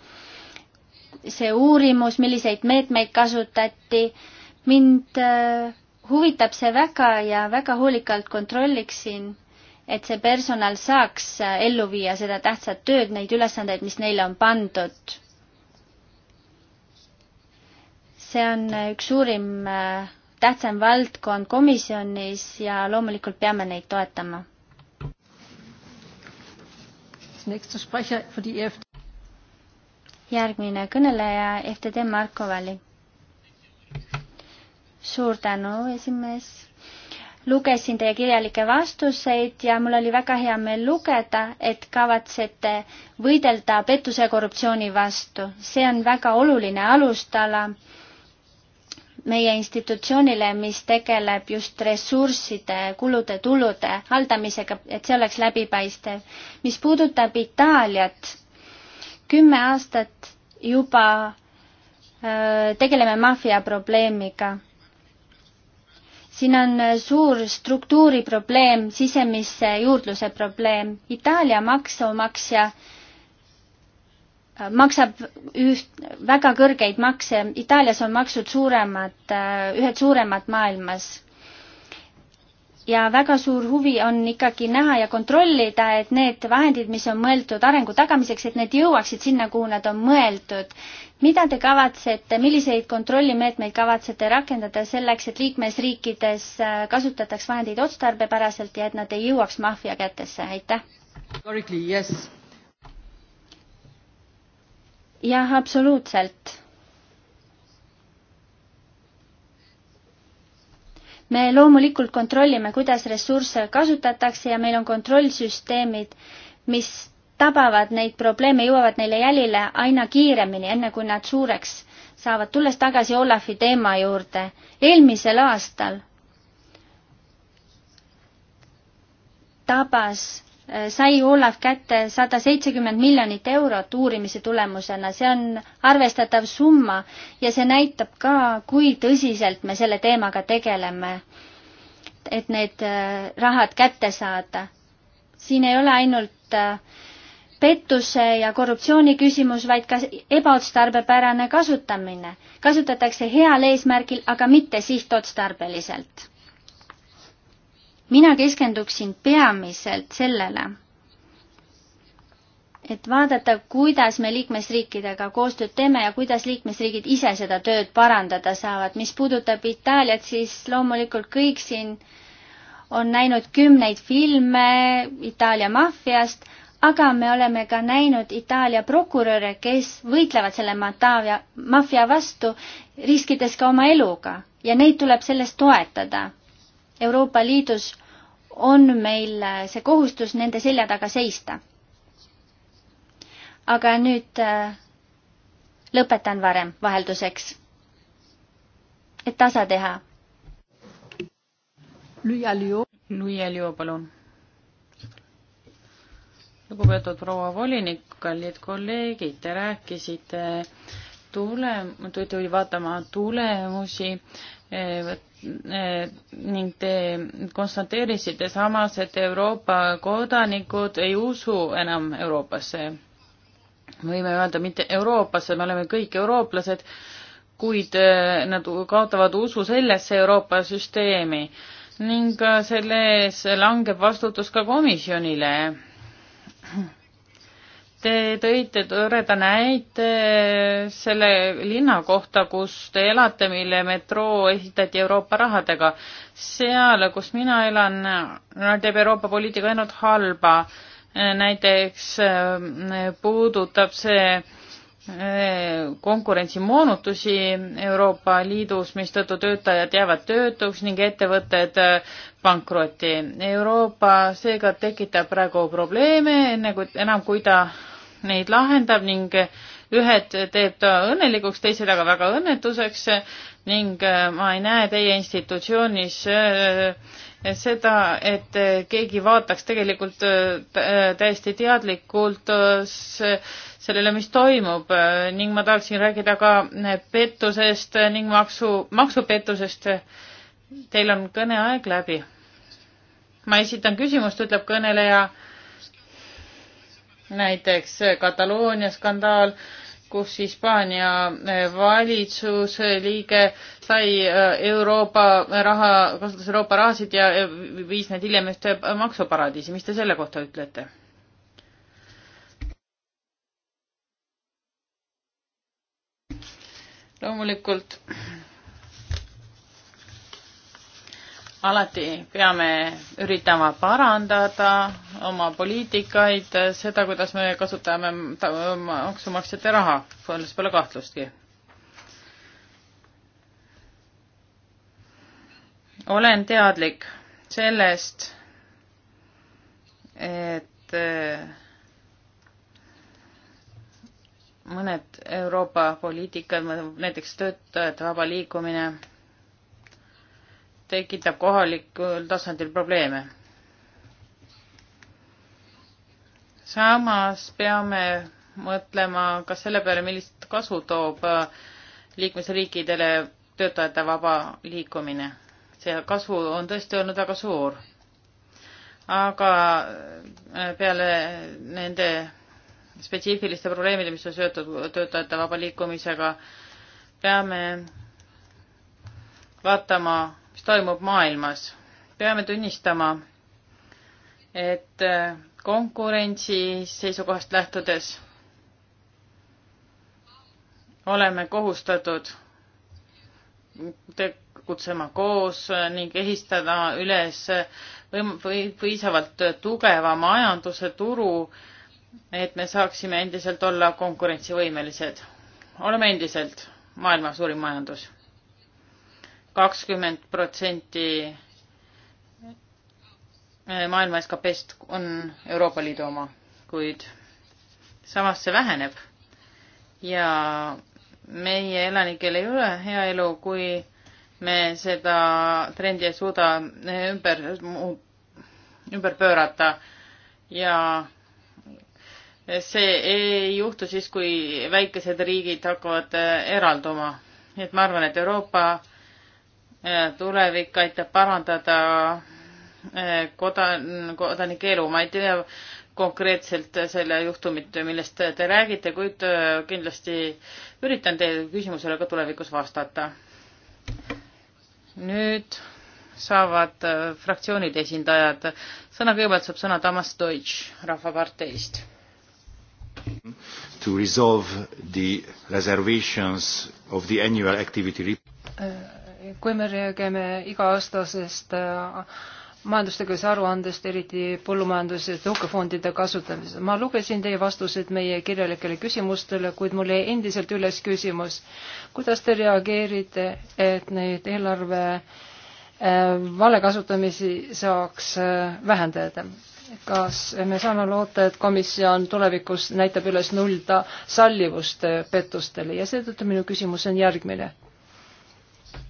see uurimus, milliseid meetmeid kasutati mind äh, huvitab see väga ja väga hoolikalt kontrolliksin, et see personal saaks äh, ellu viia seda tähtsat tööd, neid ülesandeid, mis neile on pandud. see on äh, üks suurim tähtsam valdkond komisjonis ja loomulikult peame neid toetama. E järgmine kõneleja, e FTD Marko Vali suur tänu, esimees. lugesin teie kirjalikke vastuseid ja mul oli väga hea meel lugeda, et kavatsete võidelda pettuse ja korruptsiooni vastu. see on väga oluline alustala meie institutsioonile, mis tegeleb just ressursside, kulude, tulude haldamisega, et see oleks läbipaistev. mis puudutab Itaaliat, kümme aastat juba öö, äh, tegeleme maffia probleemiga siin on äh, suur struktuuriprobleem, sisemise juurdluse probleem. Itaalia maksumaksja äh, maksab üht, väga kõrgeid makse, Itaalias on maksud suuremad, äh, ühed suuremad maailmas ja väga suur huvi on ikkagi näha ja kontrollida, et need vahendid, mis on mõeldud arengu tagamiseks, et need jõuaksid sinna, kuhu nad on mõeldud. mida te kavatsete, milliseid kontrollimeetmeid kavatsete rakendada selleks, et liikmesriikides äh, kasutataks vahendeid otstarbepäraselt ja et nad ei jõuaks maffia kätesse, aitäh! jah, absoluutselt me loomulikult kontrollime, kuidas ressursse kasutatakse ja meil on kontrollsüsteemid, mis tabavad neid probleeme, jõuavad neile jälile aina kiiremini, enne kui nad suureks saavad. tulles tagasi Olafi teema juurde, eelmisel aastal tabas Äh, sai Olav kätte sada seitsekümmend miljonit eurot uurimise tulemusena, see on arvestatav summa ja see näitab ka, kui tõsiselt me selle teemaga tegeleme, et need äh, rahad kätte saada. siin ei ole ainult äh, pettuse ja korruptsiooni küsimus, vaid ka ebaotstarbepärane kasutamine. kasutatakse heal eesmärgil, aga mitte sihtotstarbeliselt mina keskenduksin peamiselt sellele, et vaadata, kuidas me liikmesriikidega koostööd teeme ja kuidas liikmesriigid ise seda tööd parandada saavad. mis puudutab Itaaliat, siis loomulikult kõik siin on näinud kümneid filme Itaalia maffiast, aga me oleme ka näinud Itaalia prokuröre, kes võitlevad selle Matavia, maffia vastu, riskides ka oma eluga ja neid tuleb selles toetada. Euroopa Liidus on meil äh, see kohustus nende selja taga seista. aga nüüd äh, lõpetan varem vahelduseks, et tasa teha. lüüa liu. lüüa liu, palun. lugupeetud proua volinik, kallid kolleegid, te rääkisite tule, tuli vaatama tulemusi Eh, eh, ning te konstateerisite samas, et Euroopa kodanikud ei usu enam Euroopasse. võime öelda mitte Euroopasse, me oleme kõik eurooplased, kuid eh, nad kaotavad usu sellesse Euroopa süsteemi ning selles langeb vastutus ka komisjonile [CLEARS THROAT] Te tõite toreda näite selle linna kohta, kus te elate, mille metroo ehitati Euroopa rahadega. seal, kus mina elan, teeb Euroopa poliitika ainult halba. näiteks äh, puudutab see äh, konkurentsimoonutusi Euroopa Liidus, mistõttu töötajad jäävad töötuks ning ettevõtted äh, pankrotti. Euroopa seega tekitab praegu probleeme, enne kui, enam kui ta neid lahendab ning ühed teeb ta õnnelikuks, teised aga väga õnnetuseks ning äh, ma ei näe teie institutsioonis äh, seda, et äh, keegi vaataks tegelikult täiesti teadlikult sellele, mis toimub ning ma tahaksin rääkida ka pettusest ning maksu, maksupettusest. Teil on kõneaeg läbi. ma esitan küsimust, ütleb kõneleja näiteks eh, Kataloonia skandaal, kus Hispaania eh, valitsuse liige sai eh, Euroopa raha, kasutas Euroopa rahasid ja viis need hiljem ühte maksuparadiisi, mis te selle kohta ütlete? loomulikult alati peame üritama parandada oma poliitikaid, seda, kuidas me kasutame maksumaksjate raha, selles pole kahtlustki. olen teadlik sellest, et eh, mõned Euroopa poliitikad, näiteks töötajate vaba liikumine tekitab kohalikul tasandil probleeme. samas peame mõtlema ka selle peale, millist kasu toob äh, liikmesriikidele töötajate vaba liikumine. see kasu on tõesti olnud väga suur. aga äh, peale nende spetsiifiliste probleemide, mis on seotud töötajate vaba liikumisega, peame vaatama mis toimub maailmas. peame tunnistama, et äh, konkurentsi seisukohast lähtudes oleme kohustatud tegutsema koos ning ehistada üles võim- või piisavalt tugeva majanduse turu, et me saaksime endiselt olla konkurentsivõimelised. oleme endiselt maailma suurim majandus kakskümmend protsenti maailma SKP-st on Euroopa Liidu oma, kuid samas see väheneb ja meie elanikel ei ole hea elu, kui me seda trendi ei suuda ümber, ümber pöörata ja see ei juhtu siis, kui väikesed riigid hakkavad äh, eralduma. nii et ma arvan, et Euroopa Äh, tulevik aitab parandada äh, kodan-, kodanike elu, ma ei tea konkreetselt selle juhtumit, millest te räägite, kuid äh, kindlasti üritan teie küsimusele ka tulevikus vastata. nüüd saavad fraktsioonide esindajad sõna, kõigepealt saab sõna Tamas Deutsch Rahvaparteist. To resolve the reservations of the annual activity report kui me räägime iga-aastasest äh, majandustegevuse aruandest, eriti põllumajandus- ja tõukefondide kasutamisel. ma lugesin teie vastused meie kirjalikele küsimustele, kuid mul jäi endiselt üles küsimus, kuidas te reageerite, et neid eelarve äh, vale kasutamisi saaks äh, vähendada? kas me saame loota, et komisjon tulevikus näitab üles null sallivust pettustele ja seetõttu minu küsimus on järgmine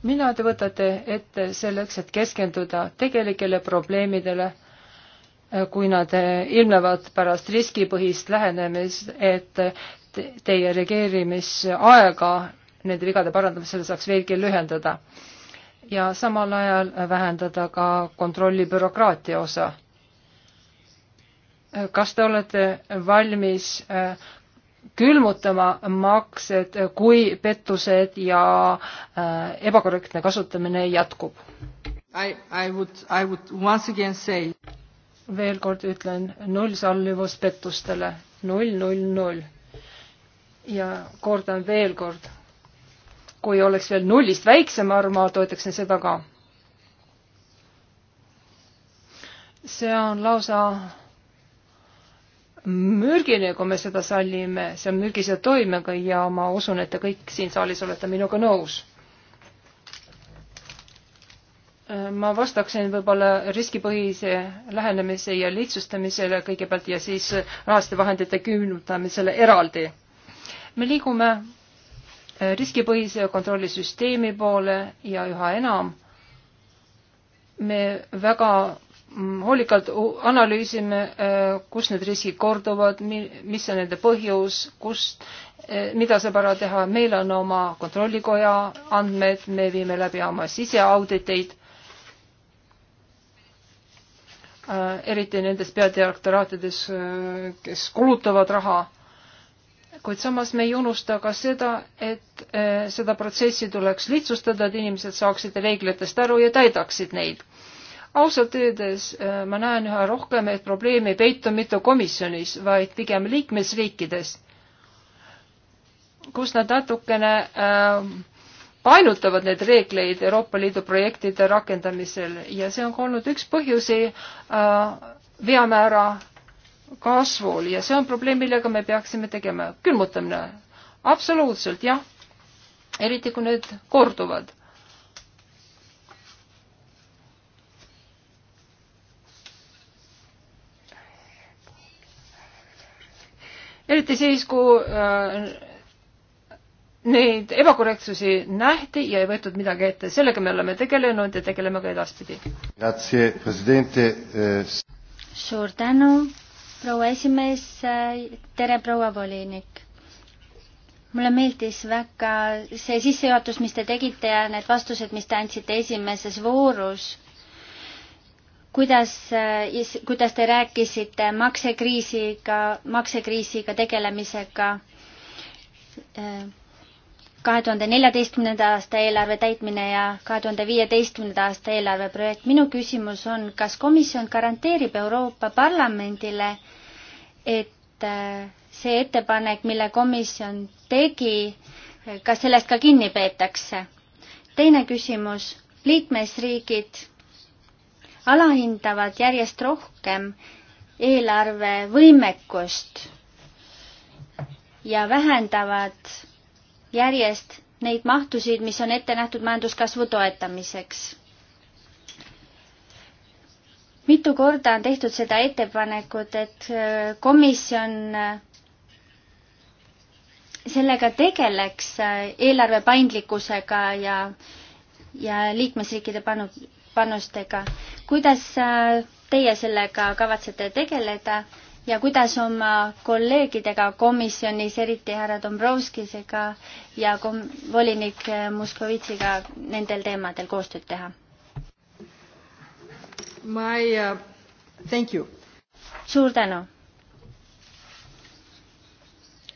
mida te võtate ette selleks, et keskenduda tegelikele probleemidele, eh, kui nad eh, ilmnevad pärast riskipõhist lähenemist, et teie reageerimisaega nende vigade parandamisel saaks veelgi lühendada ja samal ajal vähendada ka kontrolli bürokraatia osa. Eh, kas te olete valmis külmutama maksed, kui pettused ja äh, ebakorrektne kasutamine jätkub. I, I would, I would once again say veel kord ütlen, null sallivus pettustele, null, null, null. ja kordan veel kord, kui oleks veel nullist väiksem arv, ma toetaksin seda ka. see on lausa mürgiline, kui me seda sallime, see on mürgise toimega ja ma usun, et te kõik siin saalis olete minuga nõus. Äh, ma vastaksin võib-olla riskipõhise lähenemise ja lihtsustamisele kõigepealt ja siis rahaliste vahendite kümnendamisele eraldi. me liigume äh, riskipõhise kontrollisüsteemi poole ja üha enam me väga Mm, hoolikalt analüüsime, äh, kus need riskid korduvad, mis on nende põhjus, kust, äh, mida saab ära teha, meil on oma kontrollikoja andmed, me viime läbi oma siseauditeid, äh, eriti nendes peadirektoraatides, kes kulutavad raha, kuid samas me ei unusta ka seda, et seda protsessi tuleks lihtsustada, et inimesed saaksid reeglitest aru ja täidaksid neid ausalt öeldes äh, ma näen üha rohkem, et probleem ei peitu mitte komisjonis, vaid pigem liikmesriikides, kus nad natukene äh, painutavad neid reegleid Euroopa Liidu projektide rakendamisel ja see on olnud üks põhjusi äh, veamäära kasvul ja see on probleem, millega me peaksime tegema. külmutamine, absoluutselt jah, eriti kui need korduvad eriti siis, kui äh, neid ebakorrektsusi nähti ja ei võetud midagi ette. sellega me oleme tegelenud ja tegeleme ka edaspidi. Eh, suur tänu, proua esimees, tere, proua volinik! mulle meeldis väga see sissejuhatus, mis te tegite ja need vastused, mis te andsite esimeses voorus kuidas, kuidas te rääkisite maksekriisiga, maksekriisiga tegelemisega. Äh, kahe tuhande neljateistkümnenda aasta eelarve täitmine ja kahe tuhande viieteistkümnenda aasta eelarve projekt. minu küsimus on, kas komisjon garanteerib Euroopa Parlamendile, et äh, see ettepanek, mille komisjon tegi, äh, kas sellest ka kinni peetakse? teine küsimus, liikmesriigid alahindavad järjest rohkem eelarve võimekust ja vähendavad järjest neid mahtusid, mis on ette nähtud majanduskasvu toetamiseks. mitu korda on tehtud seda ettepanekut, et äh, komisjon äh, sellega tegeleks, äh, eelarve paindlikkusega ja, ja liikmesriikide panu, panustega. kuidas äh, teie sellega kavatsete tegeleda ja kuidas oma kolleegidega komisjonis, eriti härra Dombrovskisega ja kom-, volinik Moskovitšiga nendel teemadel koostööd teha? My uh, thank you. suur tänu.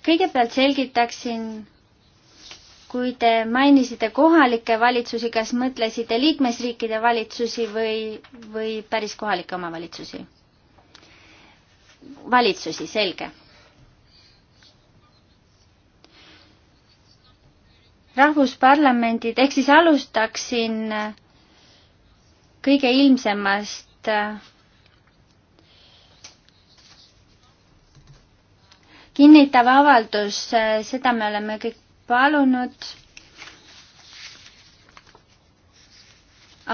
kõigepealt selgitaksin kui te mainisite kohalikke valitsusi, kas mõtlesite liikmesriikide valitsusi või, või päris kohalikke omavalitsusi? valitsusi, selge. rahvusparlamendid, ehk siis alustaksin kõige ilmsemast kinnitav avaldus, seda me oleme kõik palunud.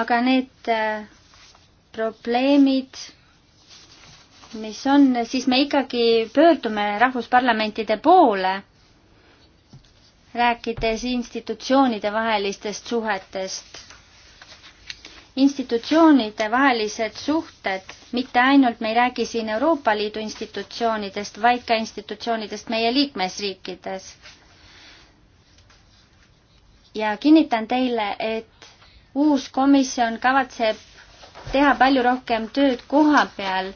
aga need äh, probleemid, mis on, siis me ikkagi pöördume rahvusparlamentide poole, rääkides institutsioonide vahelistest suhetest institutsioonide vahelised suhted, mitte ainult me ei räägi siin Euroopa Liidu institutsioonidest, vaid ka institutsioonidest meie liikmesriikides ja kinnitan teile, et uus komisjon kavatseb teha palju rohkem tööd koha peal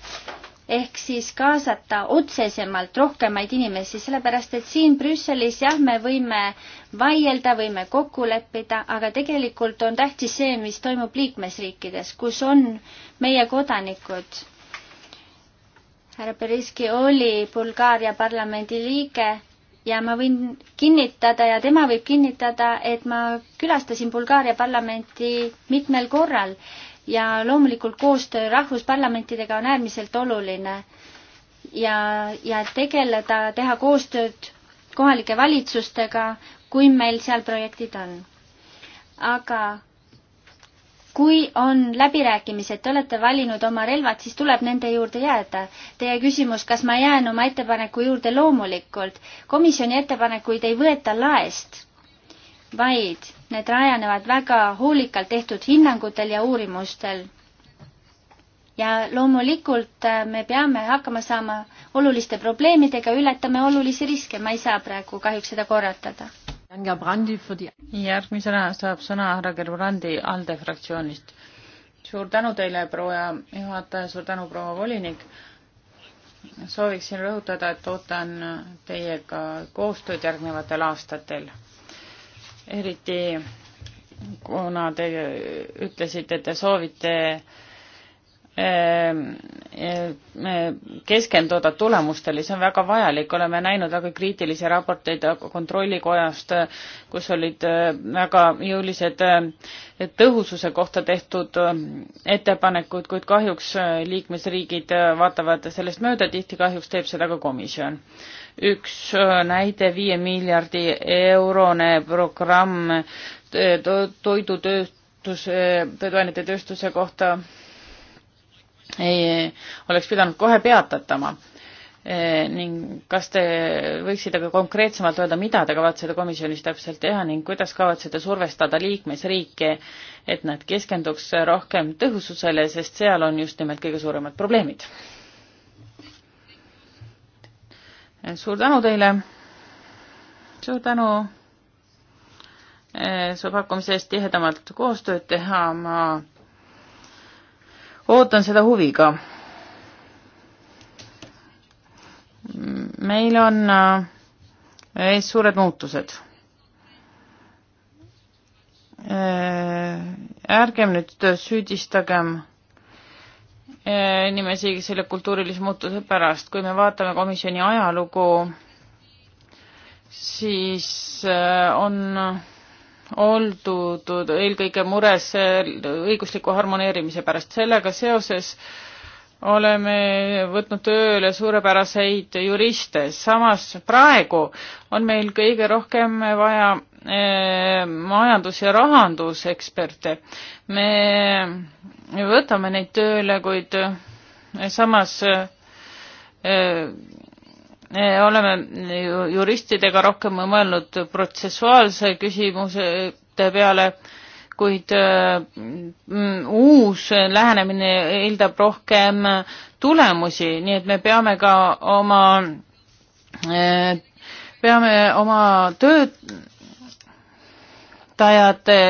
ehk siis kaasata otsesemalt rohkemaid inimesi, sellepärast et siin Brüsselis jah, me võime vaielda, võime kokku leppida, aga tegelikult on tähtis see, mis toimub liikmesriikides, kus on meie kodanikud. härra Beriski oli Bulgaaria parlamendi liige ja ma võin kinnitada ja tema võib kinnitada, et ma külastasin Bulgaaria parlamenti mitmel korral ja loomulikult koostöö rahvusparlamentidega on äärmiselt oluline. ja, ja tegeleda, teha koostööd kohalike valitsustega, kui meil seal projektid on. aga kui on läbirääkimised, te olete valinud oma relvad, siis tuleb nende juurde jääda. Teie küsimus, kas ma jään oma ettepaneku juurde, loomulikult. komisjoni ettepanekuid ei võeta laest, vaid need rajanevad väga hoolikalt tehtud hinnangutel ja uurimustel. ja loomulikult äh, me peame hakkama saama oluliste probleemidega, ületame olulisi riske, ma ei saa praegu kahjuks seda korratada järgmisena saab sõna härra Gerbrandi ALDE fraktsioonist. suur tänu teile, proua juhataja, suur tänu, proua volinik. sooviksin rõhutada, et ootan teiega koostööd järgnevatel aastatel. eriti kuna te ütlesite, et te soovite äh, Ehm, ehm, keskenduda tulemustele, see on väga vajalik, oleme näinud väga kriitilisi raporteid kontrollikojast, kus olid ehm, väga jõulised tõhususe kohta tehtud ettepanekud, kuid kahjuks liikmesriigid vaatavad sellest mööda, tihti kahjuks teeb seda ka komisjon. üks näide, viie miljardi eurone programm toidutööstuse, toiduainete tööstuse kohta ei, oleks pidanud kohe peatatama e, ning kas te võiksite ka konkreetsemalt öelda, mida te kavatsete komisjonis täpselt teha ning kuidas kavatsete survestada liikmesriike, et nad keskenduks rohkem tõhususele, sest seal on just nimelt kõige suuremad probleemid? E, suur tänu teile, suur tänu e, pakkumise eest tihedamalt koostööd teha, ma ootan seda huviga. meil on äh, ees suured muutused. Äh, ärgem nüüd süüdistagem äh, inimesi selle kultuurilise muutuse pärast, kui me vaatame komisjoni ajalugu, siis on oldud eelkõige mures õigusliku harmoneerimise pärast. sellega seoses oleme võtnud tööle suurepäraseid juriste, samas praegu on meil kõige rohkem vaja eh, majandus- ja rahanduseksperte. me võtame neid tööle, kuid samas eh, oleme juristidega rohkem mõelnud protsessuaalse küsimuse peale, kuid mm, uus lähenemine eeldab rohkem tulemusi, nii et me peame ka oma, e, peame oma töötajate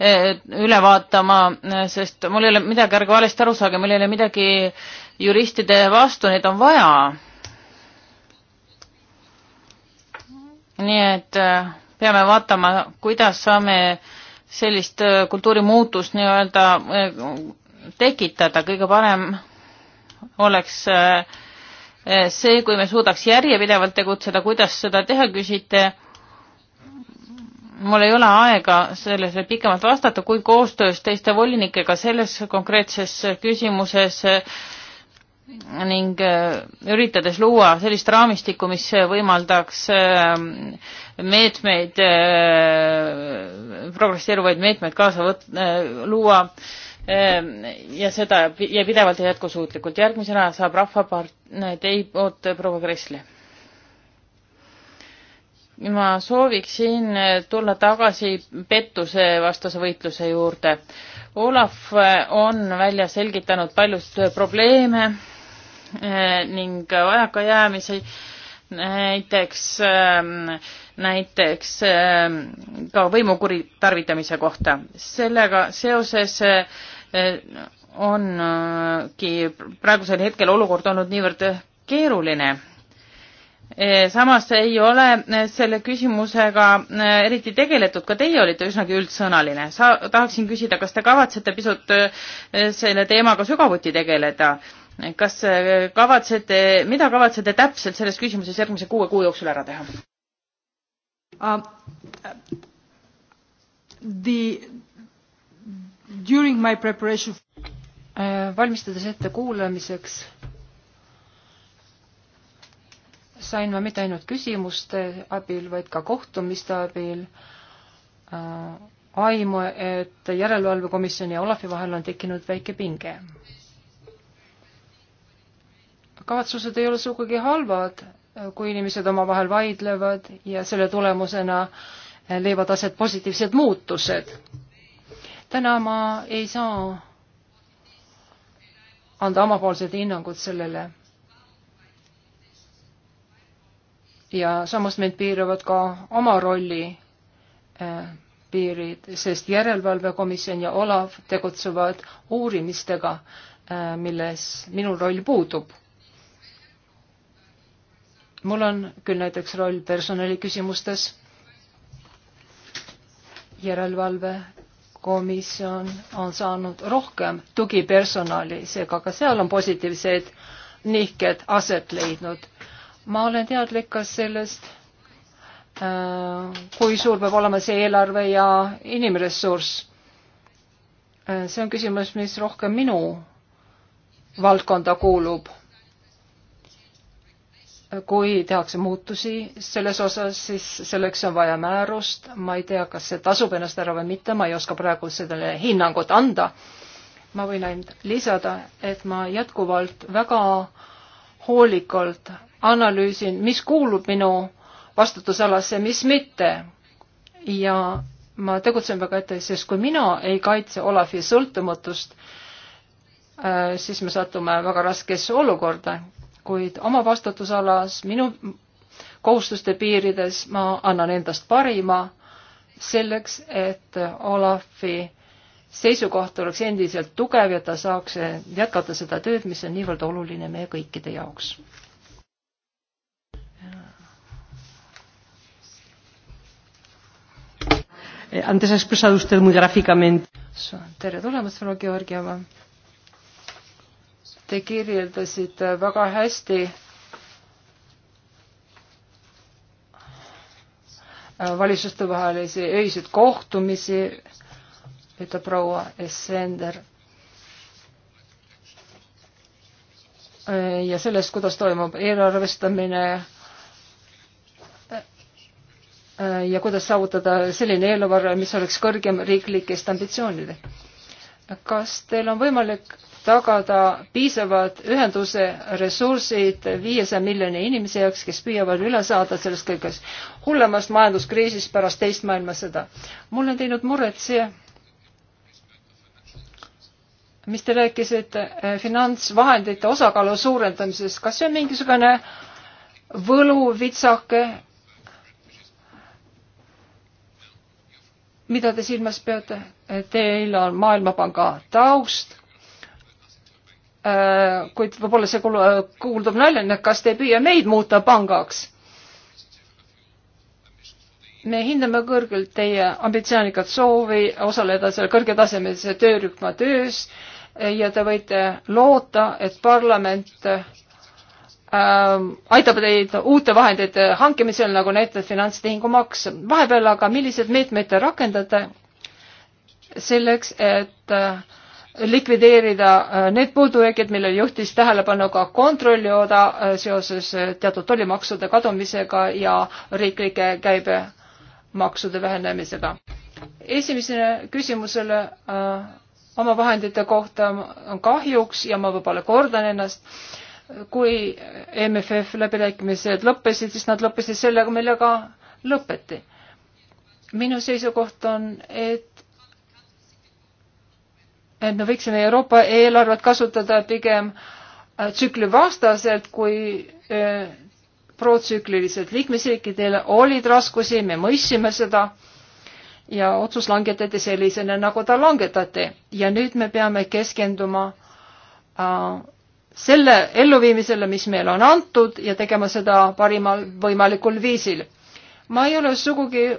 e, üle vaatama, sest mul ei ole midagi, ärge valesti aru saage, mul ei ole midagi juristide vastu, neid on vaja nii et äh, peame vaatama, kuidas saame sellist äh, kultuurimuutust nii-öelda äh, tekitada, kõige parem oleks see, kui me suudaks järjepidevalt tegutseda, kuidas seda teha, küsite. mul ei ole aega sellele pikemalt vastata, kui koostöös teiste volinikega selles konkreetses küsimuses äh, ning äh, üritades luua sellist raamistikku, mis võimaldaks ähm, meetmeid, äh, progresseeruvaid meetmeid kaasa võt-, äh, luua ähm, ja seda ja pidevalt ja jätkusuutlikult. järgmisena saab Rahvapartei poolt proua Kressle ma sooviksin tulla tagasi pettuse vastase võitluse juurde. Olav on välja selgitanud paljust probleeme eh, ning vajakajäämisi, näiteks, ehm, näiteks ehm, ka võimu kuritarvitamise kohta. sellega seoses eh, ongi praegusel hetkel olukord olnud niivõrd keeruline E, samas ei ole e, selle küsimusega e, eriti tegeletud, ka teie olite üsnagi üldsõnaline. sa, tahaksin küsida, kas te kavatsete pisut selle teemaga sügavuti tegeleda? kas kavatsete, mida kavatsete täpselt selles küsimuses järgmise kuue kuu jooksul ära teha uh,? uh the, during my preparation uh, valmistades ette kuulamiseks sain ma mitte ainult küsimuste abil, vaid ka kohtumiste abil äh, aimu, et järelevalvekomisjoni ja Olafi vahel on tekkinud väike pinge. kavatsused ei ole sugugi halvad, kui inimesed omavahel vaidlevad ja selle tulemusena leiavad aset positiivsed muutused. täna ma ei saa anda omapoolsed hinnangud sellele ja samas meid piiravad ka oma rolli äh, piirid, sest Järelevalvekomisjon ja Olav tegutsevad uurimistega, äh, milles minul roll puudub. mul on küll näiteks roll personaliküsimustes, järelevalvekomisjon on saanud rohkem tugipersonali, seega ka seal on positiivsed nihked aset leidnud ma olen teadlik ka sellest, äh, kui suur peab olema see eelarve ja inimressurss. Äh, see on küsimus, mis rohkem minu valdkonda kuulub. kui tehakse muutusi selles osas, siis selleks on vaja määrust, ma ei tea, kas see tasub ennast ära või mitte, ma ei oska praegu sellele hinnangut anda. ma võin ainult lisada, et ma jätkuvalt väga hoolikalt analüüsin, mis kuulub minu vastutusalasse, mis mitte. ja ma tegutsen väga ette, sest kui mina ei kaitse Olavi sõltumatust, äh, siis me satume väga raskesse olukorda, kuid oma vastutusalas, minu kohustuste piirides ma annan endast parima selleks, et Olavi seisukoht oleks endiselt tugev ja ta saaks jätkata seda tööd, mis on niivõrd oluline meie kõikide jaoks Eh, antes ha expresado usted muy gráficamente. tere tulemast, proua Georgieva. Te kirjeldasite väga hästi äh, valitsustevahelisi öiseid kohtumisi, ütleb proua Essender. Äh, ja sellest, kuidas toimub eelarvestamine Äh, ja kuidas saavutada selline eelarve, mis oleks kõrgem riiklikest ambitsioonidest. kas teil on võimalik tagada piisavad ühenduse ressursid viiesaja miljoni inimese jaoks, kes püüavad üle saada sellest kõigest hullemast majanduskriisist pärast teist maailmasõda. mul on teinud muret see, mis te rääkisite äh, finantsvahendite osakaalu suurendamisest, kas see on mingisugune võluvitsake, mida te silmas peate? Teil on Maailmapanga taust, äh, kuid võib-olla see äh, kuuldub naljana, kas te ei püüa meid muuta pangaks? me hindame kõrgelt teie ambitsioonikat soovi osaleda seal kõrgetasemelise töörühma töös ja te võite loota, et parlament Ähm, aitab teid uute vahendite äh, hankimisel, nagu näiteks finantstehingumaks. vahepeal aga, millised meetmed te rakendate selleks, et äh, likvideerida äh, need puudujäägid, millele juhtis tähelepanu ka kontrollioda seoses teatud tollimaksude kadumisega ja riiklike käibemaksude vähenemisega. esimesele küsimusele äh, oma vahendite kohta on kahjuks ja ma võib-olla kordan ennast äh,, kui MFF läbirääkimised lõppesid, siis nad lõppesid sellega, millega lõpeti. minu seisukoht on, et, et me võiksime Euroopa eelarvet kasutada pigem äh, tsükli vastaselt kui äh, protsükliliselt. liikmesriikidel olid raskusi, me mõistsime seda ja otsus langetati sellisena, nagu ta langetati ja nüüd me peame keskenduma äh, selle elluviimisele, mis meile on antud ja tegema seda parimal võimalikul viisil. ma ei ole sugugi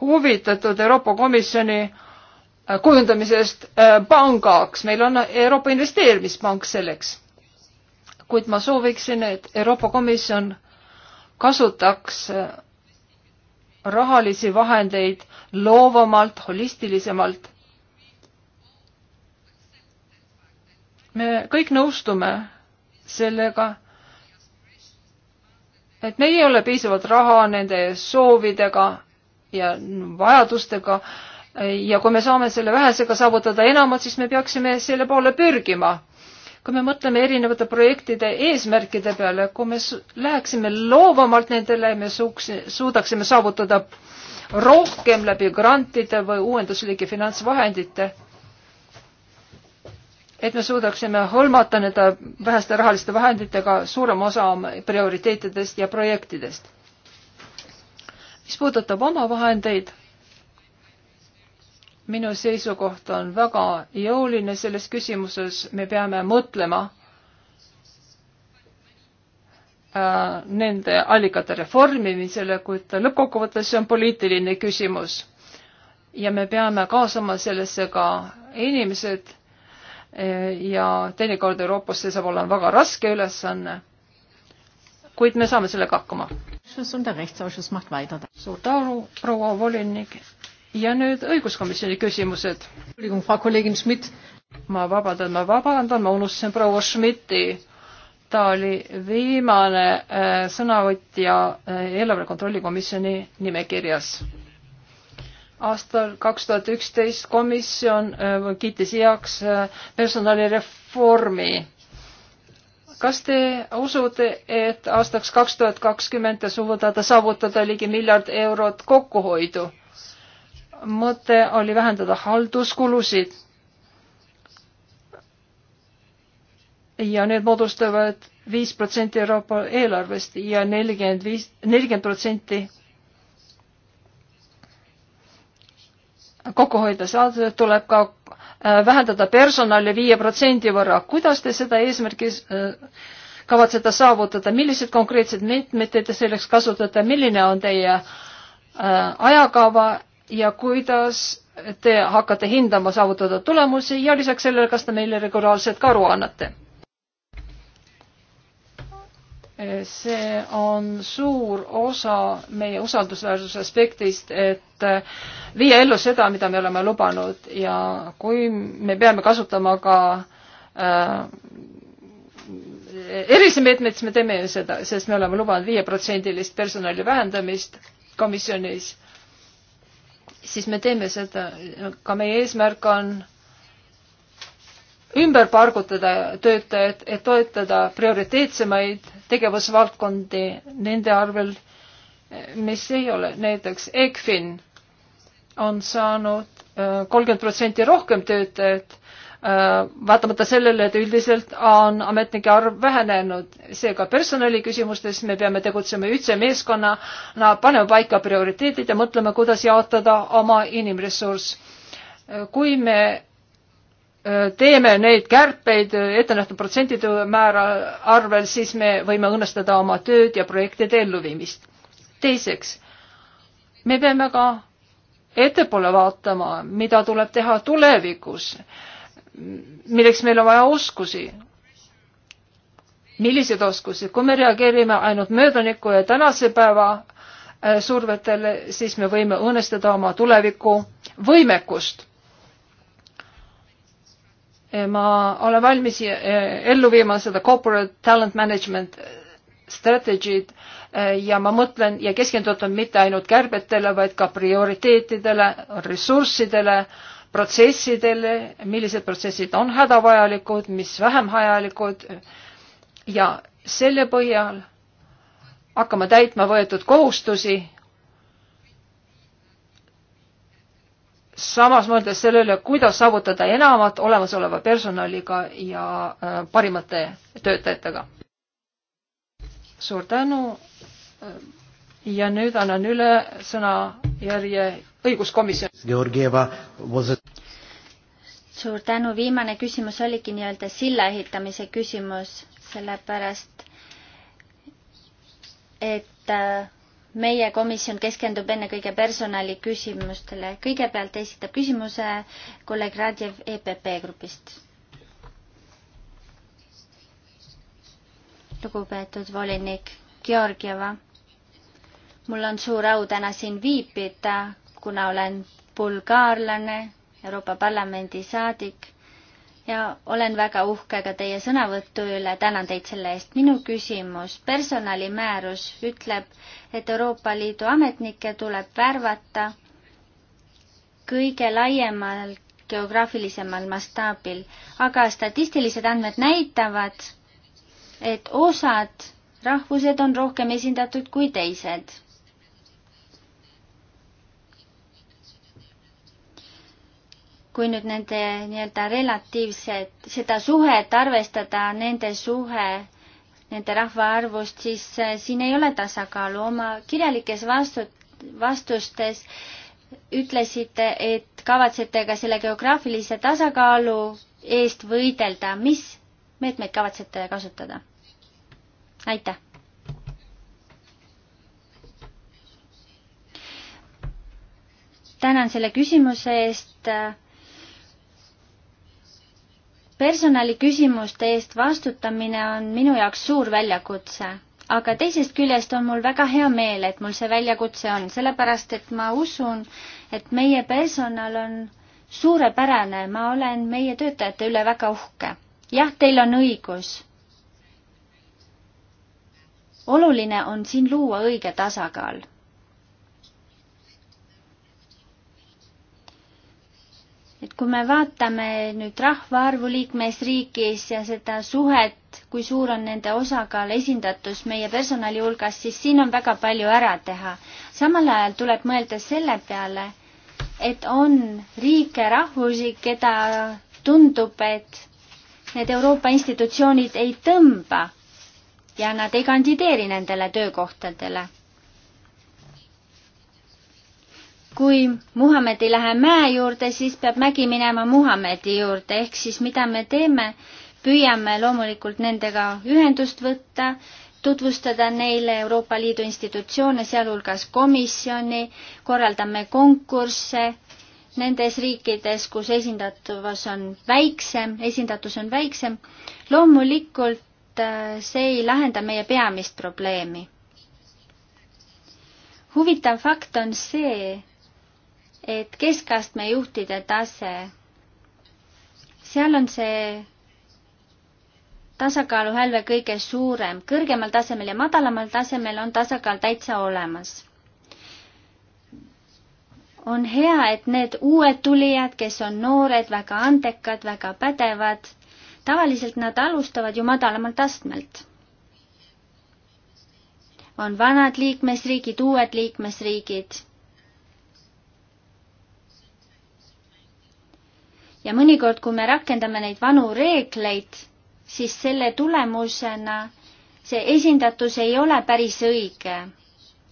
huvitatud Euroopa Komisjoni äh, kujundamisest äh, pangaks, meil on Euroopa Investeerimispank selleks. kuid ma sooviksin, et Euroopa Komisjon kasutaks äh, rahalisi vahendeid loovamalt, holistilisemalt me kõik nõustume sellega, et meil ei ole piisavalt raha nende soovidega ja vajadustega ja kui me saame selle vähesega saavutada enamat, siis me peaksime selle poole pürgima. kui me mõtleme erinevate projektide eesmärkide peale, kui me läheksime loovamalt nendele, me suuks, suudaksime saavutada rohkem läbi grantide või uuenduslike finantsvahendite et me suudaksime hõlmata nende väheste rahaliste vahenditega suurema osa oma prioriteetidest ja projektidest. mis puudutab omavahendeid, minu seisukoht on väga jõuline selles küsimuses, me peame mõtlema äh, nende allikate reformimisele, kuid lõppkokkuvõttes see on poliitiline küsimus. ja me peame kaasama sellesse ka inimesed ja teinekord Euroopas see saab olema väga raske ülesanne. kuid me saame sellega hakkama. suur tänu, proua volinik. ja nüüd õiguskomisjoni küsimused. ma vabandan, ma vabandan, ma unustasin proua Schmidti. ta oli viimane äh, sõnavõtja äh, eelarve kontrolli komisjoni nimekirjas aastal kaks tuhat üksteist komisjon äh, kiitis heaks äh, personalireformi. kas te usute, et aastaks kaks tuhat kakskümmend te suudate saavutada ligi miljard eurot kokkuhoidu? mõte oli vähendada halduskulusid. ja need moodustavad viis protsenti Euroopa eelarvest ja nelikümmend viis, nelikümmend protsenti kokku hoida saada, tuleb ka äh, vähendada personali viie protsendi võrra. kuidas te seda eesmärki äh, kavatsete saavutada, millised konkreetsed meetmed te selleks kasutate, milline on teie äh, ajakava ja kuidas te hakkate hindama saavutatud tulemusi ja lisaks sellele, kas te meile regulaarselt ka aru annate? see on suur osa meie usaldusväärsuse aspektist, et äh, viia ellu seda, mida me oleme lubanud ja kui me peame kasutama ka äh, erilisi meetmeid, siis me teeme ju seda, sest me oleme lubanud viieprotsendilist personali vähendamist komisjonis, siis me teeme seda, ka meie eesmärk on ümber pargutada töötajad, et toetada prioriteetsemaid tegevusvaldkondi nende arvel, mis ei ole, näiteks ECFIN on saanud äh, kolmkümmend protsenti rohkem töötajaid, äh, vaatamata sellele, et üldiselt on ametnike arv vähenenud. seega personaliküsimustes me peame tegutsema ühtse meeskonnana, paneme paika prioriteedid ja mõtlema, kuidas jaotada oma inimressurss. Äh, kui me Äh, teeme neid kärpeid äh, ettenähtud protsentide määra arvel, siis me võime õnnestada oma tööd ja projektide elluviimist. teiseks, me peame ka ettepoole vaatama, mida tuleb teha tulevikus, milleks meil on vaja oskusi. milliseid oskusi, kui me reageerime ainult möödaniku ja tänase päeva äh, survetele, siis me võime õnnestada oma tuleviku võimekust Eh, ma olen valmis eh, ellu viima seda corporate talent management eh, strateegy'd ja ma mõtlen ja keskendutan mitte ainult kärbetele, vaid ka prioriteetidele, ressurssidele, protsessidele, millised protsessid on hädavajalikud, mis vähem vajalikud ja selle põhjal hakkama täitma võetud kohustusi samas mõeldes sellele, kuidas saavutada enamat olemasoleva personaliga ja äh, parimate töötajatega. suur tänu. Äh, ja nüüd annan üle sõnajärje õiguskomisjonis. Georgieva was it? suur tänu, viimane küsimus oligi nii-öelda silla ehitamise küsimus, sellepärast et äh, meie komisjon keskendub ennekõike personaliküsimustele. kõigepealt esitab küsimuse kolleeg Radjev EPP grupist. lugupeetud volinik Georgieva, mul on suur au täna siin viibida, kuna olen bulgaarlane, Euroopa Parlamendi saadik ja olen väga uhke ka teie sõnavõtu üle, tänan teid selle eest. minu küsimus, personalimäärus ütleb, et Euroopa Liidu ametnikke tuleb värvata kõige laiemal geograafilisemal mastaabil, aga statistilised andmed näitavad, et osad rahvused on rohkem esindatud kui teised kui nüüd nende nii-öelda relatiivset, seda suhet arvestada, nende suhe, nende rahvaarvust, siis äh, siin ei ole tasakaalu. oma kirjalikes vastu, vastustes ütlesite, et kavatsete ka selle geograafilise tasakaalu eest võidelda. mis meetmeid kavatsete kasutada? aitäh! tänan selle küsimuse eest personaliküsimuste eest vastutamine on minu jaoks suur väljakutse, aga teisest küljest on mul väga hea meel, et mul see väljakutse on, sellepärast et ma usun, et meie personal on suurepärane, ma olen meie töötajate üle väga uhke. jah, teil on õigus. oluline on siin luua õige tasakaal et kui me vaatame nüüd rahvaarvu liikmesriigis ja seda suhet, kui suur on nende osakaal, esindatus meie personali hulgas, siis siin on väga palju ära teha. samal ajal tuleb mõelda selle peale, et on riike, rahvusi, keda tundub, et need Euroopa institutsioonid ei tõmba ja nad ei kandideeri nendele töökohtadele kui Muhamed ei lähe mäe juurde, siis peab mägi minema Muhamedi juurde, ehk siis mida me teeme, püüame loomulikult nendega ühendust võtta, tutvustada neile Euroopa Liidu institutsioone, sealhulgas komisjoni, korraldame konkursse nendes riikides, kus esindatavus on väiksem, esindatus on väiksem. loomulikult äh, see ei lahenda meie peamist probleemi huvitav fakt on see, et keskastme juhtide tase, seal on see tasakaaluhälve kõige suurem, kõrgemal tasemel ja madalamal tasemel on tasakaal täitsa olemas. on hea, et need uued tulijad, kes on noored, väga andekad, väga pädevad, tavaliselt nad alustavad ju madalamalt astmelt. on vanad liikmesriigid, uued liikmesriigid ja mõnikord, kui me rakendame neid vanu reegleid, siis selle tulemusena see esindatus ei ole päris õige.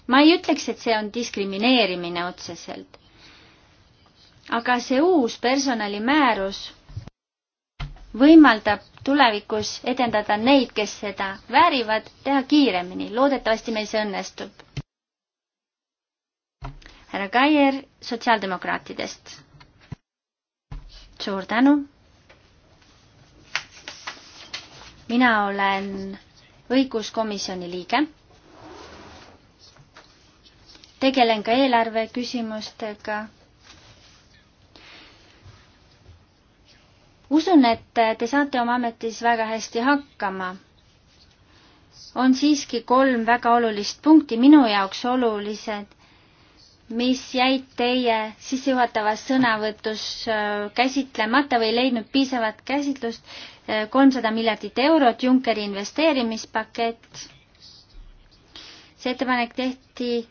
ma ei ütleks, et see on diskrimineerimine otseselt. aga see uus personalimäärus võimaldab tulevikus edendada neid, kes seda väärivad, teha kiiremini. loodetavasti meil see õnnestub. härra Kaier sotsiaaldemokraatidest suur tänu. mina olen õiguskomisjoni liige. tegelen ka eelarve küsimustega. usun, et te saate oma ametis väga hästi hakkama on siiski kolm väga olulist punkti minu jaoks olulised mis jäid teie sissejuhatavas sõnavõtus äh, käsitlemata või ei leidnud piisavat käsitlust, äh, kolmsada miljardit eurot, Junckeri investeerimispakett. see ettepanek tehti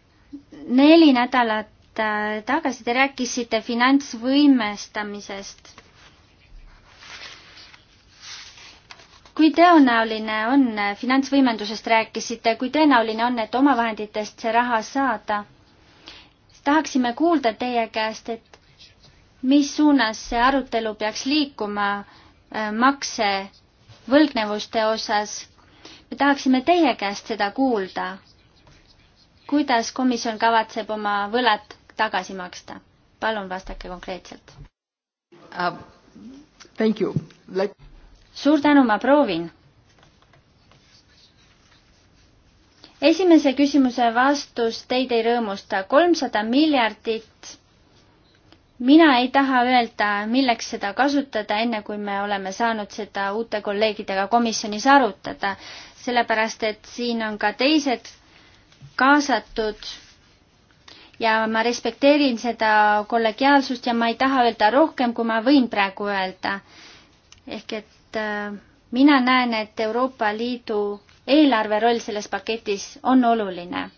neli nädalat äh, tagasi, te rääkisite finantsvõimestamisest. kui tõenäoline on, finantsvõimendusest rääkisite, kui tõenäoline on, et omavahenditest see raha saada? tahaksime kuulda teie käest, et mis suunas see arutelu peaks liikuma äh, makse võlgnevuste osas. me tahaksime teie käest seda kuulda. kuidas komisjon kavatseb oma võlad tagasi maksta? palun vastake konkreetselt uh,. Thank you Let.... suur tänu, ma proovin esimese küsimuse vastus teid ei rõõmusta. kolmsada miljardit. mina ei taha öelda, milleks seda kasutada, enne kui me oleme saanud seda uute kolleegidega komisjonis arutada, sellepärast et siin on ka teised kaasatud ja ma respekteerin seda kollegiaalsust ja ma ei taha öelda rohkem, kui ma võin praegu öelda. ehk et äh, mina näen, et Euroopa Liidu eelarve roll selles paketis on oluline.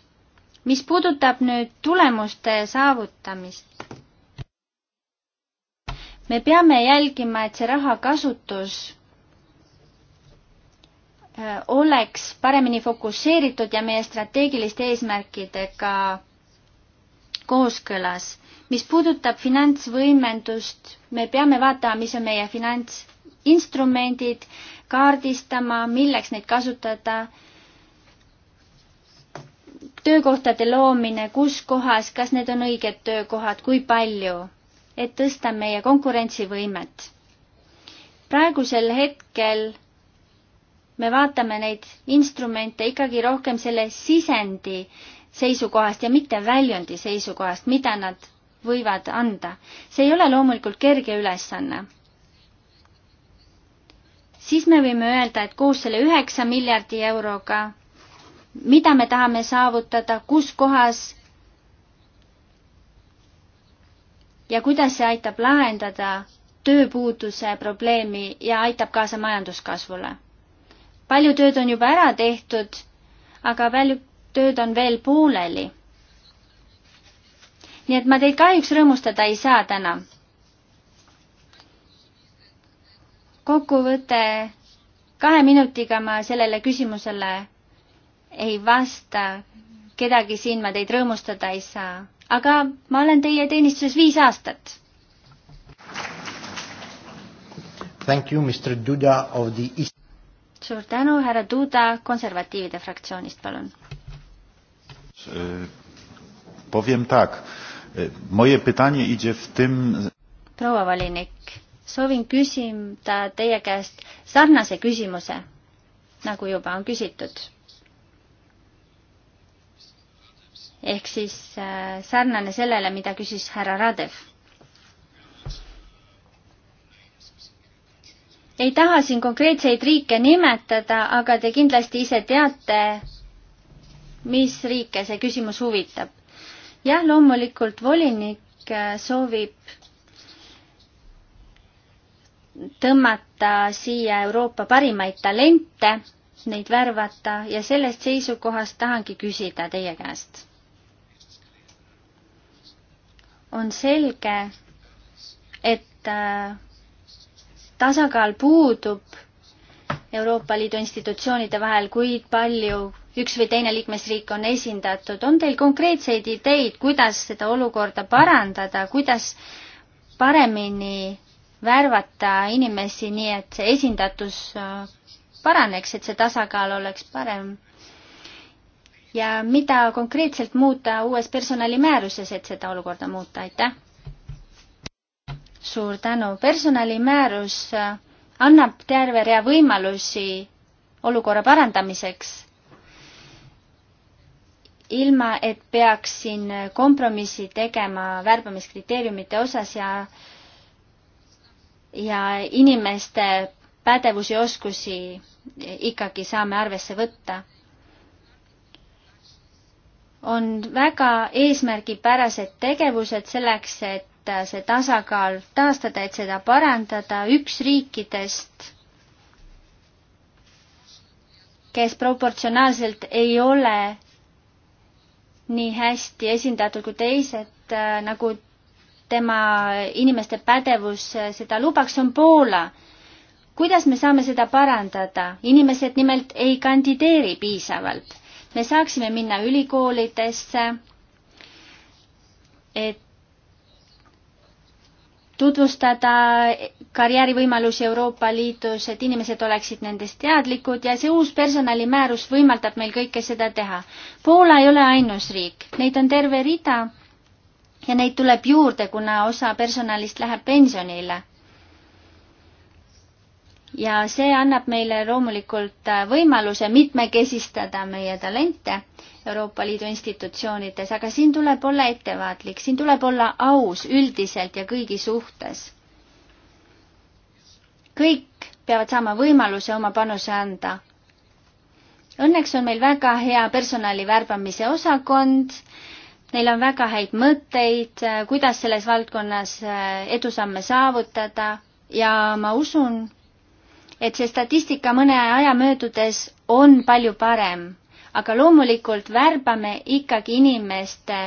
mis puudutab nüüd tulemuste saavutamist, me peame jälgima, et see raha kasutus äh, oleks paremini fokusseeritud ja meie strateegiliste eesmärkidega kooskõlas. mis puudutab finantsvõimendust, me peame vaatama, mis on meie finants instrumendid, kaardistama, milleks neid kasutada, töökohtade loomine, kus kohas, kas need on õiged töökohad, kui palju, et tõsta meie konkurentsivõimet. praegusel hetkel me vaatame neid instrumente ikkagi rohkem selle sisendi seisukohast ja mitte väljundi seisukohast, mida nad võivad anda. see ei ole loomulikult kerge ülesanne siis me võime öelda, et koos selle üheksa miljardi euroga, mida me tahame saavutada, kus kohas ja kuidas see aitab lahendada tööpuuduse probleemi ja aitab kaasa majanduskasvule. palju tööd on juba ära tehtud, aga palju tööd on veel pooleli. nii et ma teid kahjuks rõõmustada ei saa täna kokkuvõte, kahe minutiga ma sellele küsimusele ei vasta, kedagi siin ma teid rõõmustada ei saa, aga ma olen teie teenistuses viis aastat. Thank you, Mr Duda of the East. suur tänu, härra Duda konservatiivide fraktsioonist, palun. Powiem tak, e, moje pytanie idzie w tym. proua volinik soovin küsida teie käest sarnase küsimuse, nagu juba on küsitud. ehk siis äh, sarnane sellele, mida küsis härra Radev ei taha siin konkreetseid riike nimetada, aga te kindlasti ise teate, mis riike see küsimus huvitab. jah, loomulikult volinik äh, soovib tõmmata siia Euroopa parimaid talente, neid värvata ja sellest seisukohast tahangi küsida teie käest. on selge, et äh, tasakaal puudub Euroopa Liidu institutsioonide vahel, kuid palju üks või teine liikmesriik on esindatud. on teil konkreetseid ideid, kuidas seda olukorda parandada, kuidas paremini värvata inimesi nii, et see esindatus äh, paraneks, et see tasakaal oleks parem. ja mida konkreetselt muuta uues personalimääruses, et seda olukorda muuta, aitäh! suur tänu, personalimäärus äh, annab terve rea võimalusi olukorra parandamiseks, ilma et peaks siin kompromissi tegema värbamiskriteeriumite osas ja äh, ja inimeste pädevusi, oskusi ikkagi saame arvesse võtta. on väga eesmärgipärased tegevused selleks, et see tasakaal taastada, et seda parandada, üks riikidest, kes proportsionaalselt ei ole nii hästi esindatud kui teised, äh, nagu tema inimeste pädevus seda lubaks, on Poola. kuidas me saame seda parandada? inimesed nimelt ei kandideeri piisavalt. me saaksime minna ülikoolidesse, et tutvustada karjäärivõimalusi Euroopa Liidus, et inimesed oleksid nendest teadlikud ja see uus personalimäärus võimaldab meil kõike seda teha. Poola ei ole ainus riik, neid on terve rida ja neid tuleb juurde, kuna osa personalist läheb pensionile. ja see annab meile loomulikult võimaluse mitmekesistada meie talente Euroopa Liidu institutsioonides, aga siin tuleb olla ettevaatlik, siin tuleb olla aus üldiselt ja kõigi suhtes. kõik peavad saama võimaluse oma panuse anda. Õnneks on meil väga hea personali värbamise osakond Neil on väga häid mõtteid, äh, kuidas selles valdkonnas äh, edusamme saavutada ja ma usun, et see statistika mõne aja möödudes on palju parem, aga loomulikult värbame ikkagi inimeste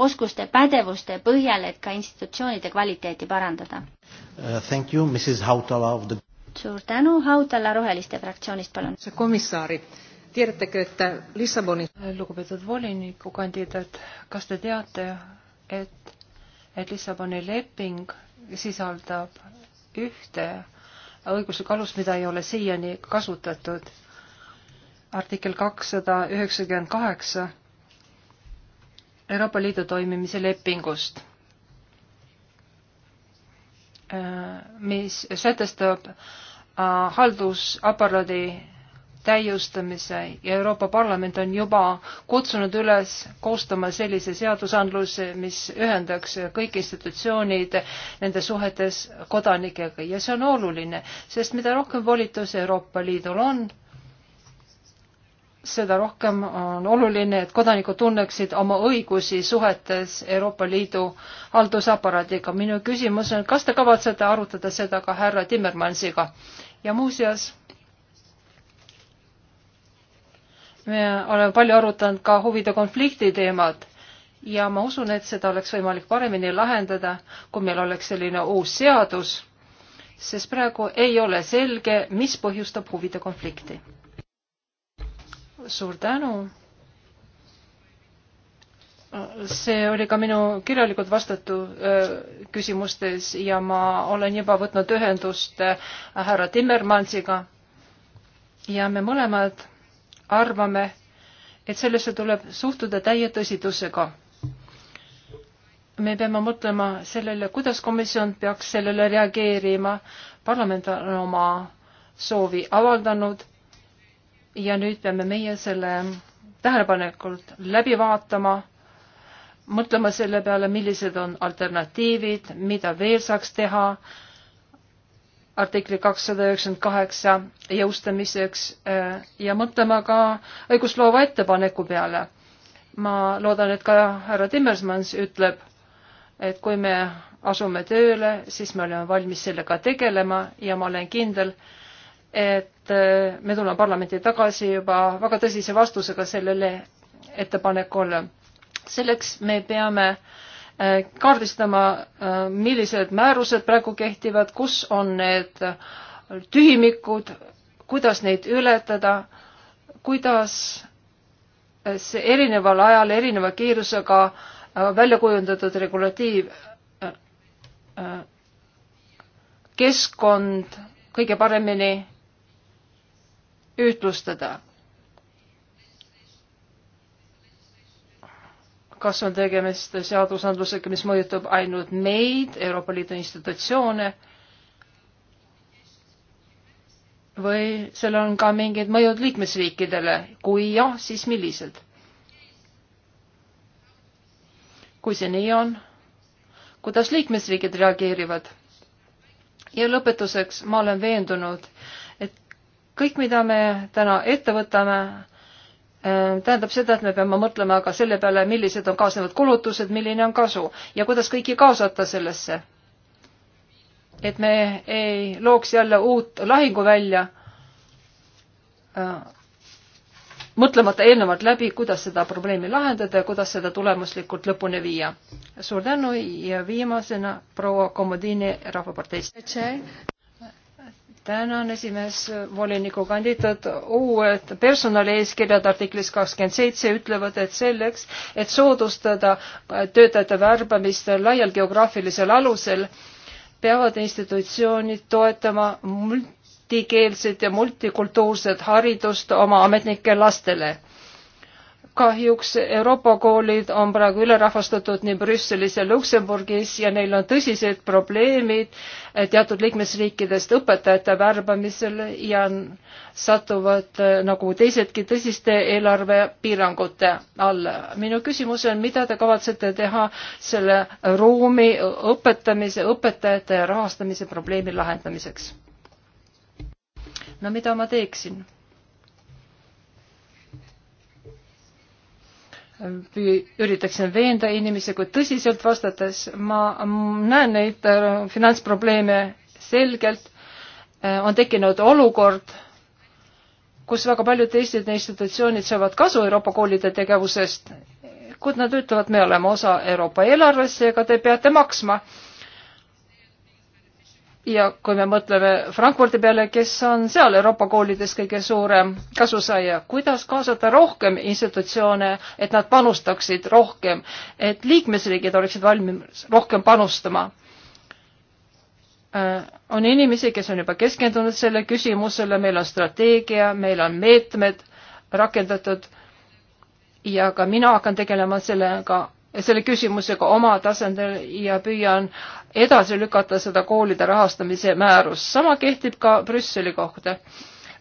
oskuste, pädevuste põhjal, et ka institutsioonide kvaliteeti parandada uh,. Thank you, Mrs Hautala of the suur tänu, Hautala Roheliste fraktsioonist, palun. komissarid Tiedättekö, että Lissabonin... Lugupeetud volinikukandidaat, kas te teate, et, et Lissaboni leping sisaldab ühte õiguslikku alust, mida ei ole siiani kasutatud? artikkel kakssada üheksakümmend kaheksa Euroopa Liidu toimimise lepingust, äh, mis sätestab äh, haldusaparaadi täiustamise ja Euroopa Parlament on juba kutsunud üles koostama sellise seadusandluse, mis ühendaks kõik institutsioonid nende suhetes kodanikega ja see on oluline, sest mida rohkem volitusi Euroopa Liidul on, seda rohkem on oluline, et kodanikud tunneksid oma õigusi suhetes Euroopa Liidu haldusaparaadiga. minu küsimus on, kas te kavatsete arutada seda ka härra Timmermansiga ja muuseas me oleme palju arutanud ka huvide konflikti teemat ja ma usun, et seda oleks võimalik paremini lahendada, kui meil oleks selline uus seadus, sest praegu ei ole selge, mis põhjustab huvide konflikti. suur tänu. see oli ka minu kirjalikult vastatu äh, küsimustes ja ma olen juba võtnud ühendust äh, härra Timmermansiga ja me mõlemad arvame, et sellesse tuleb suhtuda täie tõsidusega. me peame mõtlema sellele, kuidas komisjon peaks sellele reageerima. parlament on oma soovi avaldanud ja nüüd peame meie selle tähelepanekult läbi vaatama, mõtlema selle peale, millised on alternatiivid, mida veel saaks teha artikli kakssada üheksakümmend kaheksa jõustamiseks äh, ja mõtlema ka õigusloova ettepaneku peale. ma loodan, et ka härra Timmersmans ütleb, et kui me asume tööle, siis me oleme valmis sellega tegelema ja ma olen kindel, et äh, me tuleme parlamenti tagasi juba väga tõsise vastusega sellele ettepanekule. selleks me peame äh, Äh, kaardistama, äh, millised määrused praegu kehtivad, kus on need tühimikud, kuidas neid ületada, kuidas äh, see erineval ajal erineva kiirusega välja kujundatud regulatiiv keskkond kõige paremini ühtlustada kas on tegemist seadusandlusega, mis mõjutab ainult meid, Euroopa Liidu institutsioone, või sellel on ka mingid mõjud liikmesriikidele, kui jah, siis millised? kui see nii on, kuidas liikmesriigid reageerivad? ja lõpetuseks ma olen veendunud, et kõik, mida me täna ette võtame, Äh, tähendab seda, et me peame mõtlema ka selle peale, millised on kaasnevad kulutused, milline on kasu ja kuidas kõiki kaasata sellesse. et me ei looks jälle uut lahinguvälja, äh, mõtlemata eelnevalt läbi, kuidas seda probleemi lahendada ja kuidas seda tulemuslikult lõpuni viia. suur tänu ja viimasena proua Komodini Rahvaparteist tänan, esimees, volinikukandidaat, uued personalieeskirjad artiklis kakskümmend seitse ütlevad, et selleks, et soodustada töötajate värbamist laial geograafilisel alusel, peavad institutsioonid toetama multikeelset ja multikultuurset haridust oma ametnike lastele kahjuks Euroopa koolid on praegu ülerahvastatud nii Brüsselis ja Luksemburgis ja neil on tõsised probleemid eh, teatud liikmesriikidest õpetajate värbamisel ja satuvad eh, nagu teisedki tõsiste eelarvepiirangute alla. minu küsimus on, mida te kavatsete teha selle ruumi õpetamise, õpetajate ja rahastamise probleemi lahendamiseks? no mida ma teeksin? üritaksin veenda inimesi, kuid tõsiselt vastates ma näen neid äh, finantsprobleeme selgelt. Äh, on tekkinud olukord, kus väga paljud teised institutsioonid saavad kasu Euroopa koolide tegevusest, kuid nad ütlevad, me oleme osa Euroopa eelarvest, seega te peate maksma ja kui me mõtleme Frankfurdi peale, kes on seal Euroopa koolides kõige suurem kasusaaja, kuidas kaasata rohkem institutsioone, et nad panustaksid rohkem, et liikmesriigid oleksid valmis rohkem panustama? Äh, on inimesi, kes on juba keskendunud selle küsimusele, meil on strateegia, meil on meetmed rakendatud ja ka mina hakkan tegelema sellega selle küsimusega oma tasandil ja püüan edasi lükata seda koolide rahastamise määrust. sama kehtib ka Brüsseli kohta.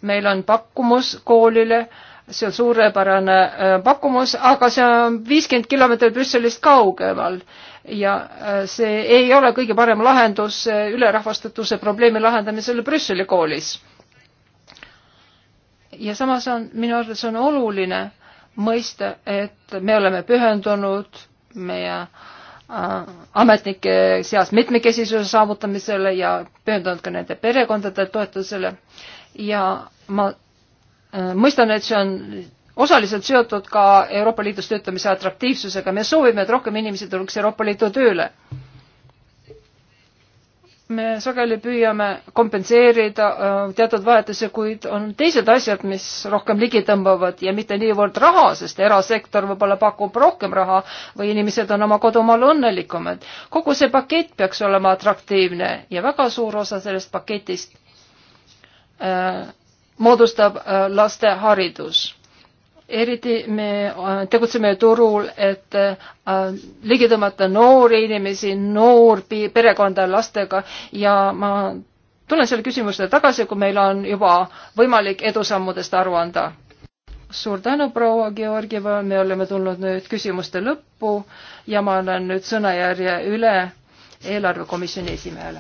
meil on pakkumus koolile, see on suurepärane äh, pakkumus, aga see on viiskümmend kilomeetrit Brüsselist kaugemal ja äh, see ei ole kõige parem lahendus äh, ülerahvastatuse probleemi lahendamisele Brüsseli koolis. ja samas on minu arvates on oluline mõista, et me oleme pühendunud meie äh, ametnike seas mitmekesisuse saavutamisele ja pühendunud ka nende perekondade toetusele. ja ma äh, mõistan, et see on osaliselt seotud ka Euroopa Liidus töötamise atraktiivsusega. me soovime, et rohkem inimesi tuleks Euroopa Liitu tööle me sageli püüame kompenseerida äh, teatud vajadusi, kuid on teised asjad, mis rohkem ligi tõmbavad ja mitte niivõrd raha, sest erasektor võib-olla pakub rohkem raha või inimesed on oma kodumaal õnnelikumad. kogu see pakett peaks olema atraktiivne ja väga suur osa sellest paketist äh, moodustab äh, laste haridus eriti me äh, tegutseme turul, et äh, ligi tõmmata noori inimesi, noori perekonda lastega ja ma tulen selle küsimuse tagasi, kui meil on juba võimalik edusammudest aru anda. suur tänu, proua Georgieva, me oleme tulnud nüüd küsimuste lõppu ja ma annan nüüd sõnajärje üle eelarvekomisjoni esimehele.